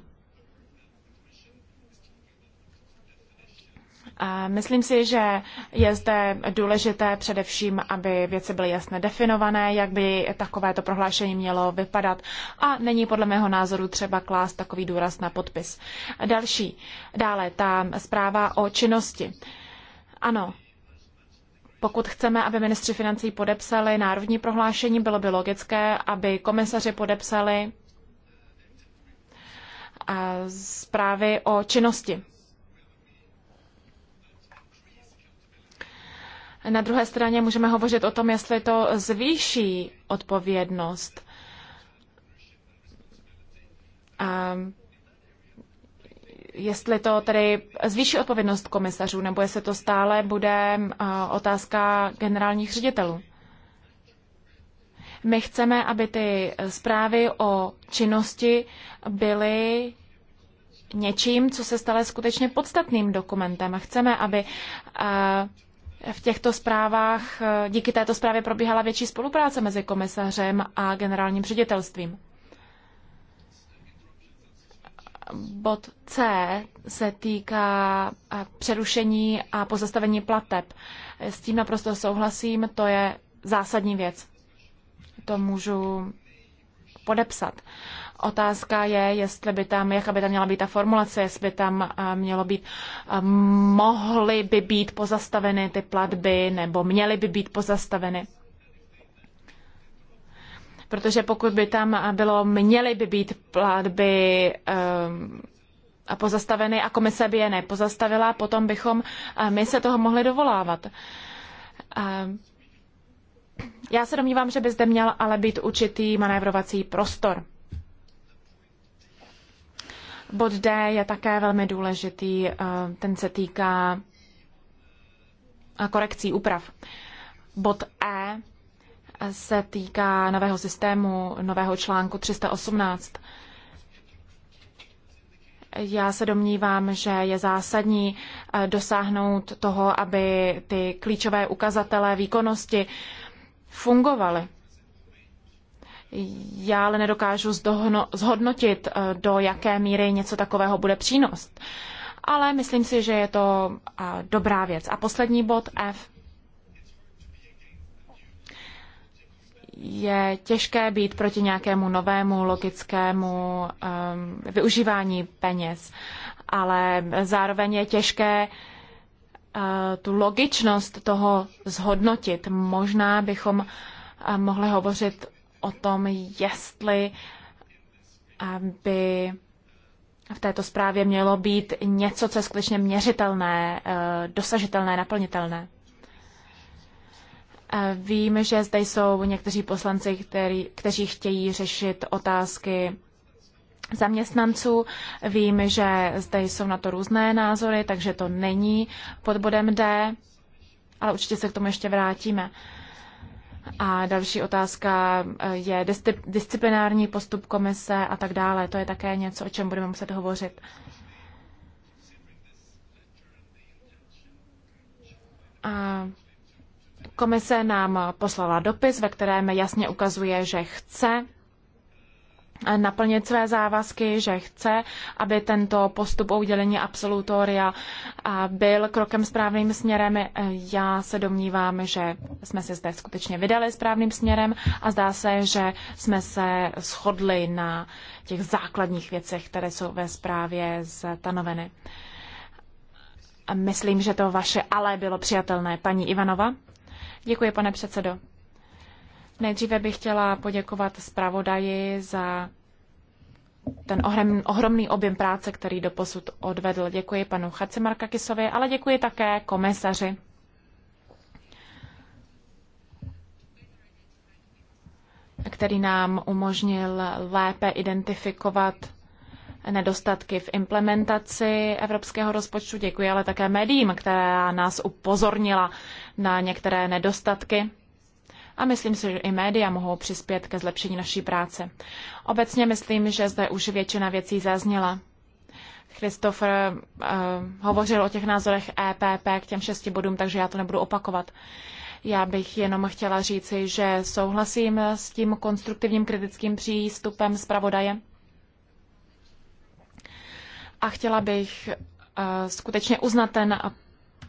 Myslím si, že je zde důležité především, aby věci byly jasně definované, jak by takovéto prohlášení mělo vypadat a není podle mého názoru třeba klást takový důraz na podpis. Další, dále ta zpráva o činnosti. Ano, pokud chceme, aby ministři financí podepsali národní prohlášení, bylo by logické, aby komisaři podepsali eh, zprávy o činnosti Na druhé straně můžeme hovořit o tom, jestli to zvýší odpovědnost. A jestli to tedy zvýší odpovědnost komisařů, nebo jestli to stále bude otázka generálních ředitelů. My chceme, aby ty zprávy o činnosti byly něčím, co se stalo skutečně podstatným dokumentem. a Chceme, aby v těchto zprávách, eh, díky této zprávě probíhala větší spolupráce mezi komisařem a generálním ředitelstvím. Bod C se týká eh, přerušení a pozastavení plateb. S tím naprosto souhlasím, to je zásadní věc. To můžu podepsat. Otázka je, jestli by tam, jaká by tam měla být ta formulace, jestli by tam eh, mělo být, eh, mohly by být pozastaveny ty platby nebo měly by být pozastaveny. Protože pokud by tam eh, bylo, měly by být platby a pozastaveny a komise by je nepozastavila, potom bychom my se toho mohli dovolávat. Já se domnívám, že by zde měl ale být určitý manévrovací prostor. Bod D je také velmi důležitý, eh, ten se týká eh, korekcí úprav. Bod E se týká nového systému, nového článku 318. Já se domnívám, že je zásadní eh, dosáhnout toho, aby ty klíčové ukazatele výkonnosti fungovaly. Já ale nedokážu zdohno, zhodnotit, eh, do jaké míry něco takového bude přínos. Ale myslím si, že je to eh, dobrá věc. A poslední bod F. Je těžké být proti nějakému novému logickému um, využívání peněz, ale zároveň je těžké uh, tu logičnost toho zhodnotit. Možná bychom uh, mohli hovořit o tom, jestli eh, by v této zprávě mělo být něco, co je skutečně měřitelné, eh, dosažitelné, naplnitelné. Eh, vím, že zde jsou někteří poslanci, který, kteří chtějí řešit otázky zaměstnanců. Vím, že zde jsou na to různé názory, takže to není pod bodem D, ale určitě se k tomu ještě vrátíme. A další otázka eh, je disciplinární postup komise a tak dále. To je také něco, o čem budeme muset hovořit. A komise nám poslala dopis, ve kterém jasně ukazuje, že chce naplnit své závazky, že chce, aby tento postup o udělení absolutoria byl krokem správným směrem. Já se domnívám, že jsme se zde skutečně vydali správným směrem a zdá se, že jsme se shodli na těch základních věcech, které jsou ve zprávě stanoveny. Myslím, že to vaše ale bylo přijatelné. Paní Ivanova? Děkuji, pane předsedo. Nejdříve bych chtěla poděkovat zpravodaji za ten ohrem, ohromný objem práce, který doposud odvedl. Děkuji panu Chacimarkakisovi, ale děkuji také komisaři. který nám umožnil lépe identifikovat nedostatky v implementaci evropského rozpočtu. Děkuji ale také médiím, která nás upozornila na některé nedostatky a myslím si, že i média mohou přispět ke zlepšení naší práce. Obecně myslím, že zde už většina věcí zazněla. Christopher uh, hovořil o těch názorech EPP k těm šesti bodům, takže já to nebudu opakovat. Já bych jenom chtěla říci, že souhlasím s tím konstruktivním kritickým přístupem zpravodaje. A chtěla bych uh, skutečně uznat ten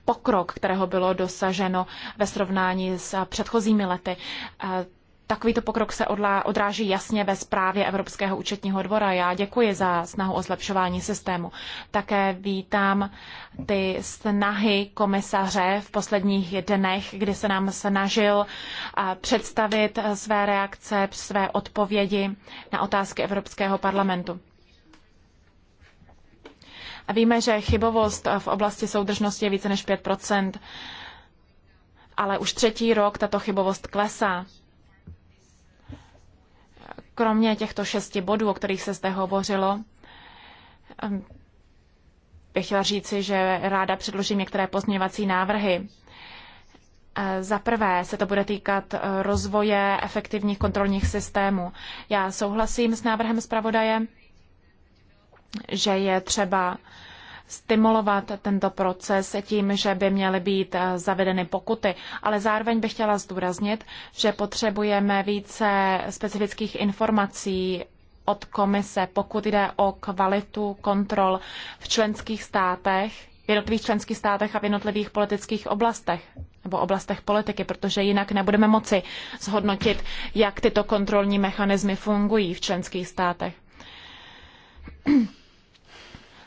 pokrok, kterého bylo dosaženo ve srovnání s předchozími lety. Takovýto pokrok se odráží jasně ve zprávě Evropského účetního dvora. Já děkuji za snahu o zlepšování systému. Také vítám ty snahy komisaře v posledních dnech, kdy se nám snažil představit své reakce, své odpovědi na otázky Evropského parlamentu. A víme, že chybovost v oblasti soudržnosti je více než 5 ale už třetí rok tato chybovost klesá. Kromě těchto šesti bodů, o kterých se zde hovořilo, ehm, bych chtěla říci, že ráda předložím některé pozměňovací návrhy. E, za prvé se to bude týkat e, rozvoje efektivních kontrolních systémů. Já souhlasím s návrhem zpravodaje že je třeba stimulovat tento proces tím, že by měly být eh, zavedeny pokuty. Ale zároveň bych chtěla zdůraznit, že potřebujeme více specifických informací od komise, pokud jde o kvalitu kontrol v členských státech, v jednotlivých členských státech a v jednotlivých politických oblastech nebo oblastech politiky, protože jinak nebudeme moci zhodnotit, jak tyto kontrolní mechanismy fungují v členských státech.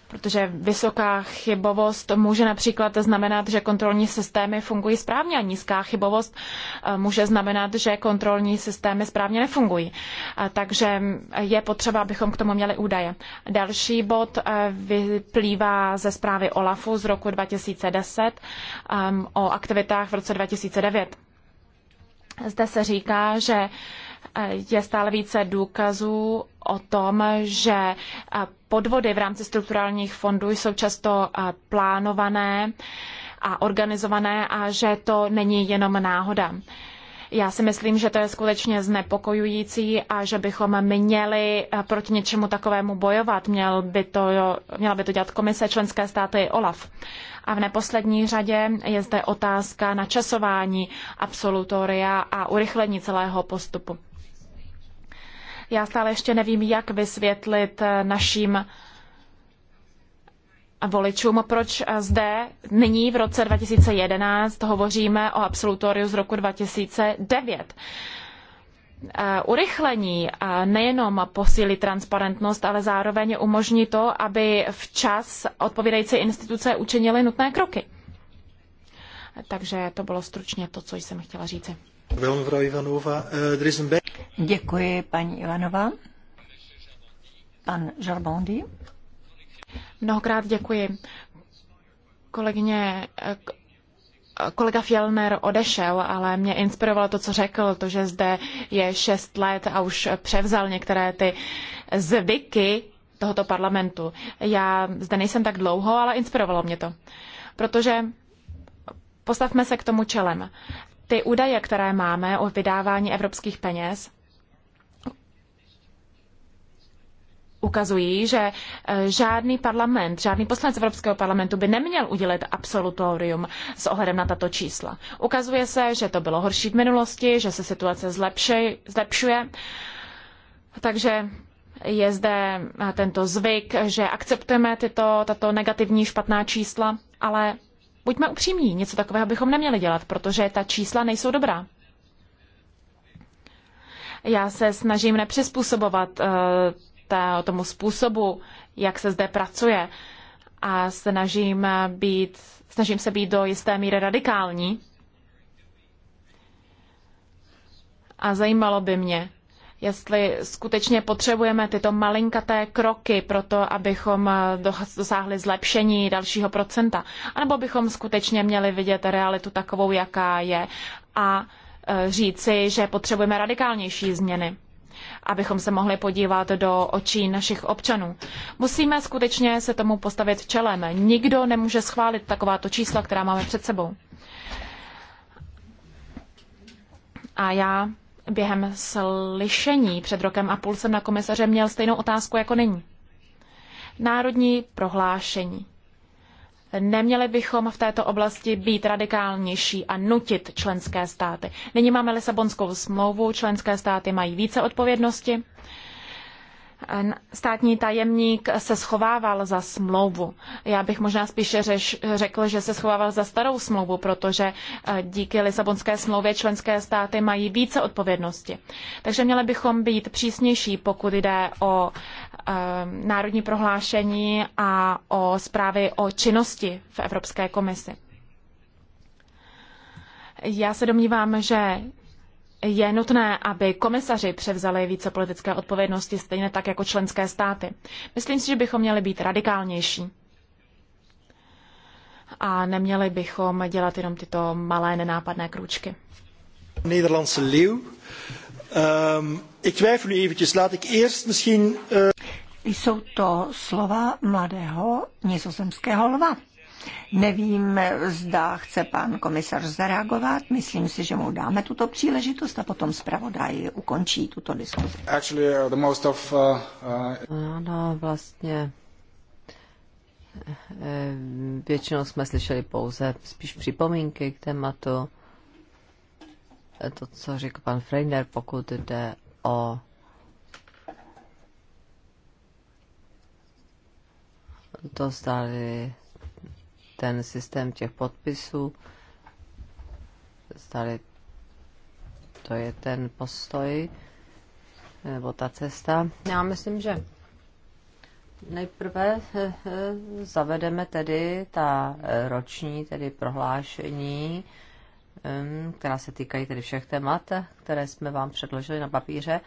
Protože vysoká chybovost může například znamenat, že kontrolní systémy fungují správně a nízká chybovost eh, může znamenat, že kontrolní systémy správně nefungují. Eh, takže je potřeba, abychom k tomu měli údaje. Další bod eh, vyplývá ze zprávy OLAFu z roku 2010 o aktivitách v roce 2009. Zde se říká, že Eh, je stále více důkazů o tom, že eh, podvody v rámci strukturálních fondů jsou často eh, plánované a organizované a že to není jenom náhoda. Já si myslím, že to je skutečně znepokojující a že bychom měli proti něčemu takovému bojovat. Měl by to, měla by to dělat komise členské státy OLAF. A v neposlední řadě je zde otázka načasování absolutoria a urychlení celého postupu. Já stále ještě nevím, jak vysvětlit eh, našim voličům, proč eh, zde nyní v roce 2011 hovoříme o absolutoriu z roku 2009. Eh, urychlení nejenom posílí transparentnost, ale zároveň umožní to, aby včas odpovídající instituce učinily nutné kroky. Takže to bylo stručně to, co jsem chtěla říci. Děkuji, paní Ivanova. Pan Žarbondi. Mnohokrát děkuji. Kolegyně, kolega Fjellner odešel, ale mě inspirovalo to, co řekl, to, že zde je šest let a už převzal některé ty zvyky tohoto parlamentu. Já zde nejsem tak dlouho, ale inspirovalo mě to. Protože postavme se k tomu čelem ty údaje, které máme o vydávání evropských peněz, ukazují, že e, žádný parlament, žádný poslanec Evropského parlamentu by neměl udělit absolutorium s ohledem na tato čísla. Ukazuje se, že to bylo horší v minulosti, že se situace zlepšuj, zlepšuje, takže je zde e, tento zvyk, že akceptujeme tyto, tato negativní špatná čísla, ale Buďme upřímní, něco takového bychom neměli dělat, protože ta čísla nejsou dobrá. Já se snažím nepřizpůsobovat uh, tomu způsobu, jak se zde pracuje a snažím, eh, být, snažím se být do jisté míry radikální. A zajímalo by mě, jestli skutečně potřebujeme tyto malinkaté kroky pro to, abychom eh, dosáhli zlepšení dalšího procenta, anebo bychom skutečně měli vidět realitu takovou, jaká je a eh, říci, že potřebujeme radikálnější změny abychom se mohli podívat do očí našich občanů. Musíme skutečně se tomu postavit čelem. Nikdo nemůže schválit takováto čísla, která máme před sebou. A já během slyšení před rokem a půl jsem na komisaře měl stejnou otázku jako nyní. Národní prohlášení. Neměli bychom v této oblasti být radikálnější a nutit členské státy. Nyní máme Lisabonskou smlouvu, členské státy mají více odpovědnosti. Uh, státní tajemník se schovával za smlouvu. Já bych možná spíše řekl, že se schovával za starou smlouvu, protože eh, díky Lisabonské smlouvě členské státy mají více odpovědnosti. Takže měli bychom být přísnější, pokud jde o eh, národní prohlášení a o zprávy o činnosti v Evropské komisi. Já se domnívám, že je nutné, aby komisaři převzali více politické odpovědnosti, stejně tak jako členské státy. Myslím si, že bychom měli být radikálnější. A neměli bychom dělat jenom tyto malé nenápadné krůčky. Nederlandse leeuw. Um, ik twijfel nu eventjes. Laat ik eerst misschien... Uh... Jsou to slova mladého nizozemského lva. Nevím, zda chce pan komisař zareagovat. Myslím si, že mu dáme tuto příležitost a potom zpravodaj ukončí tuto diskuzi. Actually, uh, the most of, uh, uh... Ano, vlastně eh, většinou jsme slyšeli pouze spíš připomínky k tématu. To, co řekl pan Freiner, pokud jde o to zdali ten systém těch podpisů, zdali to je ten postoj nebo ta cesta. Já myslím, že nejprve eh, eh, zavedeme tedy ta roční tedy prohlášení, eh, která se týkají tedy všech témat, které jsme vám předložili na papíře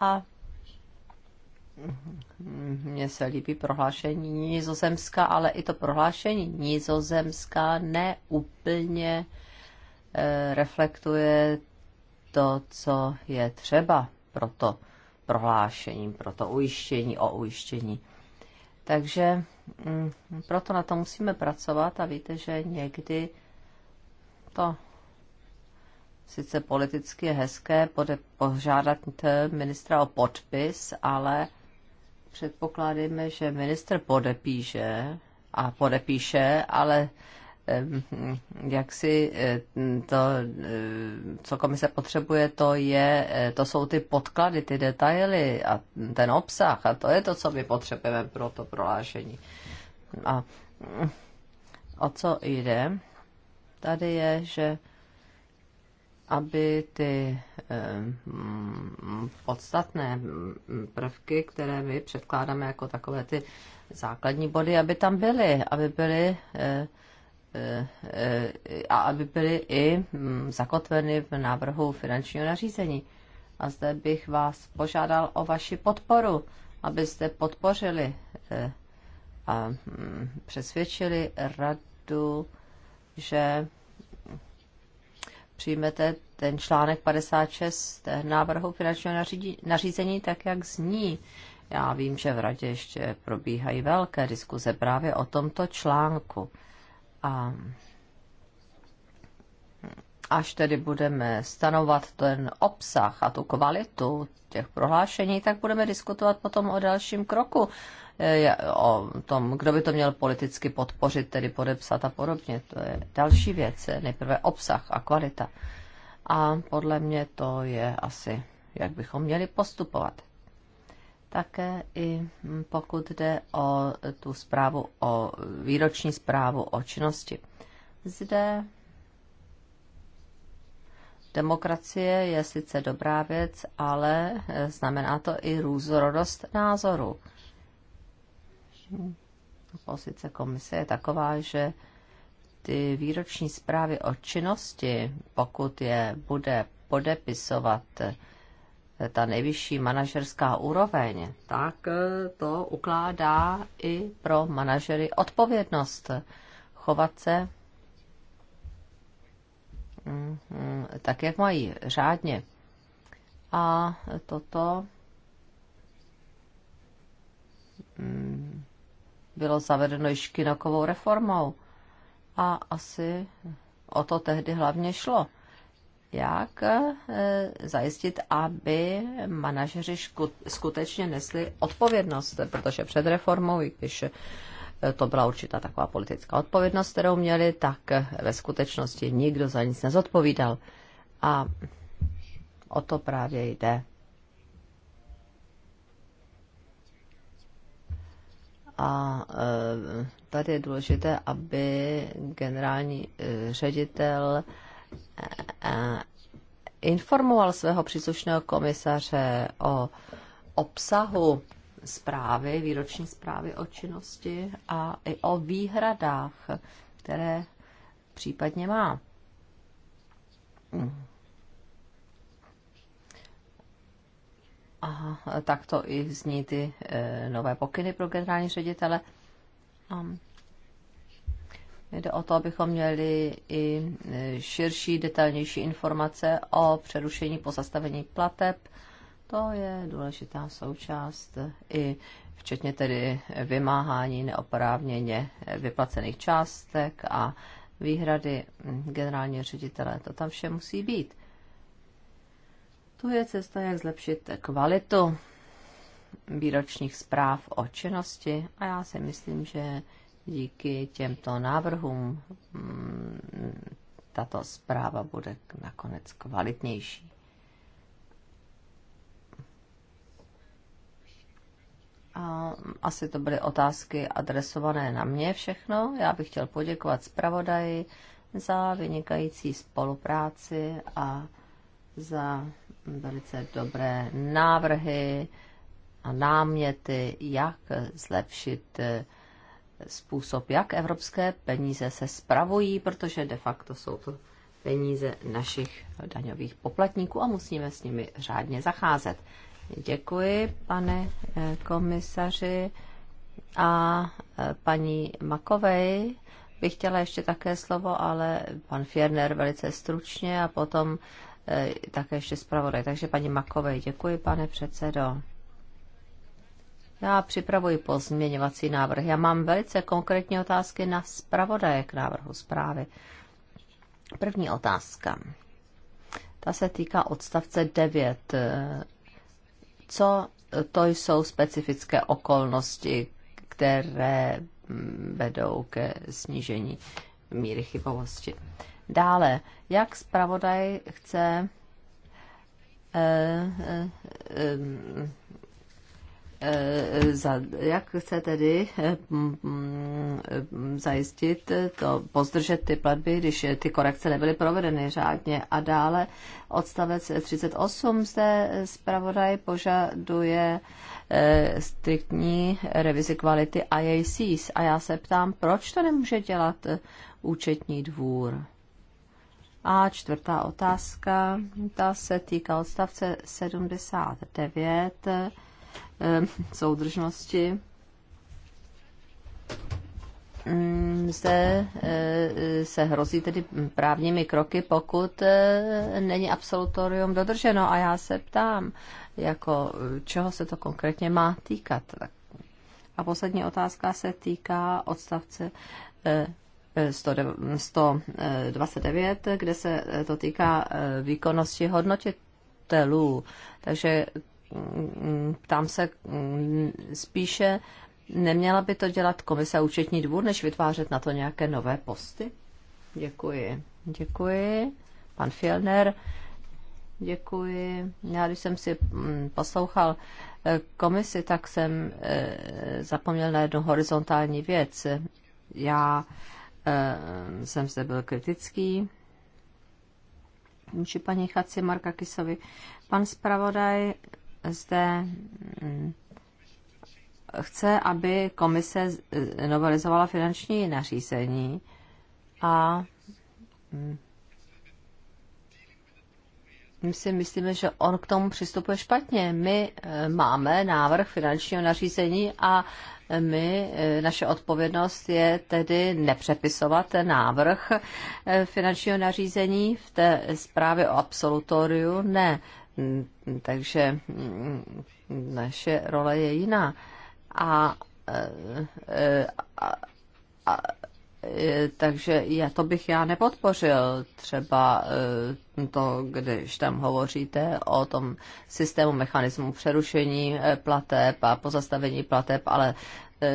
a mně se líbí prohlášení Nizozemska, ale i to prohlášení Nizozemska neúplně eh, reflektuje to, co je třeba pro to prohlášení, pro to ujištění o ujištění. Takže mm, proto na to musíme pracovat a víte, že někdy to sice politicky je hezké požádat ministra o podpis, ale předpokládejme, že minister podepíše a podepíše, ale jak si e, to, e, co komise potřebuje, to, je, e, to jsou ty podklady, ty detaily a ten obsah a to je to, co my potřebujeme pro to prohlášení. A o co jde? Tady je, že aby ty eh, mm, podstatné mm, prvky, které my předkládáme jako takové ty základní body, aby tam byly, aby byly eh, eh, a aby byly i mm, zakotveny v návrhu finančního nařízení. A zde bych vás požádal o vaši podporu, abyste podpořili a přesvědčili radu, že přijmete ten článek 56 návrhu finančního nařízení tak, jak zní. Já vím, že v radě ještě probíhají velké diskuze právě o tomto článku. A až tedy budeme stanovat ten obsah a tu kvalitu těch prohlášení, tak budeme diskutovat potom o dalším kroku o tom, kdo by to měl politicky podpořit, tedy podepsat a podobně. To je další věc, nejprve obsah a kvalita. A podle mě to je asi, jak bychom měli postupovat. Také i pokud jde o tu zprávu, o výroční zprávu o činnosti. Zde Demokracie je sice dobrá věc, ale znamená to i různorodost názorů pozice komise je taková, že ty výroční zprávy o činnosti, pokud je bude podepisovat ta nejvyšší manažerská úroveň, tak to ukládá i pro manažery odpovědnost chovat se mm-hmm, tak, jak mají, řádně. A toto mm, bylo zavedeno již kinokovou reformou. A asi o to tehdy hlavně šlo. Jak eh, zajistit, aby manažeři skutečně nesli odpovědnost, protože před reformou, i když eh, to byla určitá taková politická odpovědnost, kterou měli, tak eh, ve skutečnosti nikdo za nic nezodpovídal. A o to právě jde A e, tady je důležité, aby generální e, ředitel e, informoval svého příslušného komisaře o obsahu zprávy, výroční zprávy o činnosti a i o výhradách, které případně má A tak to i zní ty e, nové pokyny pro generální ředitele. A jde o to, abychom měli i e, širší, detailnější informace o přerušení pozastavení plateb. To je důležitá součást e, i včetně tedy vymáhání neoprávněně vyplacených částek a výhrady generálního ředitele. To tam vše musí být existuje cesta, jak zlepšit kvalitu výročních zpráv o činnosti a já si myslím, že díky těmto návrhům mm, tato zpráva bude nakonec kvalitnější. A asi to byly otázky adresované na mě všechno. Já bych chtěl poděkovat zpravodaji za vynikající spolupráci a za velice dobré návrhy a náměty, jak zlepšit eh, způsob, jak evropské peníze se spravují, protože de facto jsou to peníze našich daňových poplatníků a musíme s nimi řádně zacházet. Děkuji, pane eh, komisaři. A eh, paní Makovej bych chtěla ještě také slovo, ale pan Fierner velice stručně a potom Eh, také ještě zpravodaj. Takže paní Makové, děkuji, pane předsedo. Já připravuji pozměňovací návrh. Já mám velice konkrétní otázky na zpravodaje k návrhu zprávy. První otázka. Ta se týká odstavce 9. Co to jsou specifické okolnosti, které mm, vedou ke snížení míry chybovosti? Dále, jak zpravodaj chce eh, eh, eh, za, jak chce tedy mm, mm, zajistit to, pozdržet ty platby, když ty korekce nebyly provedeny řádně. A dále odstavec 38 zde zpravodaj požaduje striktní revizi kvality IACs. A já se ptám, proč to nemůže dělat účetní dvůr? A čtvrtá otázka, ta se týká odstavce 79 eh, soudržnosti. Mm, zde eh, se hrozí tedy právními kroky, pokud eh, není absolutorium dodrženo. A já se ptám, jako čeho se to konkrétně má týkat. A poslední otázka se týká odstavce 129, kde se to týká eh, výkonnosti hodnotitelů. Takže mm, tam se mm, spíše neměla by to dělat komise účetní dvůr, než vytvářet na to nějaké nové posty? Děkuji. Děkuji. Pan Fielner. Děkuji. Já když jsem si mm, poslouchal eh, komisi, tak jsem eh, zapomněl na jednu horizontální věc. Já Eh, jsem zde byl kritický Můžu paní Chaci Marka Kisovi. Pan zpravodaj zde mm, chce, aby komise eh, novelizovala finanční nařízení a mm, my si myslíme, že on k tomu přistupuje špatně. My eh, máme návrh finančního nařízení a eh, my, eh, naše odpovědnost je tedy nepřepisovat ten návrh finančního nařízení v té zprávě o absolutoriu, ne. Mm, mm, takže mm, naše role je jiná. A, a, a, a Eh, takže já to bych já nepodpořil. Třeba eh, to, když tam hovoříte o tom systému mechanismu přerušení eh, plateb a pozastavení plateb, ale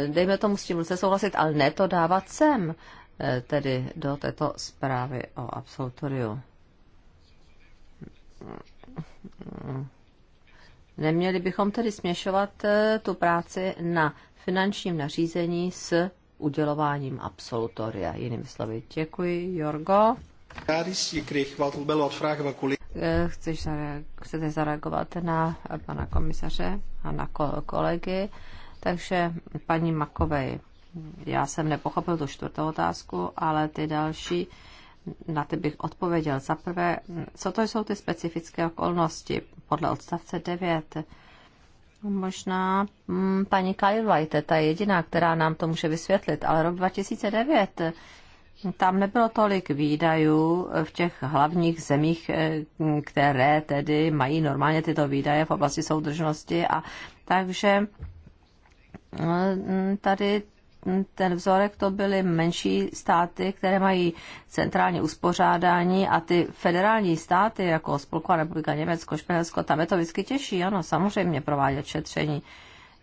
dejme tomu s tím se souhlasit, ale ne to dávat sem, tedy do této zprávy o absolutoriu. Neměli bychom tedy směšovat tu práci na finančním nařízení s udělováním absolutoria. Jinými slovy, děkuji, Jorgo. Eh, chceš zareag- chcete zareagovat na pana komisaře a na kolegy? Takže paní Makovej, já jsem nepochopil tu čtvrtou otázku, ale ty další, na ty bych odpověděl. Za prvé, co to jsou ty specifické okolnosti podle odstavce 9? Možná mm, paní Kajlvajte, ta je jediná, která nám to může vysvětlit, ale rok 2009 tam nebylo tolik výdajů v těch hlavních zemích, eh, které tedy mají normálně tyto výdaje v oblasti soudržnosti a takže mm, tady ten vzorek to byly menší státy, které mají centrální uspořádání a ty federální státy, jako Spolková republika Německo, Španělsko, tam je to vždycky těžší, ano, samozřejmě provádět šetření.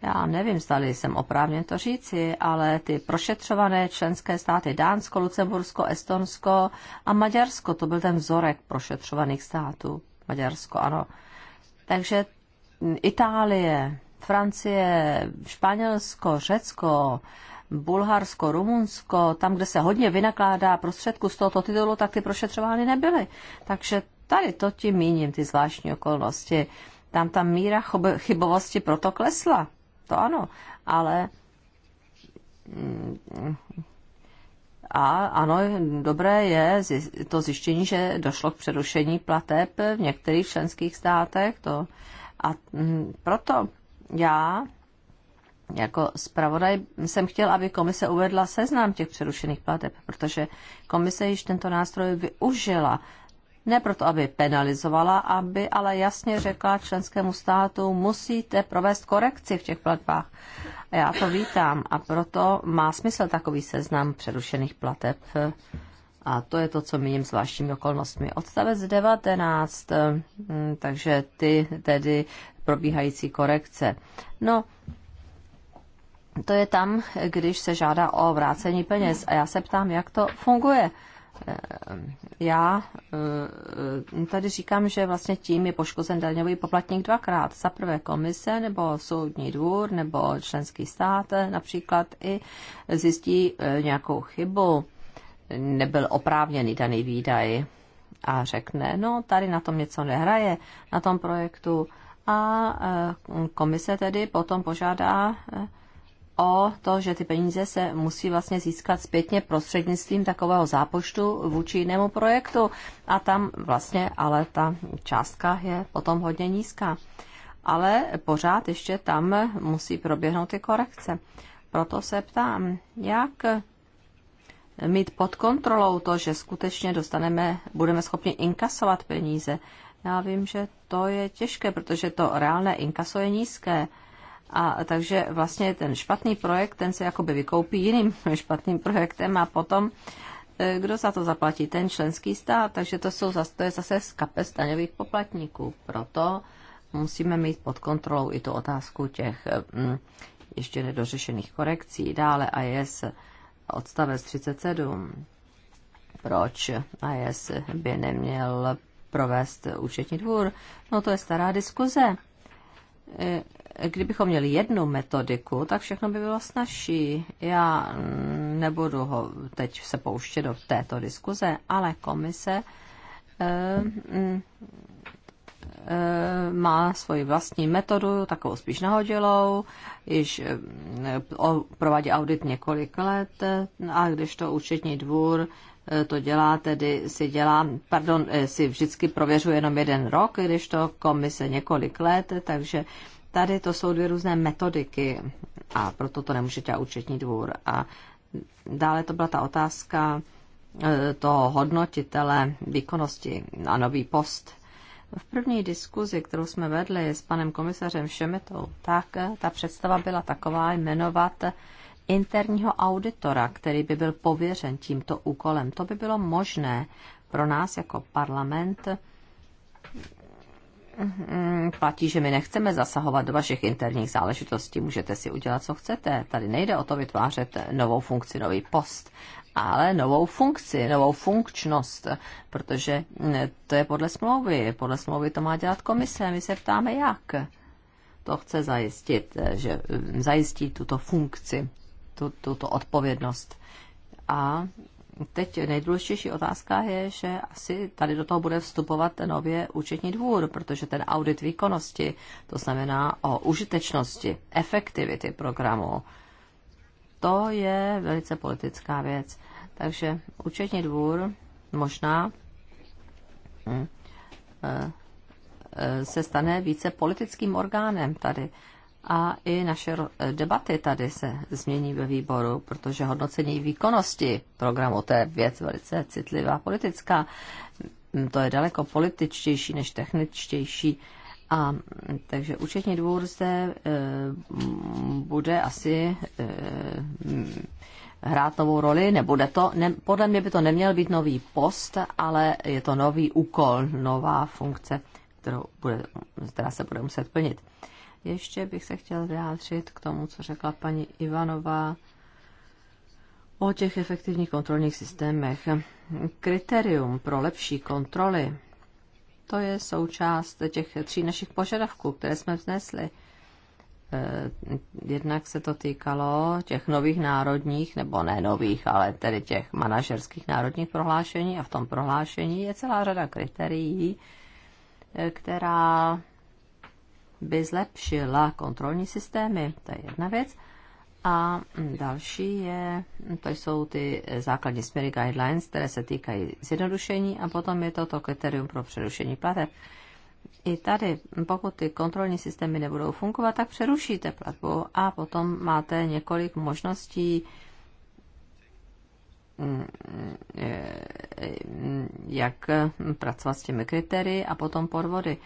Já nevím, zdali jsem oprávně to říci, ale ty prošetřované členské státy Dánsko, Lucembursko, Estonsko a Maďarsko, to byl ten vzorek prošetřovaných států. Maďarsko, ano. Takže Itálie, Francie, Španělsko, Řecko, Bulharsko, Rumunsko, tam, kde se hodně vynakládá prostředku z tohoto titulu, tak ty prošetřovány nebyly. Takže tady to tím míním, ty zvláštní okolnosti. Tam ta míra chybovosti proto klesla. To ano, ale mm, a ano, dobré je to zjištění, že došlo k přerušení plateb v některých členských státech. To, a mm, proto já jako zpravodaj jsem chtěl, aby komise uvedla seznam těch přerušených plateb, protože komise již tento nástroj využila. Ne proto, aby penalizovala, aby ale jasně řekla členskému státu, musíte provést korekci v těch platbách. A já to vítám a proto má smysl takový seznam přerušených plateb. A to je to, co míním zvláštními okolnostmi. Odstavec 19, mm, takže ty tedy probíhající korekce. No, to je tam, když se žádá o vrácení peněz. A já se ptám, jak to funguje. Eh, já eh, tady říkám, že vlastně tím je poškozen daňový poplatník dvakrát. Za prvé komise, nebo soudní dvůr, nebo členský stát eh, například i zjistí nějakou chybu, nebyl oprávněný daný výdaj a řekne, no tady na tom něco nehraje, na tom projektu. A komise tedy potom požádá o to, že ty peníze se musí vlastně získat zpětně prostřednictvím takového zápoštu vůči jinému projektu a tam vlastně ale ta částka je potom hodně nízká. Ale pořád ještě tam musí proběhnout ty korekce. Proto se ptám, jak mít pod kontrolou to, že skutečně dostaneme, budeme schopni inkasovat peníze. Já vím, že to je těžké, protože to reálné inkaso je nízké a takže vlastně ten špatný projekt, ten se jakoby vykoupí jiným špatným projektem a potom e, kdo za to zaplatí? Ten členský stát. Takže to, jsou, to je zase z kapes daňových poplatníků. Proto musíme mít pod kontrolou i tu otázku těch e, ještě nedořešených korekcí. Dále AES odstavec 37. Proč AES by neměl provést účetní dvůr? No to je stará diskuze e, kdybychom měli jednu metodiku, tak všechno by bylo snažší. Já nebudu ho teď se pouštět do této diskuze, ale komise e, e, má svoji vlastní metodu, takovou spíš nahodilou, již eh, provádí audit několik let a když to účetní dvůr to dělá, tedy si dělá, pardon, si vždycky prověřuje jenom jeden rok, když to komise několik let, takže Tady to jsou dvě různé metodiky a proto to nemůže dělat účetní dvůr. A dále to byla ta otázka e, toho hodnotitele výkonnosti na nový post. V první diskuzi, kterou jsme vedli s panem komisařem Šemetou, tak ta představa byla taková jmenovat interního auditora, který by byl pověřen tímto úkolem. To by bylo možné pro nás jako parlament Mm-hmm. platí, že my nechceme zasahovat do vašich interních záležitostí. Můžete si udělat, co chcete. Tady nejde o to vytvářet novou funkci, nový post, ale novou funkci, novou funkčnost, protože mm, to je podle smlouvy. Podle smlouvy to má dělat komise. My se ptáme, jak. To chce zajistit, že mm, zajistí tuto funkci, tu, tuto odpovědnost. A teď nejdůležitější otázka je, že asi tady do toho bude vstupovat nově účetní dvůr, protože ten audit výkonnosti, to znamená o užitečnosti, efektivity programu, to je velice politická věc. Takže účetní dvůr možná hm, eh, eh, se stane více politickým orgánem tady a i naše debaty tady se změní ve výboru, protože hodnocení výkonnosti programu, to je věc velice citlivá politická, mm, to je daleko političtější než techničtější. A mm, takže účetní dvůr zde e, mm, bude asi e, hrát novou roli, nebude to, ne, podle mě by to neměl být nový post, ale je to nový úkol, nová funkce, kterou bude, která se bude muset plnit. Ještě bych se chtěl vyjádřit k tomu, co řekla paní Ivanová o těch efektivních kontrolních systémech. Kritérium pro lepší kontroly, to je součást těch tří našich požadavků, které jsme vznesli. Eh, jednak se to týkalo těch nových národních, nebo ne nových, ale tedy těch manažerských národních prohlášení a v tom prohlášení je celá řada kritérií, eh, která by zlepšila kontrolní systémy, to je jedna věc. A další je, to jsou ty základní směry guidelines, které se týkají zjednodušení a potom je toto kriterium pro přerušení plateb. I tady, pokud ty kontrolní systémy nebudou fungovat, tak přerušíte platbu a potom máte několik možností, mm, mm, mm, jak pracovat s těmi kritérii a potom podvody.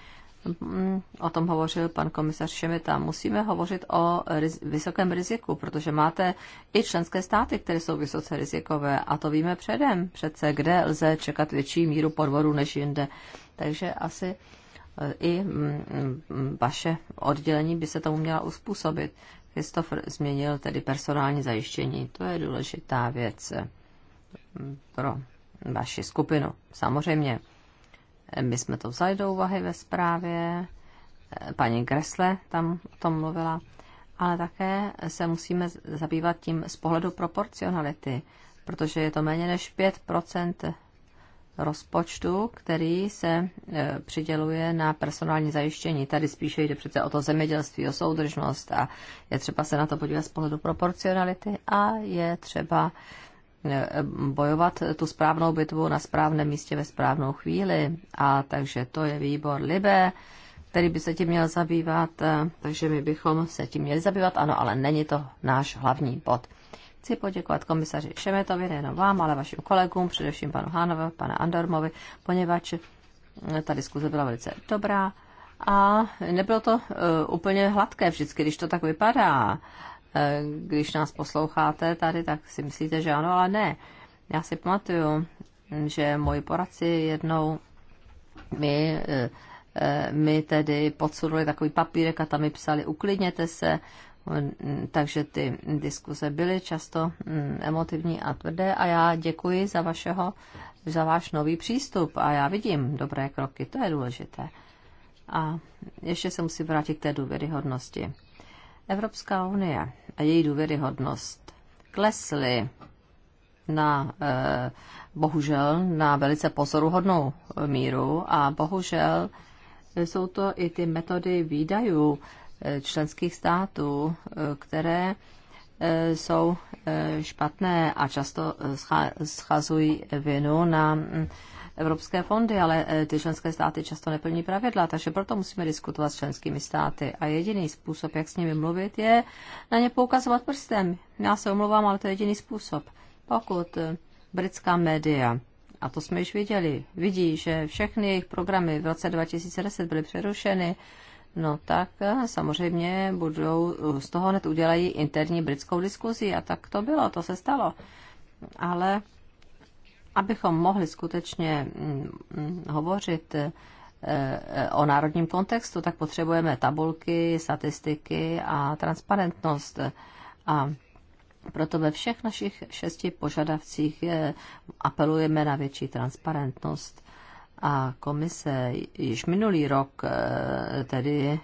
Mm, o tom hovořil pan komisař Šemita. musíme hovořit o riz- vysokém riziku, protože máte i členské státy, které jsou vysoce rizikové a to víme předem přece, kde lze čekat větší míru podvodu než jinde. Takže asi eh, i mm, mm, vaše oddělení by se tomu měla uspůsobit. Christopher změnil tedy personální zajištění. To je důležitá věc eh, pro vaši skupinu. Samozřejmě my jsme to vzali do úvahy ve zprávě, paní Gresle tam o tom mluvila, ale také se musíme zabývat tím z pohledu proporcionality, protože je to méně než 5 rozpočtu, který se e, přiděluje na personální zajištění. Tady spíše jde přece o to zemědělství, o soudržnost a je třeba se na to podívat z pohledu proporcionality a je třeba E, bojovat tu správnou bitvu na správném místě ve správnou chvíli. A takže to je výbor Libe, který by se tím měl zabývat, e, takže my bychom se tím měli zabývat, ano, ale není to náš hlavní bod. Chci poděkovat komisaři Šemetovi, nejenom vám, ale vašim kolegům, především panu Hánovi, pana Andormovi, poněvadž e, ta diskuze byla velice dobrá a nebylo to uh, úplně hladké vždycky, když to tak vypadá. Eh, když nás posloucháte tady, tak si myslíte, že ano, ale ne. Já si pamatuju, že moji poradci jednou mi eh, eh, mi tedy podsudili takový papírek a tam mi psali, uklidněte se, mm, takže ty diskuze byly často mm, emotivní a tvrdé a já děkuji za vašeho, za váš nový přístup a já vidím dobré kroky, to je důležité. A ještě se musím vrátit k té důvěryhodnosti. Evropská unie a její důvěryhodnost klesly na, eh, bohužel, na velice pozoruhodnou míru a bohužel jsou to i ty metody výdajů eh, členských států, eh, které jsou špatné a často schazují vinu na mm, evropské fondy, ale e, ty členské státy často neplní pravidla, takže proto musíme diskutovat s členskými státy. A jediný způsob, jak s nimi mluvit, je na ně poukazovat prstem. Já se omlouvám, ale to je jediný způsob. Pokud e, britská média, a to jsme již viděli, vidí, že všechny jejich programy v roce 2010 byly přerušeny, No tak e, samozřejmě budou, z toho hned udělají interní britskou diskuzi a tak to bylo, to se stalo. Ale abychom mohli skutečně mm, mm, hovořit eh, eh, o národním kontextu, tak potřebujeme tabulky, statistiky a transparentnost. A proto ve všech našich šesti požadavcích eh, apelujeme na větší transparentnost. A komise již minulý rok tedy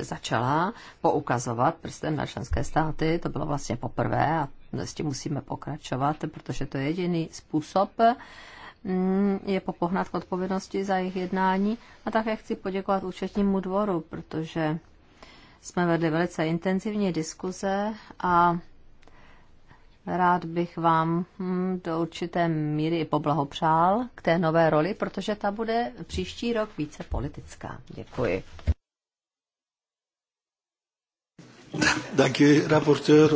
začala poukazovat prstem na členské státy, to bylo vlastně poprvé a s tím musíme pokračovat, protože to je jediný způsob, mm, je popohnat k odpovědnosti za jejich jednání. A také chci poděkovat účetnímu dvoru, protože jsme vedli velice intenzivní diskuze a rád bych vám mm, do určité míry i poblahopřál k té nové roli, protože ta bude příští rok více politická. Děkuji. Děkuji raportér.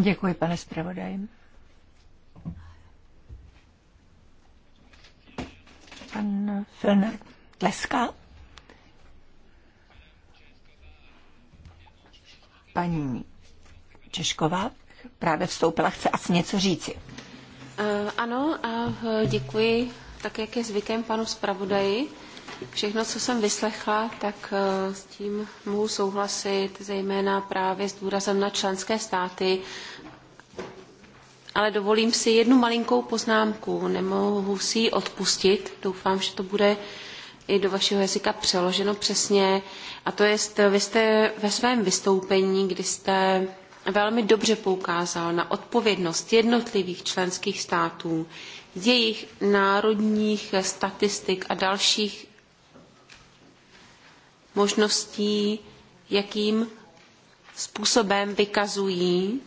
Děkuji, pane zpravodaj. Pan Filner tleská. Paní Češková právě vstoupila, chce asi něco říci. Uh, ano, uh, děkuji, tak jak je zvykem panu zpravodaji. Všechno, co jsem vyslechla, tak eh, s tím mohu souhlasit, zejména právě s důrazem na členské státy, ale dovolím si jednu malinkou poznámku. Nemohu si ji odpustit. Doufám, že to bude i do vašeho jazyka přeloženo přesně. A to je, vy jste ve svém vystoupení, kdy jste velmi dobře poukázal na odpovědnost jednotlivých členských států, jejich národních statistik a dalších možností, jakým způsobem vykazují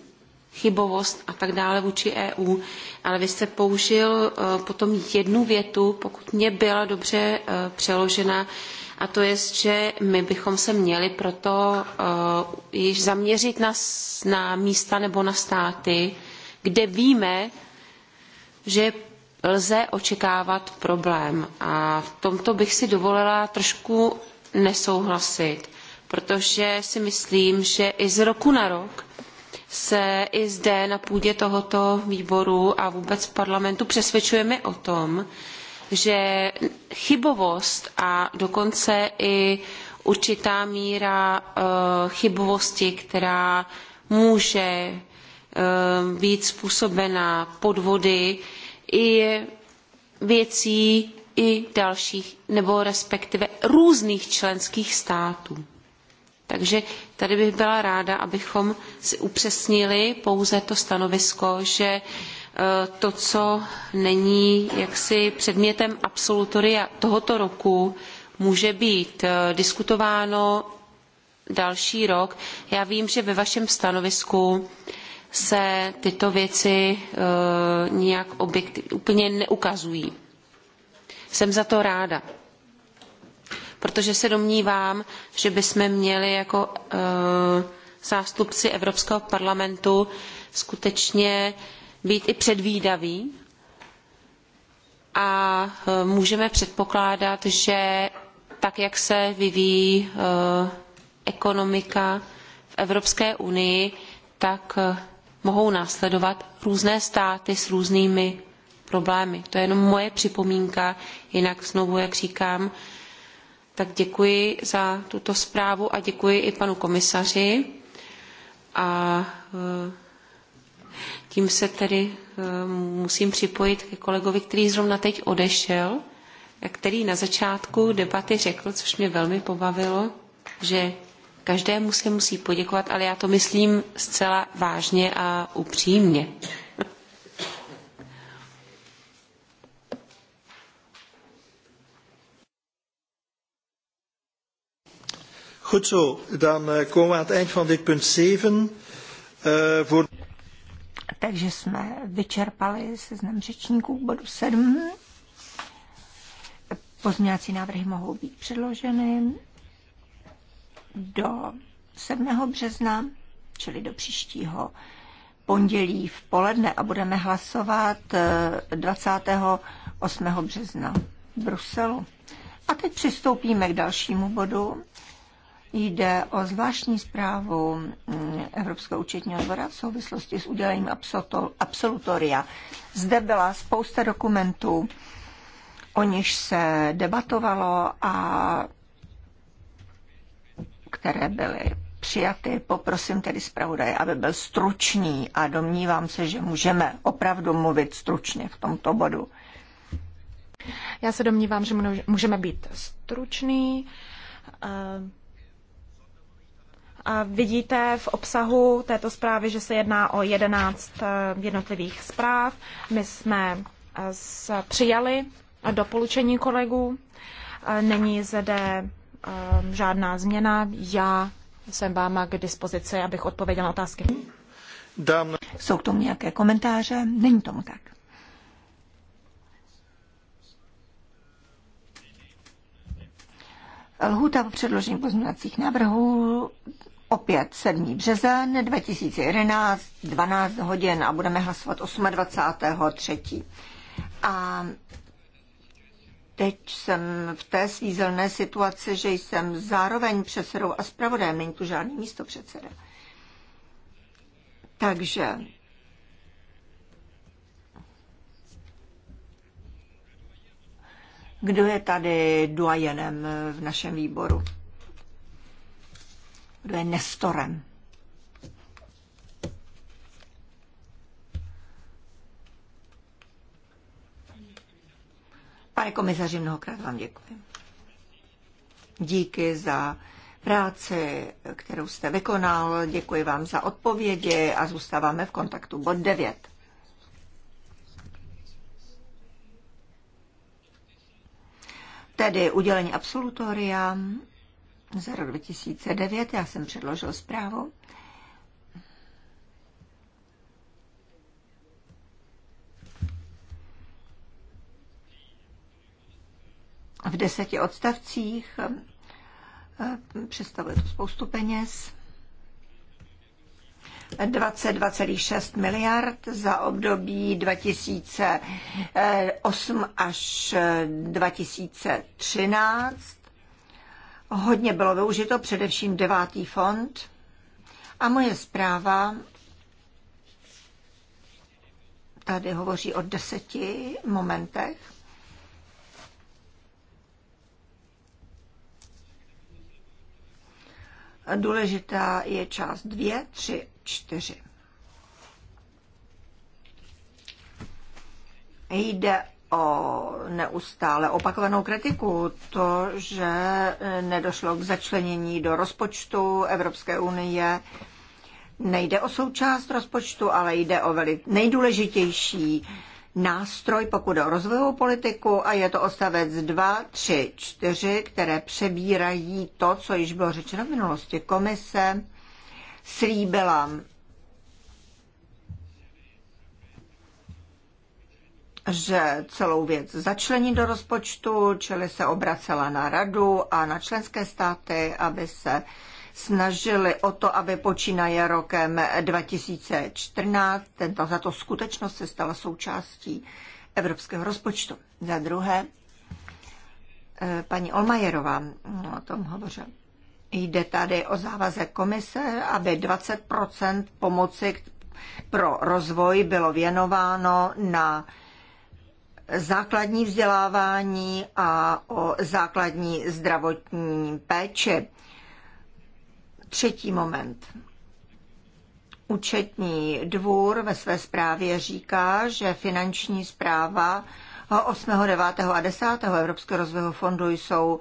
chybovost a tak dále vůči EU. Ale vy jste použil eh, potom jednu větu, pokud mě byla dobře eh, přeložena, a to je, že my bychom se měli proto eh, již zaměřit na, na místa nebo na státy, kde víme, že lze očekávat problém. A v tomto bych si dovolila trošku nesouhlasit, protože si myslím, že i z roku na rok se i zde na půdě tohoto výboru a vůbec parlamentu přesvědčujeme o tom, že chybovost a dokonce i určitá míra eh, chybovosti, která může eh, být způsobena podvody, i věcí i dalších, nebo respektive různých členských států. Takže tady bych byla ráda, abychom si upřesnili pouze to stanovisko, že e, to, co není jaksi předmětem absolutoria tohoto roku, může být e, diskutováno další rok. Já vím, že ve vašem stanovisku se tyto věci e, nijak objektivně úplně neukazují. Jsem za to ráda, protože se domnívám, že bychom měli jako e, zástupci Evropského parlamentu skutečně být i předvídaví a eh, můžeme předpokládat, že tak, jak se vyvíjí eh, ekonomika v Evropské unii, tak mohou následovat různé státy s různými problémy. To je jenom moje připomínka, jinak znovu, jak říkám, tak děkuji za tuto zprávu a děkuji i panu komisaři. A eh, tím se tedy eh, musím připojit ke kolegovi, který zrovna teď odešel, a který na začátku debaty řekl, což mě velmi pobavilo, že každému se musí poděkovat, ale já to myslím zcela vážně a upřímně. Goed zo, dan eh, komen we aan het eind van dit punt 7. Uh, eh, voor... Takže jsme vyčerpali seznam řečníků bodu 7. Pozměňovací návrhy mohou být předloženy do 7. března, čili do příštího pondělí v poledne a budeme hlasovat 28. Eh, března v Bruselu. A teď přistoupíme k dalšímu bodu Jde o zvláštní zprávu mm, Evropského účetního dvora v souvislosti s udělením absolutoria. Zde byla spousta dokumentů, o nich se debatovalo a které byly přijaty. Poprosím tedy zpravodaj, aby byl stručný a domnívám se, že můžeme opravdu mluvit stručně v tomto bodu. Já se domnívám, že můžeme být stručný. Eh, Vidíte v obsahu této zprávy, že se jedná o 11 eh, jednotlivých zpráv. My jsme eh, přijali doporučení kolegů. Eh, není zde žádná změna. Já jsem vám k dispozici, abych odpověděla na otázky. Dám... Jsou k tomu nějaké komentáře? Není tomu tak. Lhůta v předložení pozměňovacích návrhů opět 7. březen 2011, 12 hodin a budeme hlasovat 28.3. A teď jsem v té svízelné situaci, že jsem zároveň předsedou a zpravodajem, není tu žádný místo předseda. Takže kdo je tady duajenem v našem výboru? kdo Pane komisaři, mnohokrát vám děkuji. Díky za práci, kterou jste vykonal. Děkuji vám za odpovědi a zůstáváme v kontaktu. Bod 9. Tedy udělení absolutoria za rok 2009. Já jsem předložil zprávu. V deseti odstavcích eh, představuje to spoustu peněz. 22,6 miliard za období 2008 až 2013 Hodně bylo využito, především devátý fond. A moje zpráva tady hovoří o deseti momentech. Důležitá je část 2, 3, 4. Jde o neustále opakovanou kritiku, to, že nedošlo k začlenění do rozpočtu Evropské unie, nejde o součást rozpočtu, ale jde o veli- nejdůležitější nástroj, pokud o rozvojovou politiku a je to ostavec 2, 3, 4, které přebírají to, co již bylo řečeno v minulosti. Komise slíbila že celou věc začlení do rozpočtu, čili se obracela na radu a na členské státy, aby se snažili o to, aby počínaje rokem 2014 tento, za to skutečnost se stala součástí evropského rozpočtu. Za druhé, eh, paní Olmajerová no, o tom hovořila. Jde tady o závazek komise, aby 20 pomoci pro rozvoj bylo věnováno na základní vzdělávání a o základní zdravotní péči. Třetí moment. Účetní dvůr ve své zprávě říká, že finanční zpráva 8., 9. a 10. Evropského rozvojového fondu jsou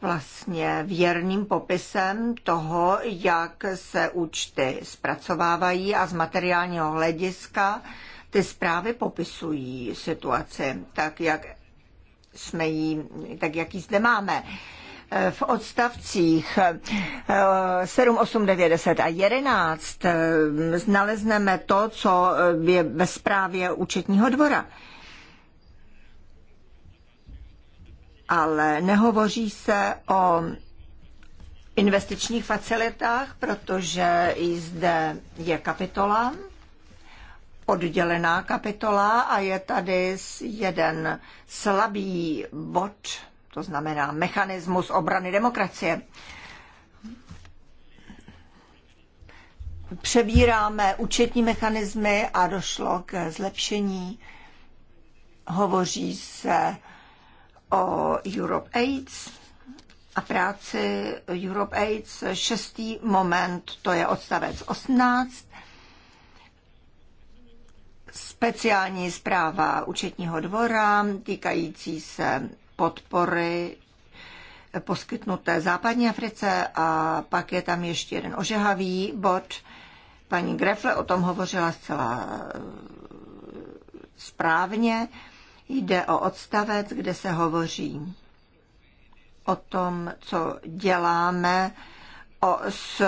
vlastně věrným popisem toho, jak se účty zpracovávají a z materiálního hlediska ty zprávy popisují situaci tak, jak jsme ji, tak jak ji zde máme v odstavcích 7, 8, 9, 10 a 11 eh, nalezneme to, co je ve zprávě účetního dvora. Ale nehovoří se o investičních facilitách, protože i zde je kapitola oddělená kapitola a je tady jeden slabý bod, to znamená mechanismus obrany demokracie. Přebíráme účetní mechanismy a došlo k zlepšení. Hovoří se o Europe AIDS a práci Europe AIDS. Šestý moment, to je odstavec 18 speciální zpráva účetního dvora týkající se podpory poskytnuté západní Africe a pak je tam ještě jeden ožehavý bod. Paní Grefle o tom hovořila zcela eh, správně. Jde o odstavec, kde se hovoří o tom, co děláme o, s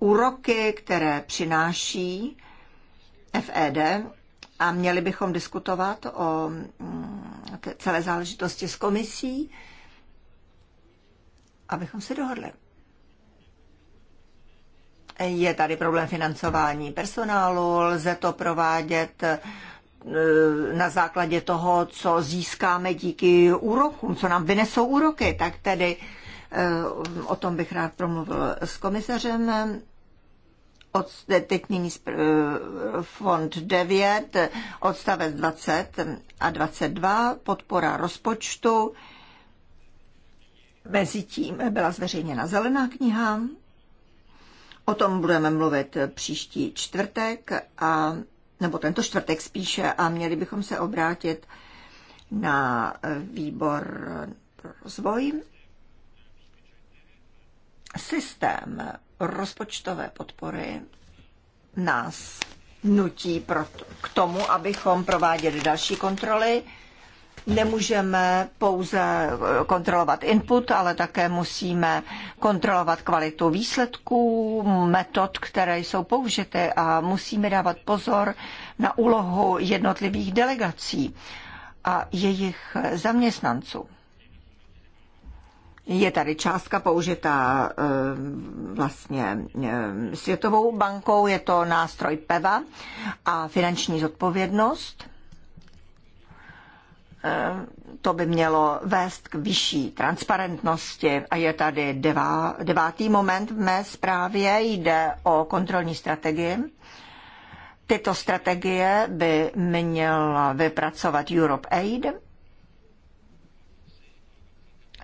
úroky, které přináší FED a měli bychom diskutovat o mm, celé záležitosti s komisí, abychom se dohodli. Je tady problém financování personálu, lze to provádět e, na základě toho, co získáme díky úrokům, co nám vynesou úroky. Tak tedy e, o tom bych rád promluvil s komisařem Eh, teď nyní eh, fond 9, odstavec 20 a 22, podpora rozpočtu. Mezitím byla zveřejněna zelená kniha. O tom budeme mluvit příští čtvrtek, a, nebo tento čtvrtek spíše, a měli bychom se obrátit na výbor pro rozvoj. Systém rozpočtové podpory nás nutí k tomu, abychom prováděli další kontroly. Nemůžeme pouze eh, kontrolovat input, ale také musíme kontrolovat kvalitu výsledků, metod, které jsou použity a musíme dávat pozor na úlohu jednotlivých delegací a jejich zaměstnanců. Je tady částka použitá eh, vlastně eh, Světovou bankou, je to nástroj PEVA a finanční zodpovědnost. Eh, to by mělo vést k vyšší transparentnosti. A je tady devá, devátý moment v mé zprávě, jde o kontrolní strategii. Tyto strategie by měla vypracovat Europe Aid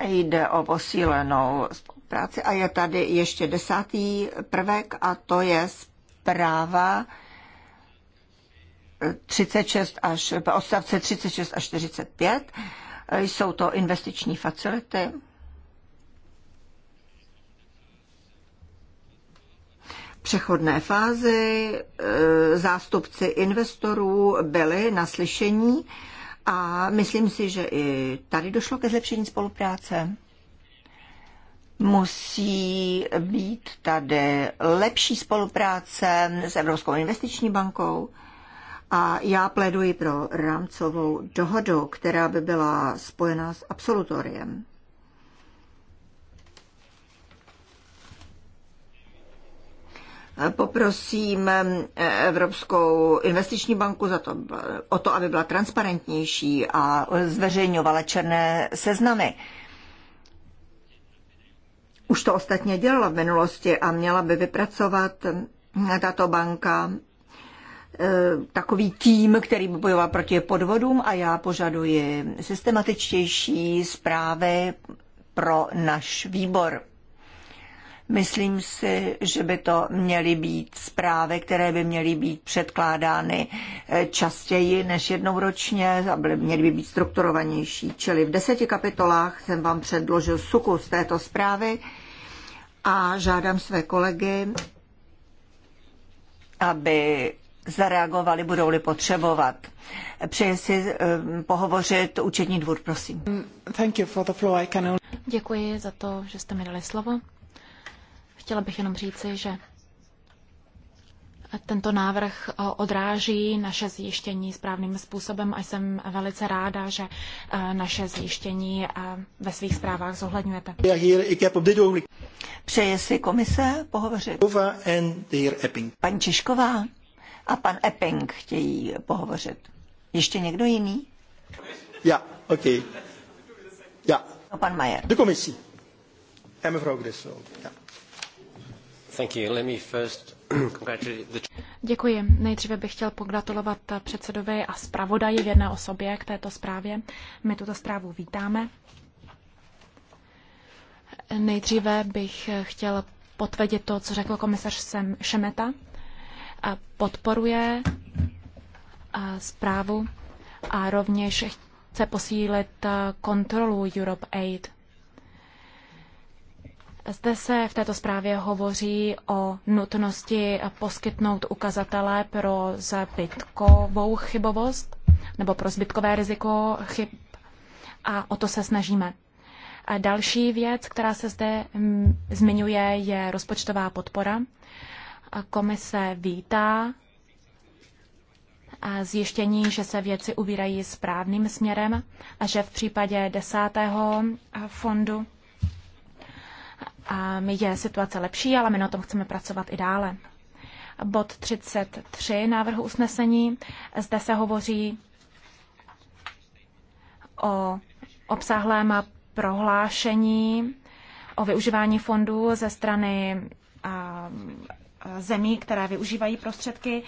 Jde o posílenou spolupráci a je tady ještě desátý prvek a to je zpráva 36 až, odstavce 36 až 45. Jsou to investiční facility. přechodné fázy, e, zástupci investorů byli na slyšení a myslím si, že i tady došlo ke zlepšení spolupráce. Musí být tady lepší spolupráce s Evropskou investiční bankou. A já pléduji pro rámcovou dohodu, která by byla spojená s absolutoriem. Poprosím eh, Evropskou investiční banku za to, o to, aby byla transparentnější a zveřejňovala černé seznamy. Už to ostatně dělala v minulosti a měla by vypracovat eh, tato banka eh, takový tým, který by bojoval proti podvodům a já požaduji systematičtější zprávy pro náš výbor. Myslím si, že by to měly být zprávy, které by měly být předkládány eh, častěji než jednou ročně a byly, měly by být strukturovanější. Čili v deseti kapitolách jsem vám předložil sukus této zprávy a žádám své kolegy, aby zareagovali, budou-li potřebovat. Přeji si eh, pohovořit účetní dvůr, prosím. Děkuji za to, že jste mi dali slovo. Chtěla bych jenom říci, že tento návrh eh, odráží naše zjištění správným způsobem a jsem velice ráda, že eh, naše zjištění eh, ve svých zprávách zohledňujete. Přeje si komise pohovořit. Pan Češková a pan Epping chtějí pohovořit. Ještě někdo jiný? Ja, OK. Ja. No, pan Majer. De komisie. En mevrouw jsou? Ja. Děkuji. Nejdříve bych chtěl pogratulovat předsedovi a zpravodaji v jedné osobě k této zprávě. My tuto zprávu vítáme. Nejdříve bych chtěl potvrdit to, co řekl komisař Šemeta. Podporuje zprávu a rovněž chce posílit kontrolu Europe Aid zde se v této zprávě hovoří o nutnosti poskytnout ukazatele pro zbytkovou chybovost nebo pro zbytkové riziko chyb a o to se snažíme. A další věc, která se zde mm, zmiňuje, je rozpočtová podpora. A komise vítá a zjištění, že se věci ubírají správným směrem a že v případě desátého fondu je situace lepší, ale my na tom chceme pracovat i dále. Bod 33 návrhu usnesení. Zde se hovoří o obsáhlém prohlášení o využívání fondů ze strany zemí, které využívají prostředky.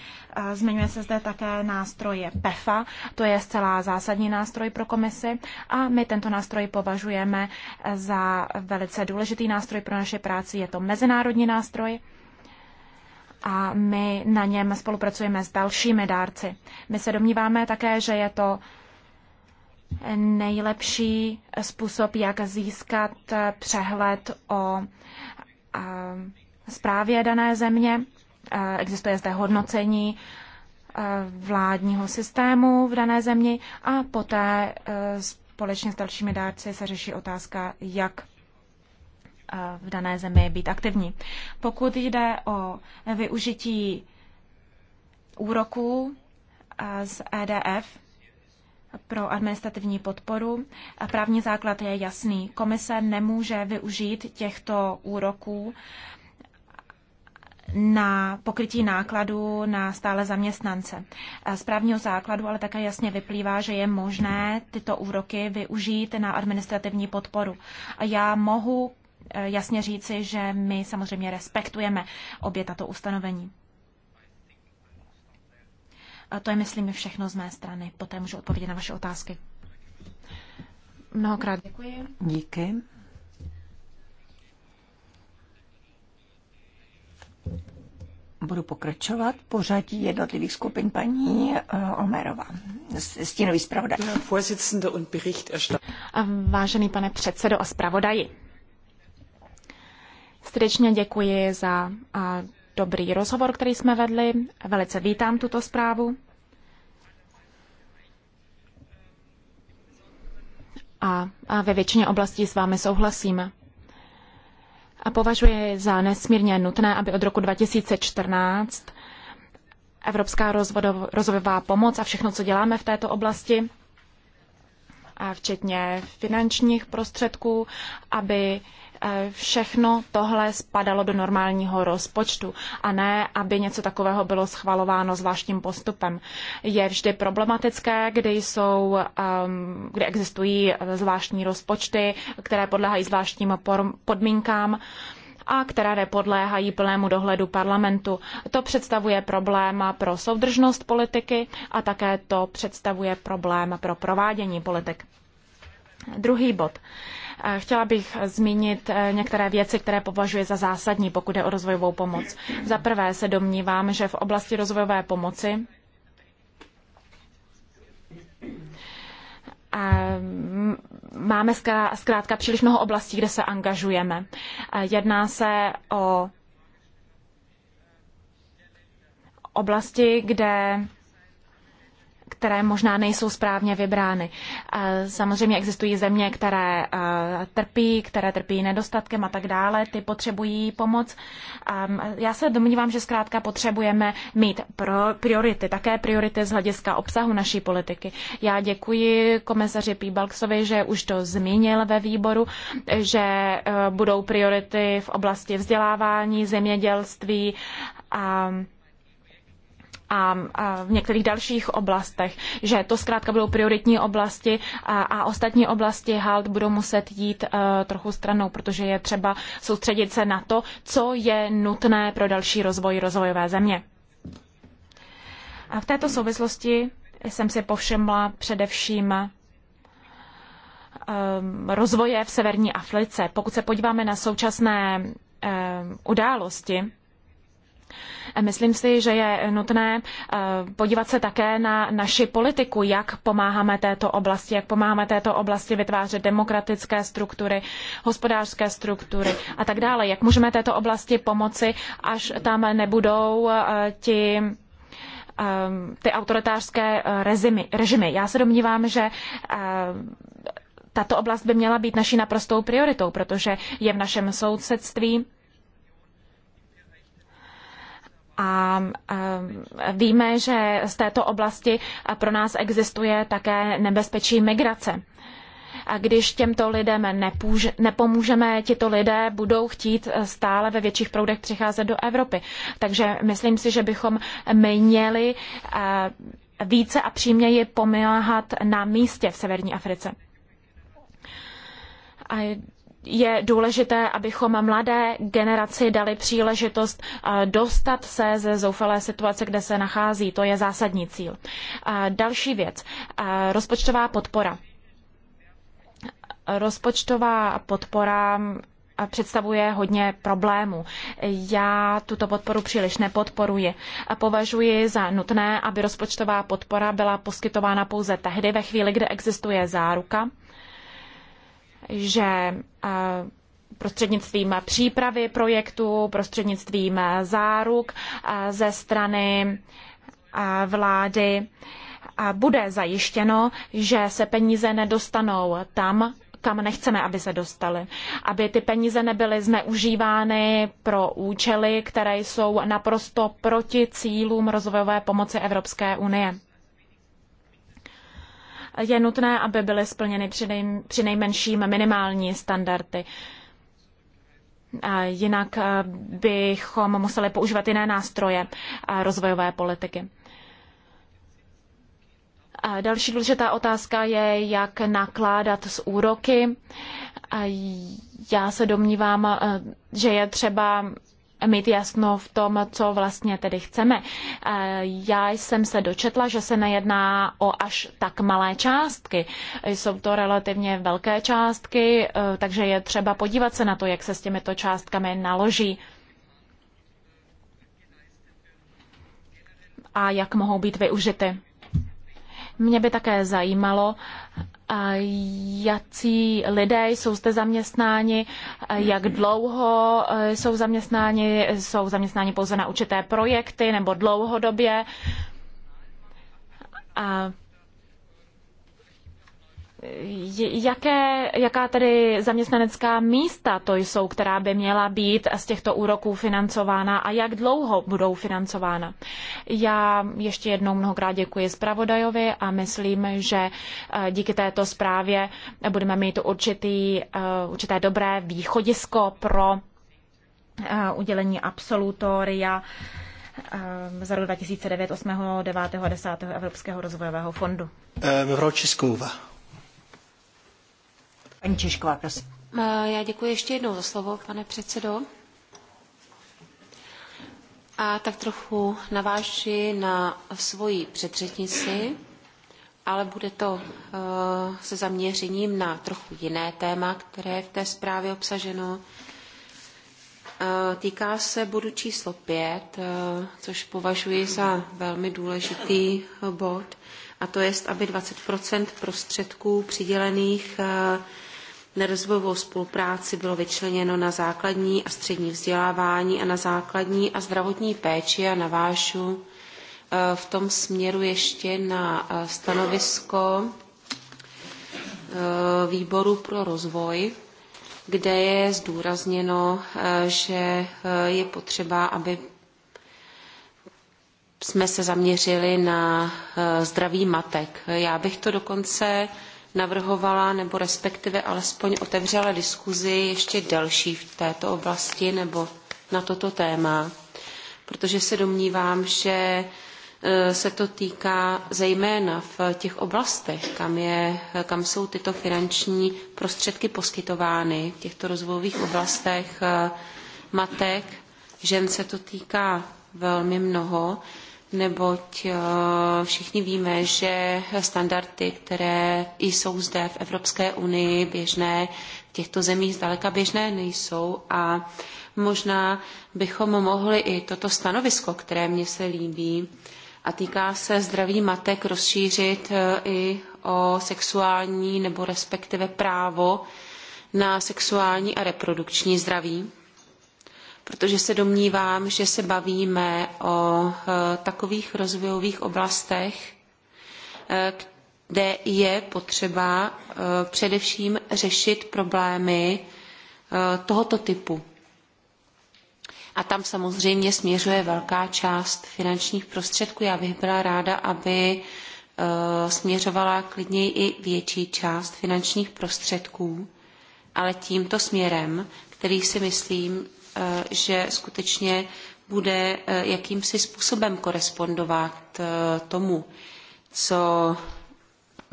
Zmiňuje se zde také nástroje PEFA, to je zcela zásadní nástroj pro komisi a my tento nástroj považujeme za velice důležitý nástroj pro naše práci. Je to mezinárodní nástroj a my na něm spolupracujeme s dalšími dárci. My se domníváme také, že je to nejlepší způsob, jak získat přehled o zprávě dané země. Eh, existuje zde hodnocení eh, vládního systému v dané zemi a poté eh, společně s dalšími dárci se řeší otázka, jak v dané zemi být aktivní. Pokud jde o využití úroků z EDF pro administrativní podporu, právní základ je jasný. Komise nemůže využít těchto úroků na pokrytí nákladů na stále zaměstnance. Eh, z právního základu ale také jasně vyplývá, že je možné tyto úroky využít na administrativní podporu. A Já mohu eh, jasně říci, že my samozřejmě respektujeme obě tato ustanovení. A to je, myslím, všechno z mé strany. Poté můžu odpovědět na vaše otázky. Mnohokrát děkuji. Díky. budu pokračovat. Pořadí jednotlivých skupin paní uh, Omerová, stínový zpravodaj. Vážený pane předsedo a zpravodaji, srdečně děkuji za a, dobrý rozhovor, který jsme vedli. Velice vítám tuto zprávu. A, a ve většině oblastí s vámi souhlasíme a považuje za nesmírně nutné, aby od roku 2014 Evropská rozvojová pomoc a všechno, co děláme v této oblasti, a včetně finančních prostředků, aby Eh, všechno tohle spadalo do normálního rozpočtu a ne, aby něco takového bylo schvalováno zvláštním postupem. Je vždy problematické, kdy jsou, ehm, kdy existují zvláštní rozpočty, které podléhají zvláštním podmínkám a které nepodléhají plnému dohledu parlamentu. To představuje problém pro soudržnost politiky a také to představuje problém pro provádění politik. Druhý bod. Eh, chtěla bych zmínit eh, některé věci, které považuji za zásadní, pokud je o rozvojovou pomoc. Za prvé se domnívám, že v oblasti rozvojové pomoci mm, máme zkrátka příliš mnoho oblastí, kde se angažujeme. Jedná se o oblasti, kde které možná nejsou správně vybrány. Samozřejmě existují země, které trpí, které trpí nedostatkem a tak dále, ty potřebují pomoc. Já se domnívám, že zkrátka potřebujeme mít priority, také priority z hlediska obsahu naší politiky. Já děkuji komisaři Píbalksovi, že už to zmínil ve výboru, že e, budou priority v oblasti vzdělávání, zemědělství a a, v některých dalších oblastech, že to zkrátka budou prioritní oblasti a, a ostatní oblasti HALT budou muset jít e, trochu stranou, protože je třeba soustředit se na to, co je nutné pro další rozvoj rozvojové země. A v této souvislosti jsem si povšimla především e, rozvoje v severní Africe. Pokud se podíváme na současné e, události, Myslím si, že je nutné eh, podívat se také na naši politiku, jak pomáháme této oblasti, jak pomáháme této oblasti vytvářet demokratické struktury, hospodářské struktury a tak dále. Jak můžeme této oblasti pomoci, až tam nebudou eh, ti eh, ty autoritářské režimy. Já se domnívám, že tato oblast by měla být naší naprostou prioritou, protože je v našem sousedství a víme, že z této oblasti pro nás existuje také nebezpečí migrace. A když těmto lidem nepomůžeme, tito lidé budou chtít stále ve větších proudech přicházet do Evropy. Takže myslím si, že bychom měli více a příměji pomáhat na místě v severní Africe. A je důležité, abychom mladé generaci dali příležitost eh, dostat se ze zoufalé situace, kde se nachází. To je zásadní cíl. Eh, další věc. Eh, rozpočtová podpora. Rozpočtová podpora mm, představuje hodně problémů. Já tuto podporu příliš nepodporuji a považuji za nutné, aby rozpočtová podpora byla poskytována pouze tehdy, ve chvíli, kdy existuje záruka, že eh, prostřednictvím přípravy projektu, prostřednictvím eh, záruk eh, ze strany vlády bude zajištěno, že se peníze nedostanou tam, kam nechceme, aby se dostaly. Aby ty peníze nebyly zneužívány pro účely, které jsou naprosto proti cílům rozvojové pomoci Evropské unie je nutné, aby byly splněny přinejmenším minimální standardy. Jinak eh, bychom museli používat jiné nástroje eh, rozvojové politiky. další důležitá otázka je, jak nakládat s úroky. já se domnívám, eh, že je třeba mít jasno v tom, co vlastně tedy chceme. E, já jsem se dočetla, že se nejedná o až tak malé částky. Jsou to relativně velké částky, e, takže je třeba podívat se na to, jak se s těmito částkami naloží. a jak mohou být využity. Mě by také zajímalo, jací lidé jsou zde zaměstnáni, jak dlouho e, jsou zaměstnáni, jsou zaměstnáni pouze na určité projekty nebo dlouhodobě. A Jaké, jaká tedy zaměstnanecká místa to jsou, která by měla být z těchto úroků financována a jak dlouho budou financována? Já ještě jednou mnohokrát děkuji zpravodajovi a myslím, že eh, díky této zprávě budeme mít určitý, eh, určité dobré východisko pro eh, udělení absolutoria za rok 2009, 8., 9. a 10. Evropského rozvojového fondu. Mevrouw Paní Češková, prosím. Eh, já děkuji ještě jednou za slovo, pane předsedo. A tak trochu naváži na svoji předřečnici, ale bude to eh, se zaměřením na trochu jiné téma, které je v té zprávě obsaženo. Eh, týká se bodu číslo 5, což považuji za velmi důležitý bod, a to je, aby 20 prostředků přidělených na rozvojovou spolupráci bylo vyčleněno na základní a střední vzdělávání a na základní a zdravotní péči a navážu eh, v tom směru ještě na eh, stanovisko eh, výboru pro rozvoj, kde je zdůrazněno, že je potřeba, aby jsme se zaměřili na zdraví matek. Já bych to dokonce navrhovala nebo respektive alespoň otevřela diskuzi ještě další v této oblasti nebo na toto téma, protože se domnívám, že eh, se to týká zejména v těch oblastech, kam, je, kam jsou tyto finanční prostředky poskytovány, v těchto rozvojových oblastech eh, matek, žen se to týká velmi mnoho neboť eh, všichni víme, že standardy, které jsou zde v Evropské unii běžné, v těchto zemích zdaleka běžné nejsou a možná bychom mohli i toto stanovisko, které mně se líbí a týká se zdraví matek, rozšířit eh, i o sexuální nebo respektive právo na sexuální a reprodukční zdraví protože se domnívám, že se bavíme o eh, takových rozvojových oblastech, eh, kde je potřeba eh, především řešit problémy tohoto typu. A tam samozřejmě směřuje velká část finančních prostředků. Já bych byla ráda, aby směřovala klidně i větší část finančních prostředků, ale tímto směrem, který si myslím, Eh, že skutečně bude eh, jakýmsi způsobem korespondovat eh, tomu, co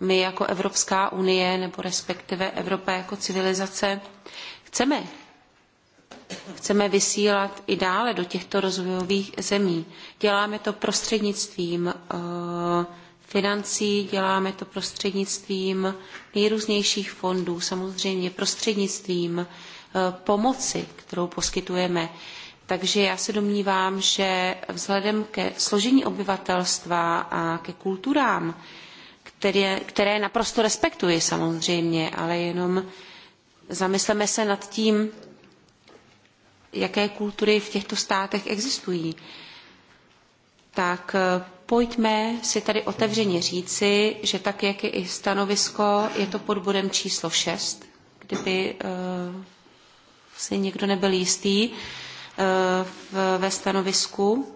my jako Evropská unie nebo respektive Evropa jako civilizace chceme. Chceme vysílat i dále do těchto rozvojových zemí. Děláme to prostřednictvím financí, děláme to prostřednictvím nejrůznějších fondů, samozřejmě prostřednictvím uh, Eh, pomoci, kterou poskytujeme. Takže já se domnívám, že vzhledem ke složení obyvatelstva a ke kulturám, které, které naprosto respektuji samozřejmě, ale jenom zamysleme se nad tím, jaké kultury v těchto státech existují, tak eh, pojďme si tady otevřeně říci, že tak, jak je i stanovisko, je to pod bodem číslo 6, kdyby eh, si někdo nebyl jistý eh, ve stanovisku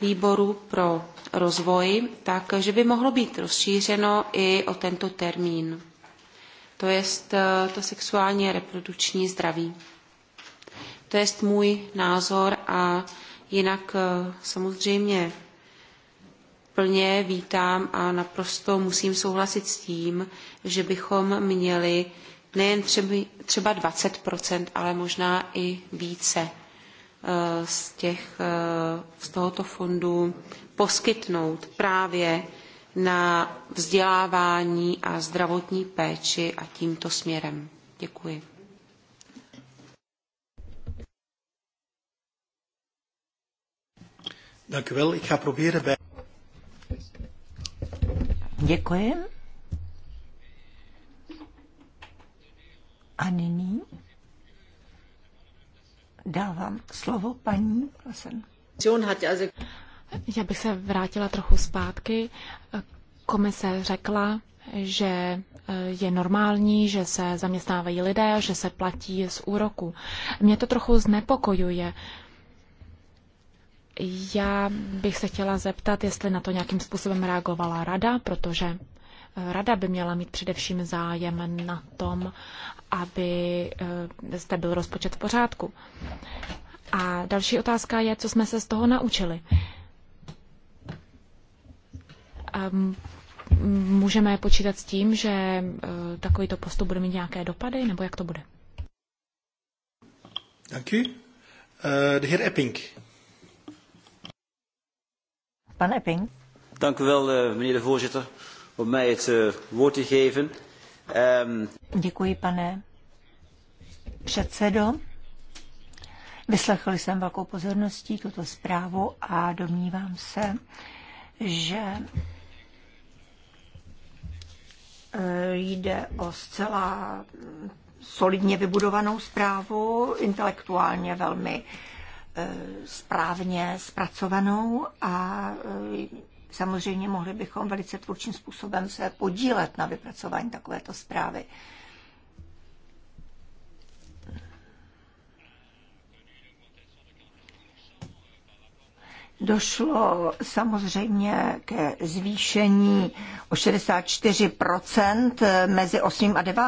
výboru pro rozvoj, tak že by mohlo být rozšířeno i o tento termín. To je eh, to sexuálně reprodukční zdraví. To je můj názor a jinak eh, samozřejmě plně vítám a naprosto musím souhlasit s tím, že bychom měli nejen třeba 20 ale možná i více eh, z, těch, eh, z tohoto fondu poskytnout právě na vzdělávání a zdravotní péči a tímto směrem. Děkuji. Děkuji. A nyní dávám slovo paní Klasen. Já bych se vrátila trochu zpátky. Komise řekla, že eh, je normální, že se zaměstnávají lidé, že se platí z úroku. Mě to trochu znepokojuje. Já bych se chtěla zeptat, jestli na to nějakým způsobem reagovala rada, protože Rada by měla mít především zájem na tom, aby eh, zde byl rozpočet v pořádku. A další otázka je, co jsme se z toho naučili. Ehm, můžeme počítat s tím, že eh, takovýto postup bude mít nějaké dopady, nebo jak to bude? Děkuji. Uh, eh, de Epping. Pan Epping. Dank u wel, meneer de voorzitter. Eh, ehm, Děkuji, pane předsedo. Vyslechli jsem velkou pozorností tuto zprávu a domnívám se, že eh, jde o zcela solidně vybudovanou zprávu, intelektuálně velmi eh, správně zpracovanou a Samozřejmě mohli bychom velice tvůrčím způsobem se podílet na vypracování takovéto zprávy. Došlo samozřejmě ke zvýšení o 64 mezi 8. a 9.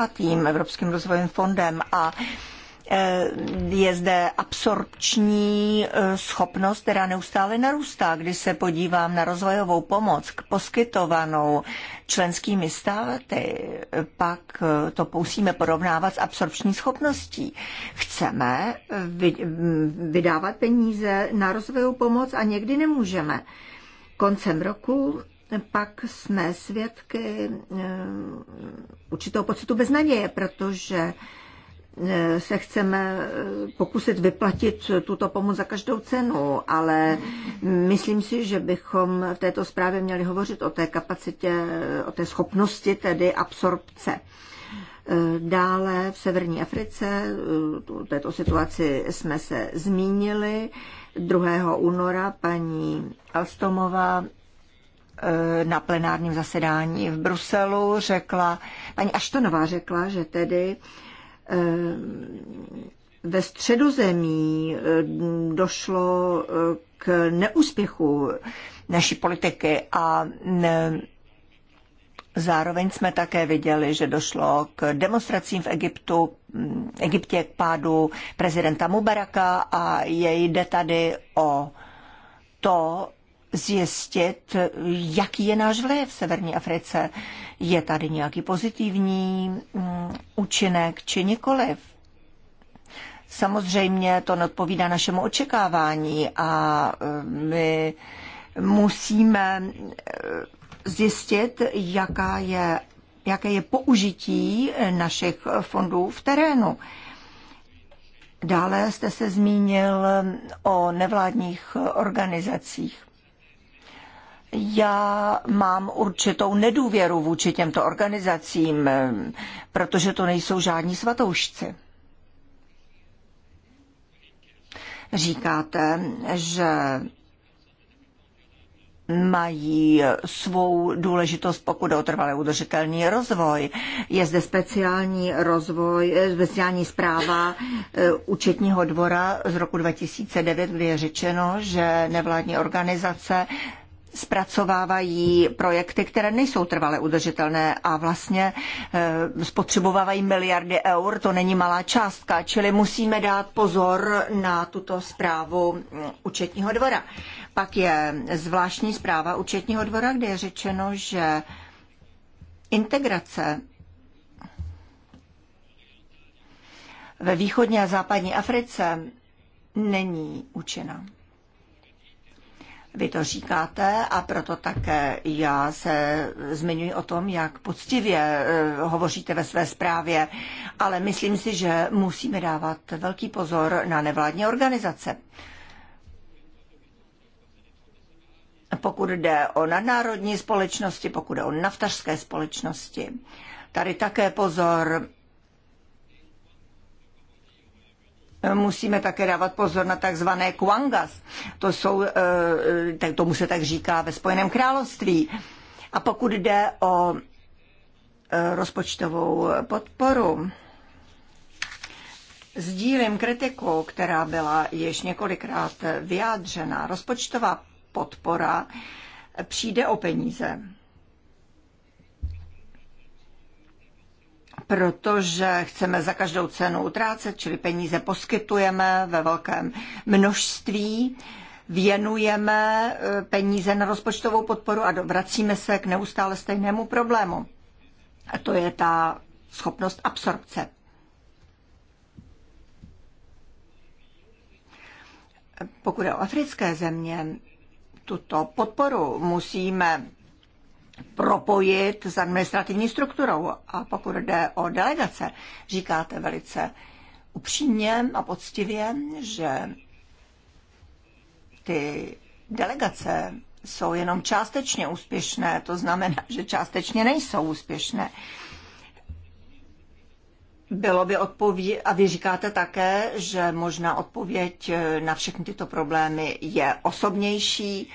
Evropským rozvojovým fondem a Eh, je zde absorpční eh, schopnost, která neustále narůstá. Když se podívám na rozvojovou pomoc poskytovanou členskými státy, pak eh, to musíme porovnávat s absorpční schopností. Chceme mm, vydávat peníze na rozvojovou pomoc a někdy nemůžeme. Koncem roku pak jsme svědky určitého pocitu beznaděje, protože Eh, se chceme eh, pokusit vyplatit tuto pomoc za každou cenu, ale myslím si, že bychom v této zprávě měli hovořit o té kapacitě, o té schopnosti tedy absorpce. Eh, dále v severní Africe, této situaci jsme se zmínili, 2. února paní Alstomová na plenárním zasedání v Bruselu řekla, paní Aštonová řekla, že tedy Ehm, ve středozemí ehm, došlo eh, k neúspěchu naší politiky a ne, mm, Zároveň jsme také viděli, že došlo k demonstracím v Egyptu, mm, Egyptě k pádu prezidenta Mubaraka a jde tady o to, zjistit, jaký je náš vliv v Severní Africe. Je tady nějaký pozitivní mm, účinek či nikoliv? Samozřejmě to neodpovídá našemu očekávání a e, my musíme e, zjistit, jaká je, jaké je použití našich fondů v terénu. Dále jste se zmínil o nevládních organizacích já mám určitou nedůvěru vůči těmto organizacím, protože to nejsou žádní svatoušci. Říkáte, že mají svou důležitost, pokud o trvalé udržitelný rozvoj. Je zde speciální rozvoj, eh, speciální zpráva eh, účetního dvora z roku 2009, kdy je řečeno, že nevládní organizace zpracovávají projekty, které nejsou trvale udržitelné a vlastně eh, spotřebovávají miliardy eur, to není malá částka, čili musíme dát pozor na tuto zprávu mm, účetního dvora. Pak je zvláštní zpráva účetního dvora, kde je řečeno, že integrace ve východní a západní Africe není účinná. Vy to říkáte a proto také já se zmiňuji o tom, jak poctivě eh, hovoříte ve své zprávě, ale myslím si, že musíme dávat velký pozor na nevládní organizace. Pokud jde o nadnárodní společnosti, pokud jde o naftařské společnosti, tady také pozor Musíme také dávat pozor na takzvané kwangas. To jsou, eh, tak tomu se tak říká ve Spojeném království. A pokud jde o eh, rozpočtovou podporu, Sdílím kritiku, která byla již několikrát vyjádřena. Rozpočtová podpora přijde o peníze. protože chceme za každou cenu utrácet, čili peníze poskytujeme ve velkém množství, věnujeme eh, peníze na rozpočtovou podporu a vracíme se k neustále stejnému problému. A to je ta schopnost absorpce. Pokud je o africké země, tuto podporu musíme propojit s administrativní strukturou. A pokud jde o delegace, říkáte velice upřímně a poctivě, že ty delegace jsou jenom částečně úspěšné, to znamená, že částečně nejsou úspěšné. Bylo by odpověď, a vy říkáte také, že možná odpověď na všechny tyto problémy je osobnější,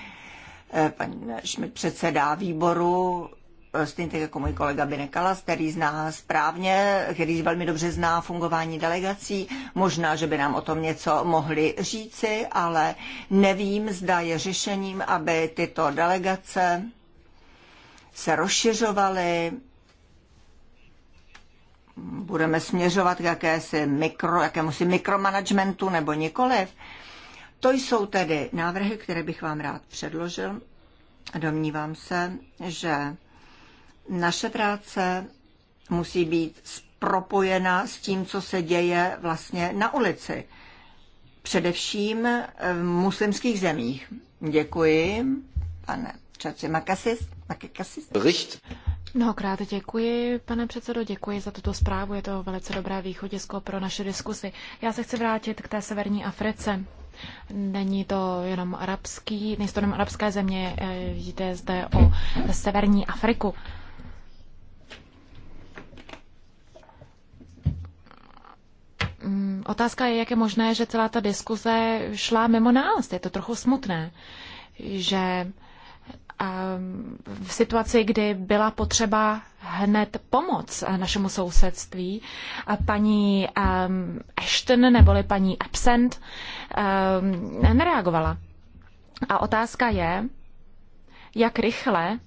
Eh, Pan Šmit předsedá výboru, eh, stejně tak jako můj kolega Binekalas, který zná správně, který velmi dobře zná fungování delegací. Možná, že by nám o tom něco mohli říci, ale nevím, zda je řešením, aby tyto delegace se rozšiřovaly, budeme směřovat k jakési mikro, jakémusi mikromanagementu nebo nikoliv. To jsou tedy návrhy, které bych vám rád předložil. Domnívám se, že naše práce musí být propojena s tím, co se děje vlastně na ulici. Především v muslimských zemích. Děkuji, pane Čaci Makasis. Makasis. Bericht. Mnohokrát děkuji, pane předsedo, děkuji za tuto zprávu. Je to velice dobré východisko pro naše diskusy. Já se chci vrátit k té severní Africe. Není to jenom arabský, nejsou to jenom arabské země, vidíte eh, zde o severní Afriku. Mm, otázka je, jak je možné, že celá ta diskuze šla mimo nás. Je to trochu smutné, že Ehm, v situaci, kdy byla potřeba hned pomoc eh, našemu sousedství. Eh, paní ehm, Ashton neboli paní Absent ehm, nereagovala. A otázka je, jak rychle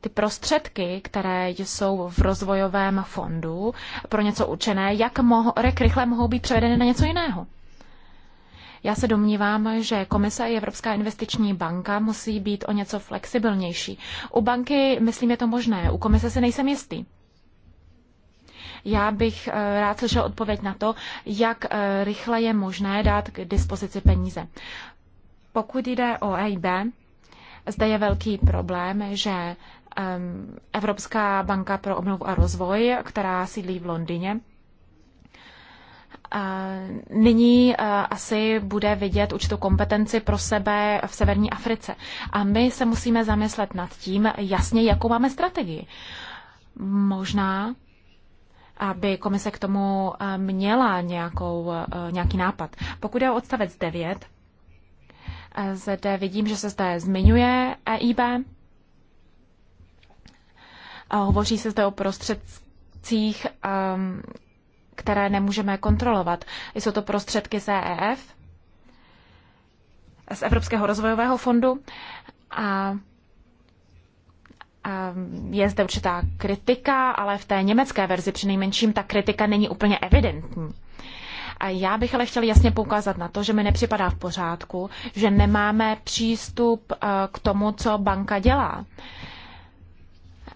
ty prostředky, které jsou v rozvojovém fondu pro něco určené, jak, moho, jak rychle mohou být převedeny na něco jiného. Já se domnívám, že Komise i Evropská investiční banka musí být o něco flexibilnější. U banky, myslím, je to možné, u Komise se nejsem jistý. Já bych eh, rád slyšel odpověď na to, jak eh, rychle je možné dát k dispozici peníze. Pokud jde o EIB, zde je velký problém, že Evropská banka pro obnovu a rozvoj, která sídlí v Londýně, nyní e, asi bude vidět určitou kompetenci pro sebe v severní Africe. A my se musíme zamyslet nad tím jasně, jakou máme strategii. Možná aby komise k tomu e, měla nějakou, e, nějaký nápad. Pokud je o odstavec 9, zde vidím, že se zde zmiňuje EIB. A hovoří se zde o prostředcích, ehm, které nemůžeme kontrolovat. Jsou to prostředky z EEF, z Evropského rozvojového fondu a je zde určitá kritika, ale v té německé verzi přinejmenším ta kritika není úplně evidentní. A já bych ale chtěl jasně poukázat na to, že mi nepřipadá v pořádku, že nemáme přístup eh, k tomu, co banka dělá.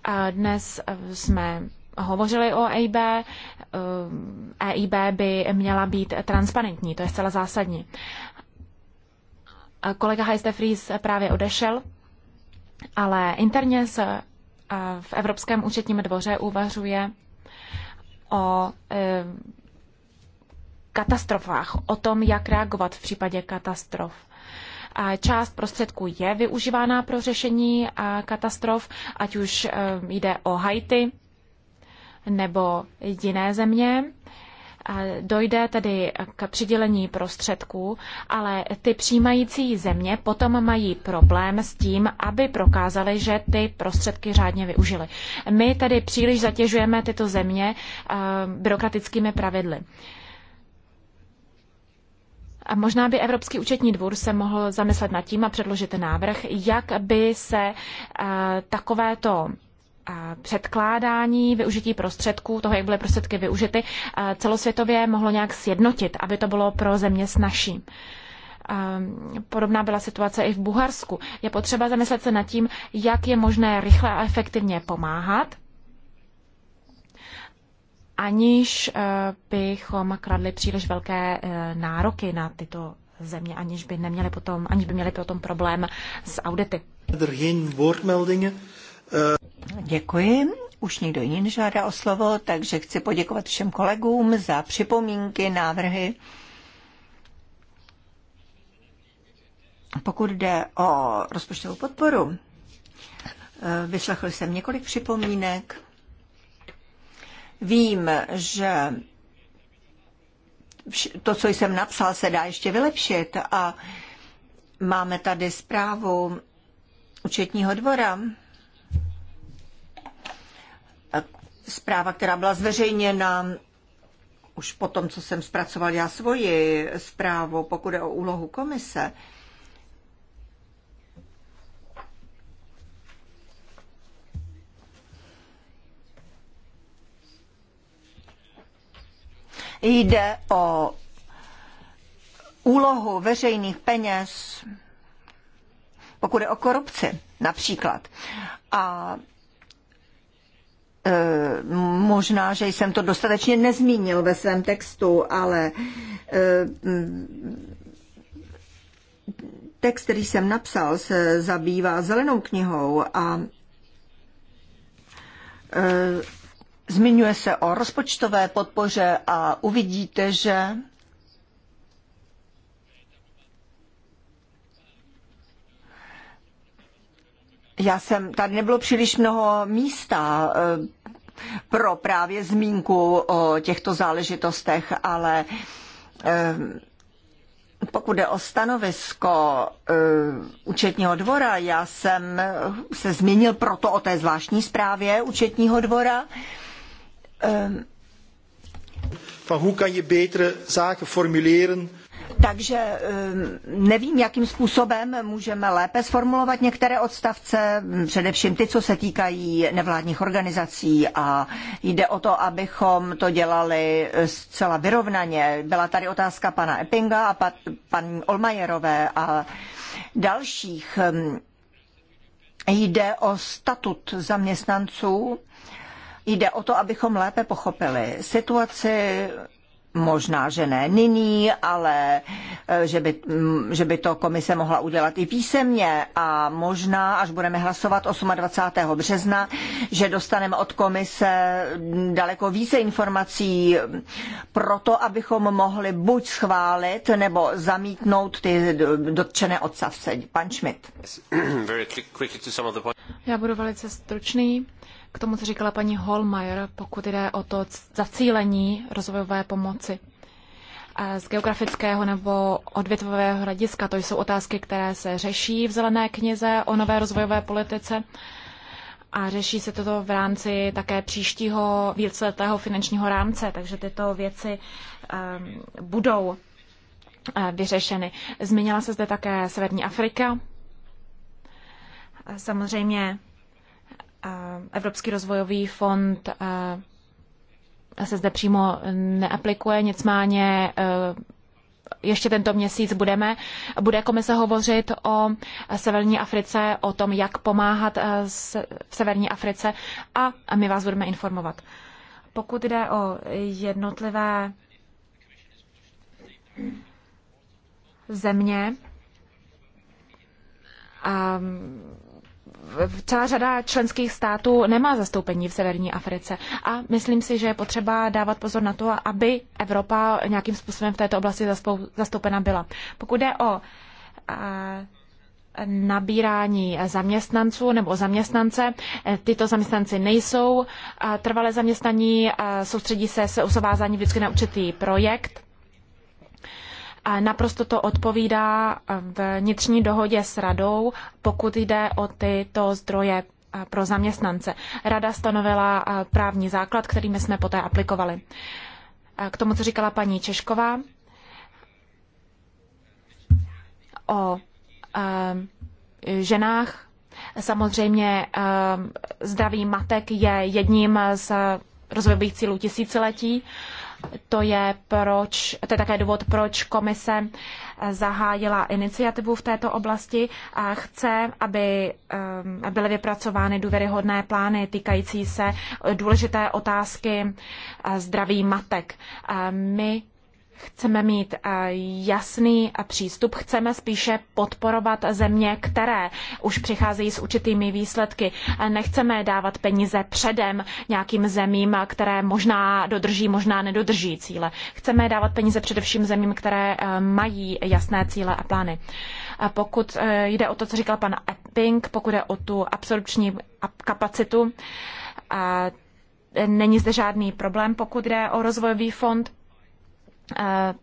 A dnes eh, jsme hovořili o EIB. EIB eh, by měla být transparentní, to je zcela zásadní. Kolega Heiste Fries právě odešel, ale interně se eh, v Evropském účetním dvoře uvažuje o eh, katastrofách, o tom, jak reagovat v případě katastrof. Část prostředků je využívána pro řešení katastrof, ať už jde o Haiti, nebo jiné země. Dojde tedy k přidělení prostředků, ale ty přijímající země potom mají problém s tím, aby prokázali, že ty prostředky řádně využili. My tedy příliš zatěžujeme tyto země eh, byrokratickými pravidly. A možná by Evropský účetní dvůr se mohl zamyslet nad tím a předložit návrh, jak by se eh, takovéto předkládání, využití prostředků, toho, jak byly prostředky využity, celosvětově mohlo nějak sjednotit, aby to bylo pro země snažší. Podobná byla situace i v Bulharsku. Je potřeba zamyslet se nad tím, jak je možné rychle a efektivně pomáhat, aniž e, bychom kradli příliš velké e, nároky na tyto země, aniž by, neměli potom, aniž by měli potom problém s audity. Er geen woordmeldingen. Děkuji. Už nikdo jiný nežádá o slovo, takže chci poděkovat všem kolegům za připomínky, návrhy. Pokud jde o rozpočtovou podporu, eh, vyslechl jsem několik připomínek. Vím, že to, co jsem napsal, se dá ještě vylepšit a máme tady zprávu účetního dvora, zpráva, která byla zveřejněna už po tom, co jsem zpracoval já svoji zprávu, pokud je o úlohu komise, jde o úlohu veřejných peněz, pokud je o korupci například. A Eh, možná, že jsem to dostatečně nezmínil ve svém textu, ale eh, text, který jsem napsal, se zabývá zelenou knihou a eh, zmiňuje se o rozpočtové podpoře a uvidíte, že Já jsem, tady nebylo příliš mnoho místa eh, pro právě zmínku o těchto záležitostech, ale eh, pokud jde o stanovisko eh, účetního dvora, já jsem se zmínil proto o té zvláštní zprávě účetního dvora. Van hoe kan je betere zaken formuleren takže ehm, nevím, jakým způsobem můžeme lépe sformulovat některé odstavce, především ty, co se týkají nevládních organizací a jde o to, abychom to dělali eh, zcela vyrovnaně. Byla tady otázka pana Eppinga a pa, paní Olmajerové a dalších. Ehm, jde o statut zaměstnanců, jde o to, abychom lépe pochopili situaci Možná, že ne nyní, ale eh, že by, mm, že by to komise mohla udělat i písemně a možná, až budeme hlasovat 28. března, že dostaneme od komise daleko více informací pro to, abychom mohli buď schválit nebo zamítnout ty dotčené odstavce. Pan Schmidt. Já budu velice stručný. K tomu, co říkala paní Holmeier, pokud jde o to zacílení rozvojové pomoci z geografického nebo odvětvového hlediska, to jsou otázky, které se řeší v zelené knize o nové rozvojové politice a řeší se toto v rámci také příštího víceletého finančního rámce, takže tyto věci um, budou eh, vyřešeny. Zmínila se zde také Severní Afrika. Samozřejmě Evropský rozvojový fond eh, se zde přímo neaplikuje, nicméně eh, ještě tento měsíc budeme. Bude komise hovořit o Severní Africe, o tom, jak pomáhat eh, v Severní Africe a my vás budeme informovat. Pokud jde o jednotlivé země, ehm, celá řada členských států nemá zastoupení v severní Africe a myslím si, že je potřeba dávat pozor na to, aby Evropa nějakým způsobem v této oblasti zastoupena byla. Pokud jde o nabírání zaměstnanců nebo zaměstnance. E, tyto zaměstnanci nejsou trvalé zaměstnaní, soustředí se, se usovázání vždycky na určitý projekt Naprosto to odpovídá vnitřní dohodě s radou, pokud jde o tyto zdroje e, pro zaměstnance. Rada stanovila e, právní základ, který my jsme poté aplikovali. E, k tomu, co říkala paní Češková o ženách, samozřejmě zdravý matek je jedním z rozvojových cílů tisíciletí to je, proč, to je také důvod, proč komise zahájila iniciativu v této oblasti a chce, aby eh, byly vypracovány důvěryhodné plány týkající se důležité otázky eh, zdraví matek. Eh, my Chceme mít eh, jasný eh, přístup, chceme spíše podporovat země, které už přicházejí s určitými výsledky. Eh, nechceme dávat peníze předem nějakým zemím, které možná dodrží, možná nedodrží cíle. Chceme dávat peníze především zemím, které mají jasné cíle a plány. Pokud jde o to, co říkal pan Epping, pokud jde o tu absorpční kapacitu, není zde žádný problém, pokud jde o rozvojový fond. Eh,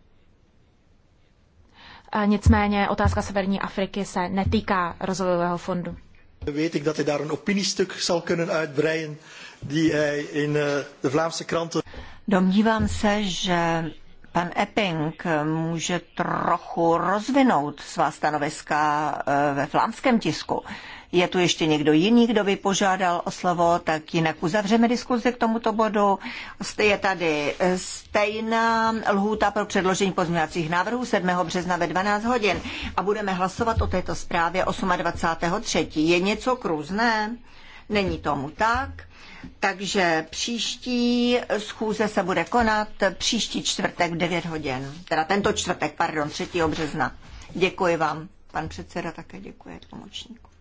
eh, nicméně otázka Severní Afriky se netýká rozvojového fondu. Weet ik dat hij daar een opiniestuk zal kunnen uitbreien die hij in eh, de Vlaamse kranten. Domnívám se, že pan Epping může trochu rozvinout svá stanoviska ve vlámském tisku. Je tu ještě někdo jiný, kdo by požádal o slovo, tak jinak uzavřeme diskuzi k tomuto bodu. Je tady eh, stejná lhůta pro předložení pozměňovacích návrhů 7. března ve 12 hodin a budeme hlasovat o této zprávě 28.3. Je něco k Není tomu tak. Takže příští schůze se bude konat příští čtvrtek v 9 hodin. Teda tento čtvrtek, pardon, 3. března. Děkuji vám. Pan předseda také děkuje tlumočníku.